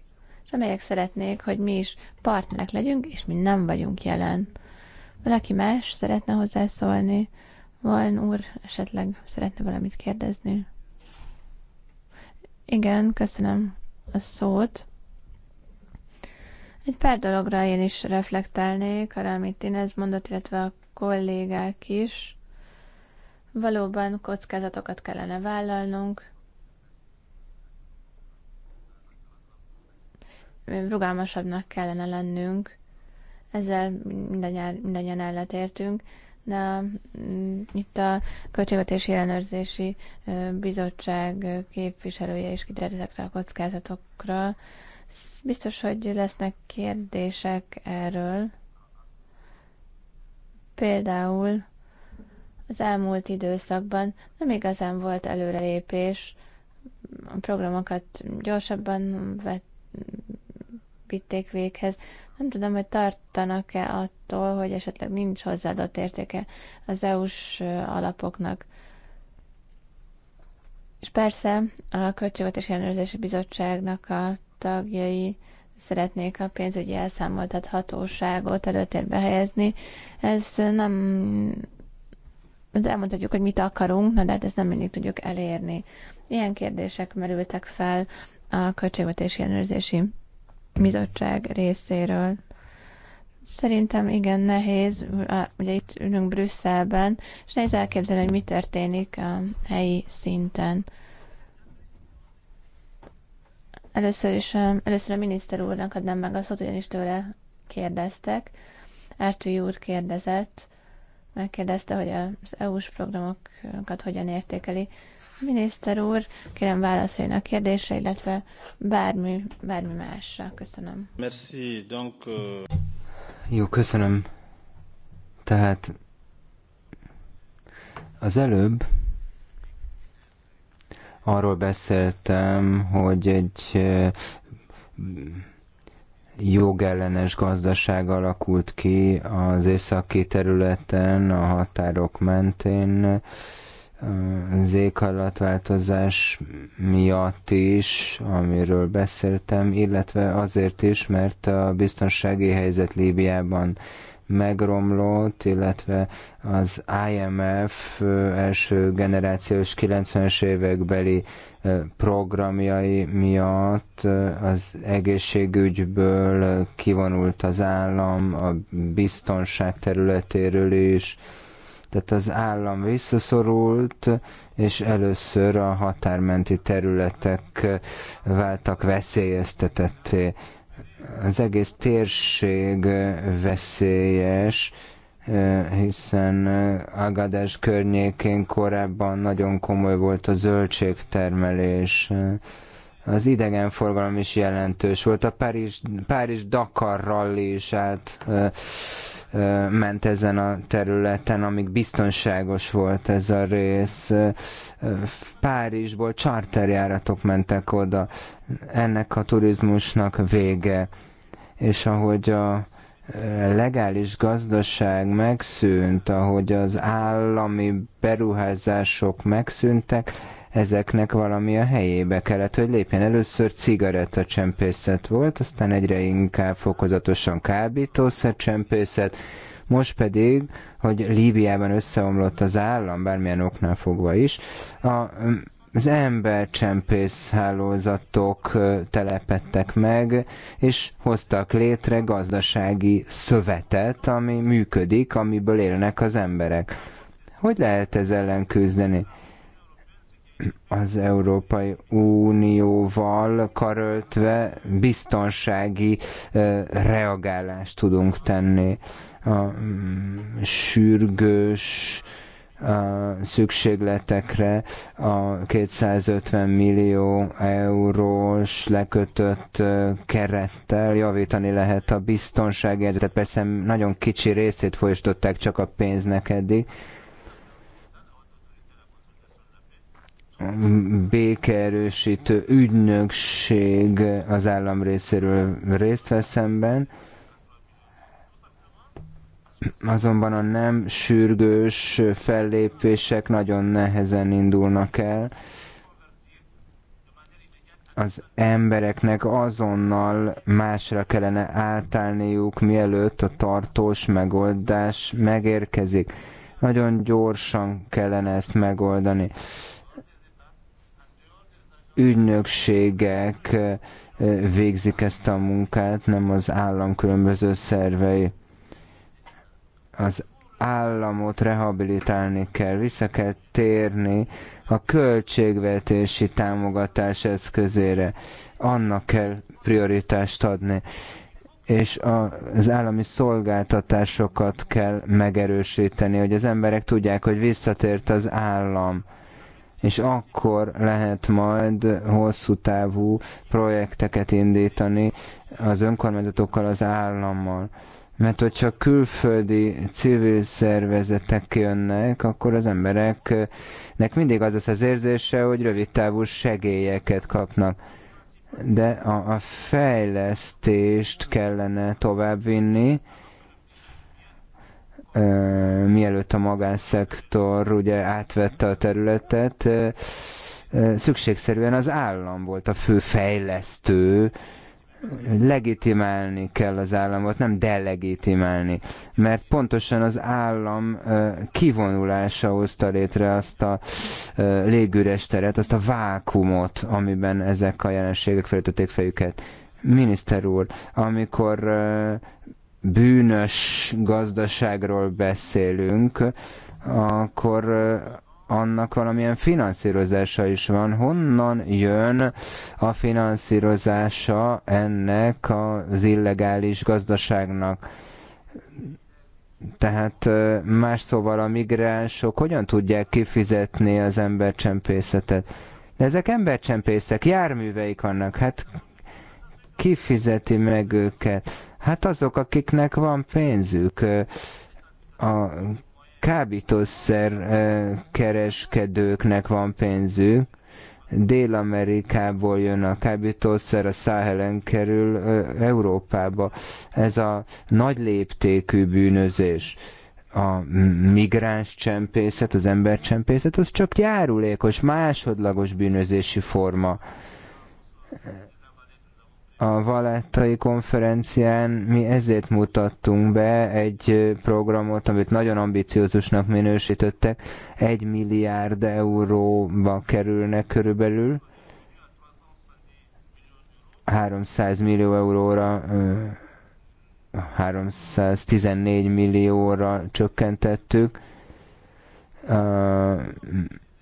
és amelyek szeretnék, hogy mi is partnerek legyünk, és mi nem vagyunk jelen valaki más szeretne hozzászólni? Van úr, esetleg szeretne valamit kérdezni? Igen, köszönöm a szót. Egy pár dologra én is reflektálnék, arra, amit Inez mondott, illetve a kollégák is. Valóban kockázatokat kellene vállalnunk. Rugalmasabbnak kellene lennünk ezzel mindannyian, mindannyian elletértünk. Na, mm, itt a Költségvetési Ellenőrzési Bizottság képviselője is kitért ezekre a kockázatokra. Biztos, hogy lesznek kérdések erről. Például az elmúlt időszakban nem igazán volt előrelépés, a programokat gyorsabban vett, vitték véghez, nem tudom, hogy tartanak-e attól, hogy esetleg nincs hozzáadott értéke az EU-s alapoknak. És persze a Költségvetési Ellenőrzési Bizottságnak a tagjai szeretnék a pénzügyi elszámoltathatóságot előtérbe helyezni. Ez nem elmondhatjuk, hogy mit akarunk, na de hát ezt nem mindig tudjuk elérni. Ilyen kérdések merültek fel a Költségvetési Ellenőrzési bizottság részéről. Szerintem igen nehéz, ugye itt ülünk Brüsszelben, és nehéz elképzelni, hogy mi történik a helyi szinten. Először is, um, először a miniszter úrnak adnám meg a szót, ugyanis tőle kérdeztek. Ártúj úr kérdezett, megkérdezte, hogy az EU-s programokat hogyan értékeli. Miniszter úr, kérem válaszoljon a kérdésre, illetve bármi, bármi másra. Köszönöm. Merci, donc... Euh, Jó, köszönöm. Tehát az előbb arról beszéltem, hogy egy jogellenes gazdaság alakult ki az északi területen, a határok mentén az éghajlatváltozás miatt is, amiről beszéltem, illetve azért is, mert a biztonsági helyzet Líbiában megromlott, illetve az IMF első generációs 90-es évekbeli programjai miatt az egészségügyből kivonult az állam, a biztonság területéről is, tehát az állam visszaszorult, és először a határmenti területek váltak veszélyeztetetté. Az egész térség veszélyes, hiszen agadás környékén korábban nagyon komoly volt a zöldségtermelés. Az idegenforgalom is jelentős volt, a Párizs-Dakar Párizs rally is át ment ezen a területen, amíg biztonságos volt ez a rész. Párizsból charterjáratok mentek oda. Ennek a turizmusnak vége. És ahogy a legális gazdaság megszűnt, ahogy az állami beruházások megszűntek, ezeknek valami a helyébe kellett, hogy lépjen. Először csempészet volt, aztán egyre inkább fokozatosan csempészet, most pedig, hogy Líbiában összeomlott az állam, bármilyen oknál fogva is, a az embercsempész hálózatok telepettek meg, és hoztak létre gazdasági szövetet, ami működik, amiből élnek az emberek. Hogy lehet ez ellen küzdeni? az Európai Unióval karöltve biztonsági reagálást tudunk tenni a mm, sürgős a szükségletekre a 250 millió eurós lekötött kerettel javítani lehet a biztonsági helyzetet. Persze nagyon kicsi részét folyosították csak a pénznek eddig, békeerősítő ügynökség az állam részéről részt vesz szemben, azonban a nem sürgős fellépések nagyon nehezen indulnak el. Az embereknek azonnal másra kellene átállniuk, mielőtt a tartós megoldás megérkezik. Nagyon gyorsan kellene ezt megoldani ügynökségek végzik ezt a munkát, nem az állam különböző szervei. Az államot rehabilitálni kell, vissza kell térni a költségvetési támogatás eszközére. Annak kell prioritást adni és az állami szolgáltatásokat kell megerősíteni, hogy az emberek tudják, hogy visszatért az állam és akkor lehet majd hosszú távú projekteket indítani az önkormányzatokkal, az állammal. Mert hogyha külföldi civil szervezetek jönnek, akkor az embereknek mindig az az az érzése, hogy rövid távú segélyeket kapnak. De a, a fejlesztést kellene továbbvinni, mielőtt a magánszektor ugye átvette a területet, szükségszerűen az állam volt a fő fejlesztő, legitimálni kell az államot, nem delegitimálni, mert pontosan az állam kivonulása hozta létre azt a légüres teret, azt a vákumot, amiben ezek a jelenségek felütötték fejüket. Miniszter úr, amikor bűnös gazdaságról beszélünk, akkor annak valamilyen finanszírozása is van. Honnan jön a finanszírozása ennek az illegális gazdaságnak? Tehát más szóval a migránsok hogyan tudják kifizetni az embercsempészetet? De ezek embercsempészek, járműveik vannak, hát ki fizeti meg őket? Hát azok, akiknek van pénzük. A kábítószer kereskedőknek van pénzük, Dél-Amerikából jön a kábítószer, a Száhelen kerül Európába. Ez a nagy léptékű bűnözés a migráns csempészet, az embercsempészet, az csak járulékos, másodlagos bűnözési forma a Valettai konferencián mi ezért mutattunk be egy programot, amit nagyon ambiciózusnak minősítettek, egy milliárd euróba kerülnek körülbelül, 300 millió euróra, 314 millióra csökkentettük,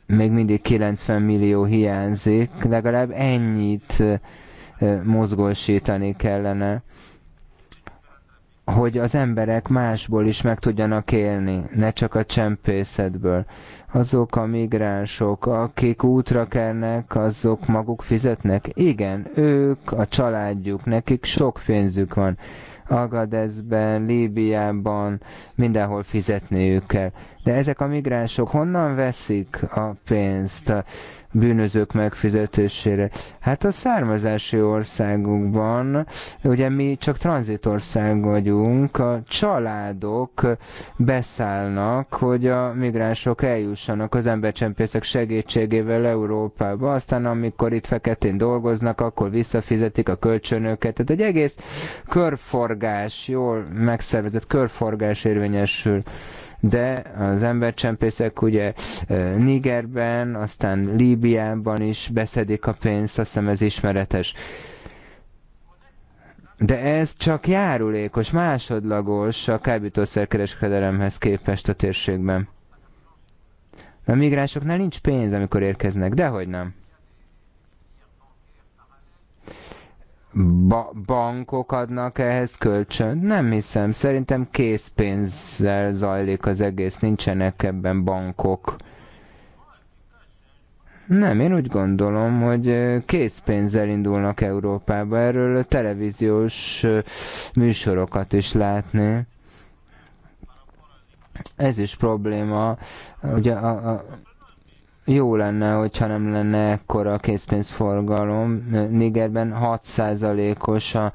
még mindig 90 millió hiányzik, legalább ennyit mozgósítani kellene, hogy az emberek másból is meg tudjanak élni, ne csak a csempészetből. Azok a migránsok, akik útra kernek, azok maguk fizetnek? Igen, ők, a családjuk, nekik sok pénzük van. Agadezben, Líbiában, mindenhol fizetniük kell. De ezek a migránsok honnan veszik a pénzt? bűnözők megfizetésére. Hát a származási országunkban, ugye mi csak tranzitország vagyunk, a családok beszállnak, hogy a migránsok eljussanak az embercsempészek segítségével Európába, aztán amikor itt feketén dolgoznak, akkor visszafizetik a kölcsönöket. Tehát egy egész körforgás, jól megszervezett körforgás érvényesül de az embercsempészek ugye Nigerben, aztán Líbiában is beszedik a pénzt, azt hiszem ez ismeretes. De ez csak járulékos, másodlagos a kábítószerkereskedelemhez képest a térségben. A migránsoknál nincs pénz, amikor érkeznek, dehogy nem. ba- bankok adnak ehhez kölcsönt? Nem hiszem. Szerintem készpénzzel zajlik az egész. Nincsenek ebben bankok. Nem, én úgy gondolom, hogy készpénzzel indulnak Európába. Erről televíziós műsorokat is látni. Ez is probléma. Ugye a, a jó lenne, hogyha nem lenne ekkora készpénzforgalom. Nigerben 6%-os a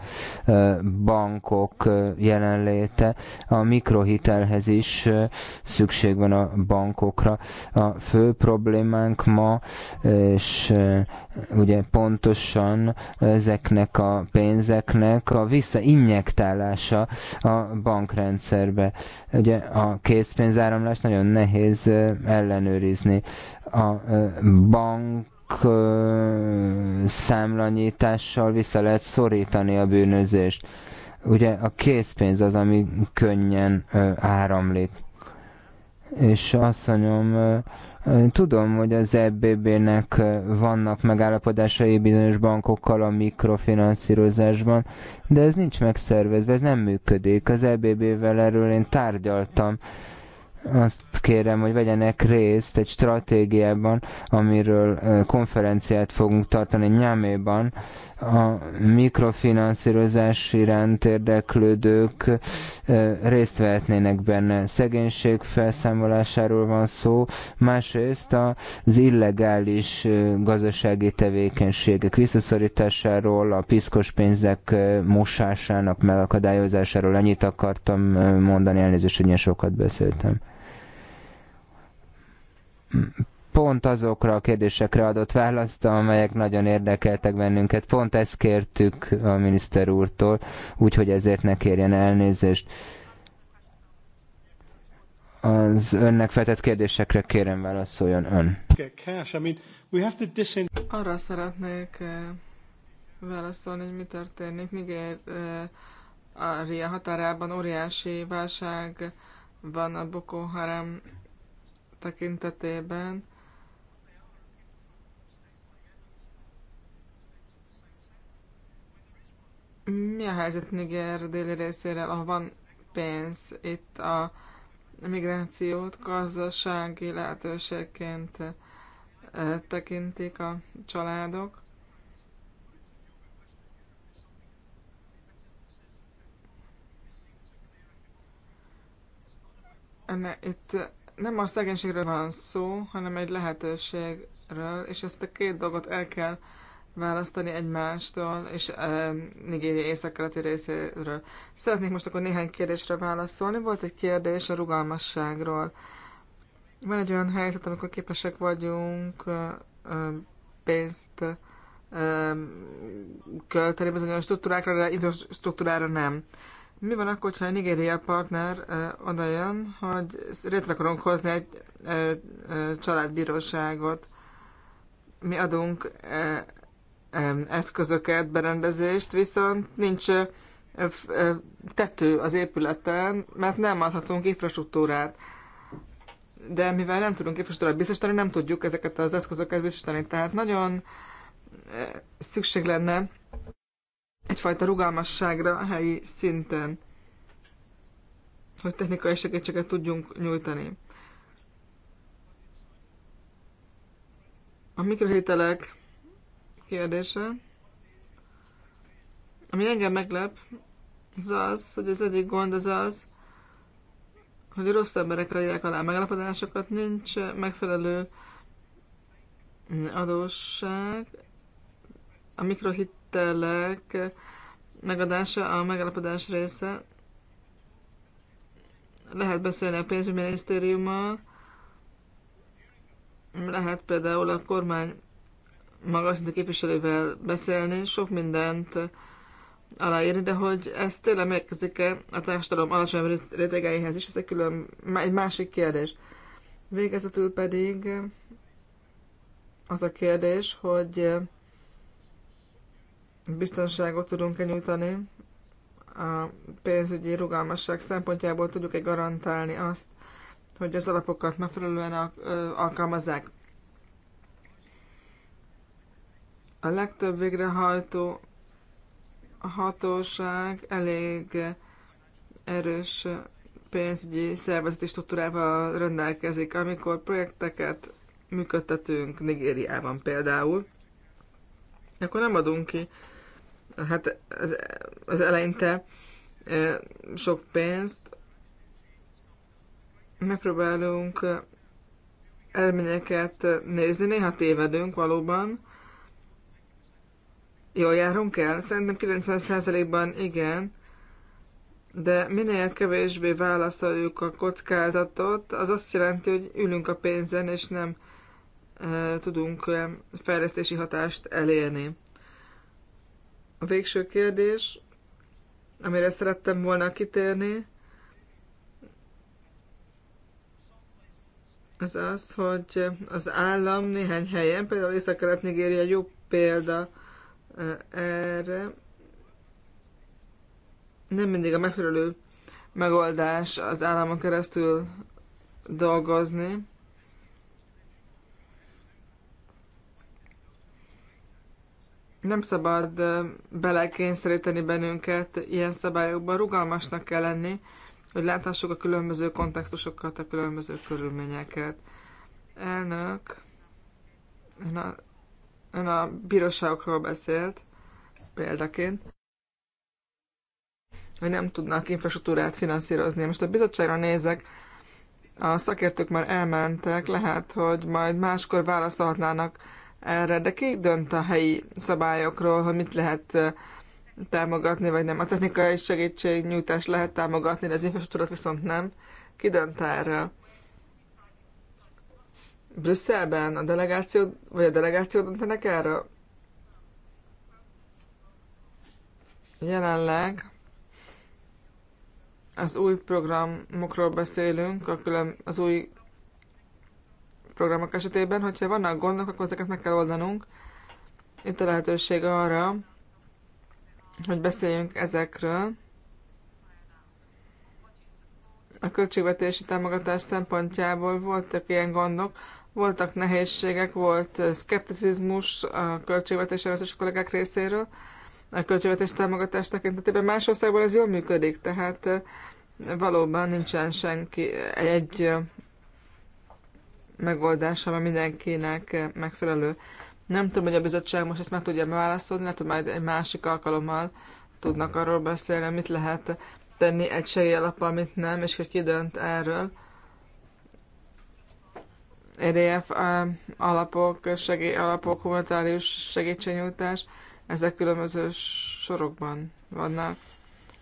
bankok jelenléte. A mikrohitelhez is szükség van a bankokra. A fő problémánk ma, és ugye pontosan ezeknek a pénzeknek a visszainjektálása a bankrendszerbe. Ugye a készpénzáramlást nagyon nehéz ellenőrizni a bank számlanyítással vissza lehet szorítani a bűnözést. Ugye a készpénz az, ami könnyen áramlik. És azt mondom, tudom, hogy az EBB-nek vannak megállapodásai bizonyos bankokkal a mikrofinanszírozásban, de ez nincs megszervezve, ez nem működik. Az EBB-vel erről én tárgyaltam azt kérem, hogy vegyenek részt egy stratégiában, amiről konferenciát fogunk tartani Nyáméban. A mikrofinanszírozás iránt érdeklődők részt vehetnének benne. Szegénység felszámolásáról van szó, másrészt az illegális gazdasági tevékenységek visszaszorításáról, a piszkos pénzek mosásának megakadályozásáról. Ennyit akartam mondani, elnézést, hogy ilyen sokat beszéltem pont azokra a kérdésekre adott választ, amelyek nagyon érdekeltek bennünket. Pont ezt kértük a miniszter úrtól, úgyhogy ezért ne kérjen elnézést. Az önnek feltett kérdésekre kérem válaszoljon ön. Arra szeretnék eh, válaszolni, hogy mi történik. Niger eh, a Ria határában óriási válság van a Boko Haram tekintetében. Mi a helyzet Niger déli részéről, ahol van pénz itt a migrációt gazdasági lehetőségként eh, tekintik a családok? Enne, itt nem a szegénységről van szó, hanem egy lehetőségről, és ezt a két dolgot el kell választani egymástól, és e, Nigéria északkeleti részéről. Szeretnék most akkor néhány kérdésre válaszolni. Volt egy kérdés a rugalmasságról. Van egy olyan helyzet, amikor képesek vagyunk e, pénzt e, költeni bizonyos struktúrákra, de infrastruktúrára nem. Mi van akkor, ha a nigériai partner oda jön, hogy létre akarunk hozni egy családbíróságot? Mi adunk eszközöket, berendezést, viszont nincs tető az épületen, mert nem adhatunk infrastruktúrát. De mivel nem tudunk infrastruktúrát biztosítani, nem tudjuk ezeket az eszközöket biztosítani. Tehát nagyon szükség lenne egyfajta rugalmasságra a helyi szinten, hogy technikai segítséget tudjunk nyújtani. A mikrohételek kérdése, ami engem meglep, az az, hogy az egyik gond az az, hogy rossz emberekre írják alá megállapodásokat, nincs megfelelő adósság. A mikrohit tételek megadása a megállapodás része. Lehet beszélni a pénzügyminisztériummal, lehet például a kormány magas szintű képviselővel beszélni, sok mindent aláírni, de hogy ez tényleg megkezik e a társadalom alacsony rétegeihez is, ez egy külön, egy másik kérdés. Végezetül pedig az a kérdés, hogy biztonságot tudunk-e nyújtani a pénzügyi rugalmasság szempontjából, tudjuk-e garantálni azt, hogy az alapokat megfelelően alkalmazzák. A legtöbb végrehajtó hatóság elég erős pénzügyi szervezeti struktúrával rendelkezik. Amikor projekteket működtetünk Nigériában például, akkor nem adunk ki hát az, az eleinte sok pénzt. Megpróbálunk elményeket nézni, néha tévedünk valóban. Jól járunk el? Szerintem 90%-ban igen, de minél kevésbé válaszoljuk a kockázatot, az azt jelenti, hogy ülünk a pénzen, és nem e, tudunk e, fejlesztési hatást elérni. A végső kérdés, amire szerettem volna kitérni, az az, hogy az állam néhány helyen, például Észak-Kelet-Nigéria jó példa erre, nem mindig a megfelelő megoldás az államon keresztül dolgozni. nem szabad belekényszeríteni bennünket ilyen szabályokba, rugalmasnak kell lenni, hogy láthassuk a különböző kontextusokat, a különböző körülményeket. Elnök, ön a, ön a bíróságokról beszélt példaként, hogy nem tudnak infrastruktúrát finanszírozni. Most a bizottságra nézek, a szakértők már elmentek, lehet, hogy majd máskor válaszolhatnának erre, de ki dönt a helyi szabályokról, hogy mit lehet támogatni, vagy nem. A technikai segítségnyújtást lehet támogatni, de az infrastruktúrát viszont nem. Ki dönt erről? Brüsszelben a delegáció, vagy a delegáció döntenek erről? Jelenleg az új programokról beszélünk, a külön, az új programok esetében, hogyha vannak gondok, akkor ezeket meg kell oldanunk. Itt a lehetőség arra, hogy beszéljünk ezekről. A költségvetési támogatás szempontjából voltak ilyen gondok, voltak nehézségek, volt szkepticizmus a költségvetési először kollégák részéről, a költségvetés támogatás tekintetében. Más országban ez jól működik, tehát valóban nincsen senki egy megoldása, ami mindenkinek megfelelő. Nem tudom, hogy a bizottság most ezt meg tudja beválaszolni, lehet, hogy majd egy másik alkalommal tudnak arról beszélni, mit lehet tenni egy segélyalappal, mit nem, és hogy ki dönt erről. EDF e, alapok, segélyalapok, humanitárius segítségnyújtás, ezek különböző sorokban vannak.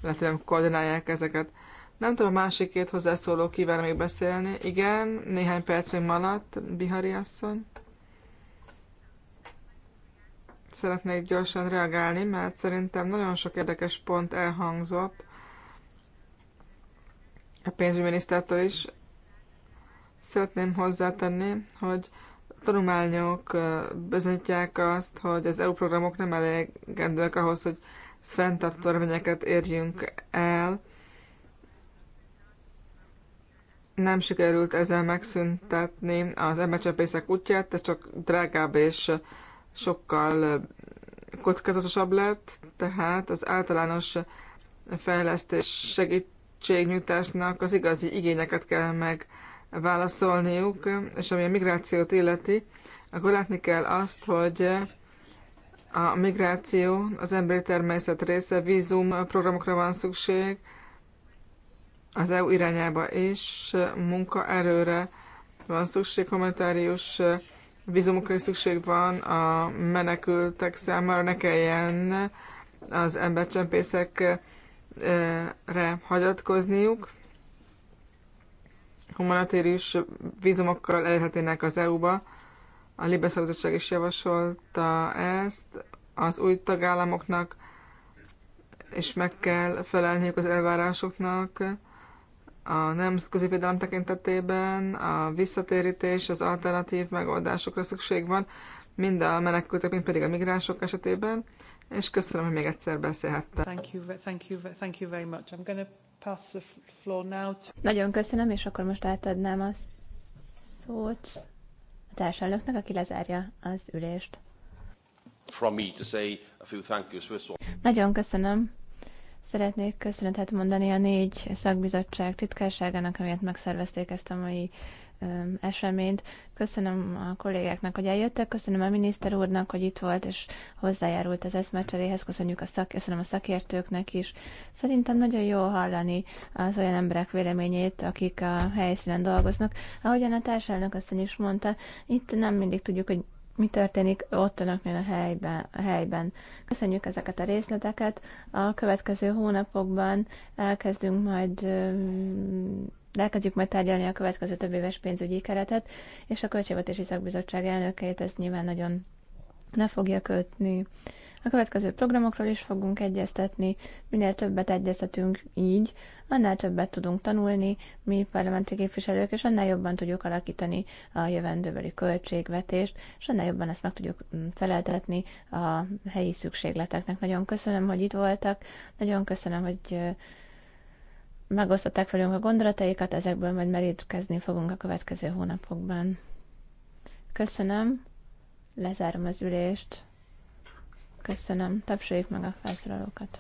Lehet, hogy nem koordinálják ezeket. Nem tudom, a másik két hozzászóló kíván még beszélni. Igen, néhány perc még maradt, Bihari asszony. Szeretnék gyorsan reagálni, mert szerintem nagyon sok érdekes pont elhangzott a pénzügyminisztertől is. Szeretném hozzátenni, hogy tanulmányok bizonyítják azt, hogy az EU programok nem elegendőek ahhoz, hogy fenntartó eredményeket érjünk el nem sikerült ezzel megszüntetni az embercsempészek útját, ez csak drágább és sokkal kockázatosabb lett, tehát az általános fejlesztés segítségnyújtásnak az igazi igényeket kell megválaszolniuk, és ami a migrációt illeti, akkor látni kell azt, hogy a migráció az emberi természet része, vízum programokra van szükség, az EU irányába és munkaerőre van szükség, humanitárius vízumokra is szükség van a menekültek számára, ne kelljen az embercsempészekre hagyatkozniuk. Humanitárius vízumokkal elérhetnének az EU-ba. A Libeszabadság is javasolta ezt. Az új tagállamoknak és meg kell felelniük az elvárásoknak, a nemzetközi védelem tekintetében a visszatérítés, az alternatív megoldásokra szükség van, mind a menekültek, mind pedig a migránsok esetében, és köszönöm, hogy még egyszer beszélhettem. Thank you, thank you, thank you very much. I'm gonna pass the floor now to... Nagyon köszönöm, és akkor most átadnám a szót a társelnöknek, aki lezárja az ülést. From me to say a few thank yous. First of all. Nagyon köszönöm Szeretnék köszönetet mondani a négy szakbizottság titkárságának, amelyet megszervezték ezt a mai eseményt. Köszönöm a kollégáknak, hogy eljöttek, köszönöm a miniszter úrnak, hogy itt volt és hozzájárult az eszmecseréhez, köszönjük a szak, köszönöm a szakértőknek is. Szerintem nagyon jó hallani az olyan emberek véleményét, akik a helyszínen dolgoznak. Ahogyan a társadalmak azt is mondta, itt nem mindig tudjuk, hogy mi történik ott önöknél a helyben. A helyben. Köszönjük ezeket a részleteket. A következő hónapokban elkezdünk majd elkezdjük majd tárgyalni a következő több éves pénzügyi keretet, és a Költségvetési Szakbizottság elnökeit ez nyilván nagyon le fogja kötni. A következő programokról is fogunk egyeztetni, minél többet egyeztetünk így, annál többet tudunk tanulni, mi parlamenti képviselők, és annál jobban tudjuk alakítani a jövendőbeli költségvetést, és annál jobban ezt meg tudjuk mm, feleltetni a helyi szükségleteknek. Nagyon köszönöm, hogy itt voltak, nagyon köszönöm, hogy megosztották velünk a gondolataikat, ezekből majd merítkezni fogunk a következő hónapokban. Köszönöm, lezárom az ülést. Köszönöm. Tapsoljuk meg a felszólalókat.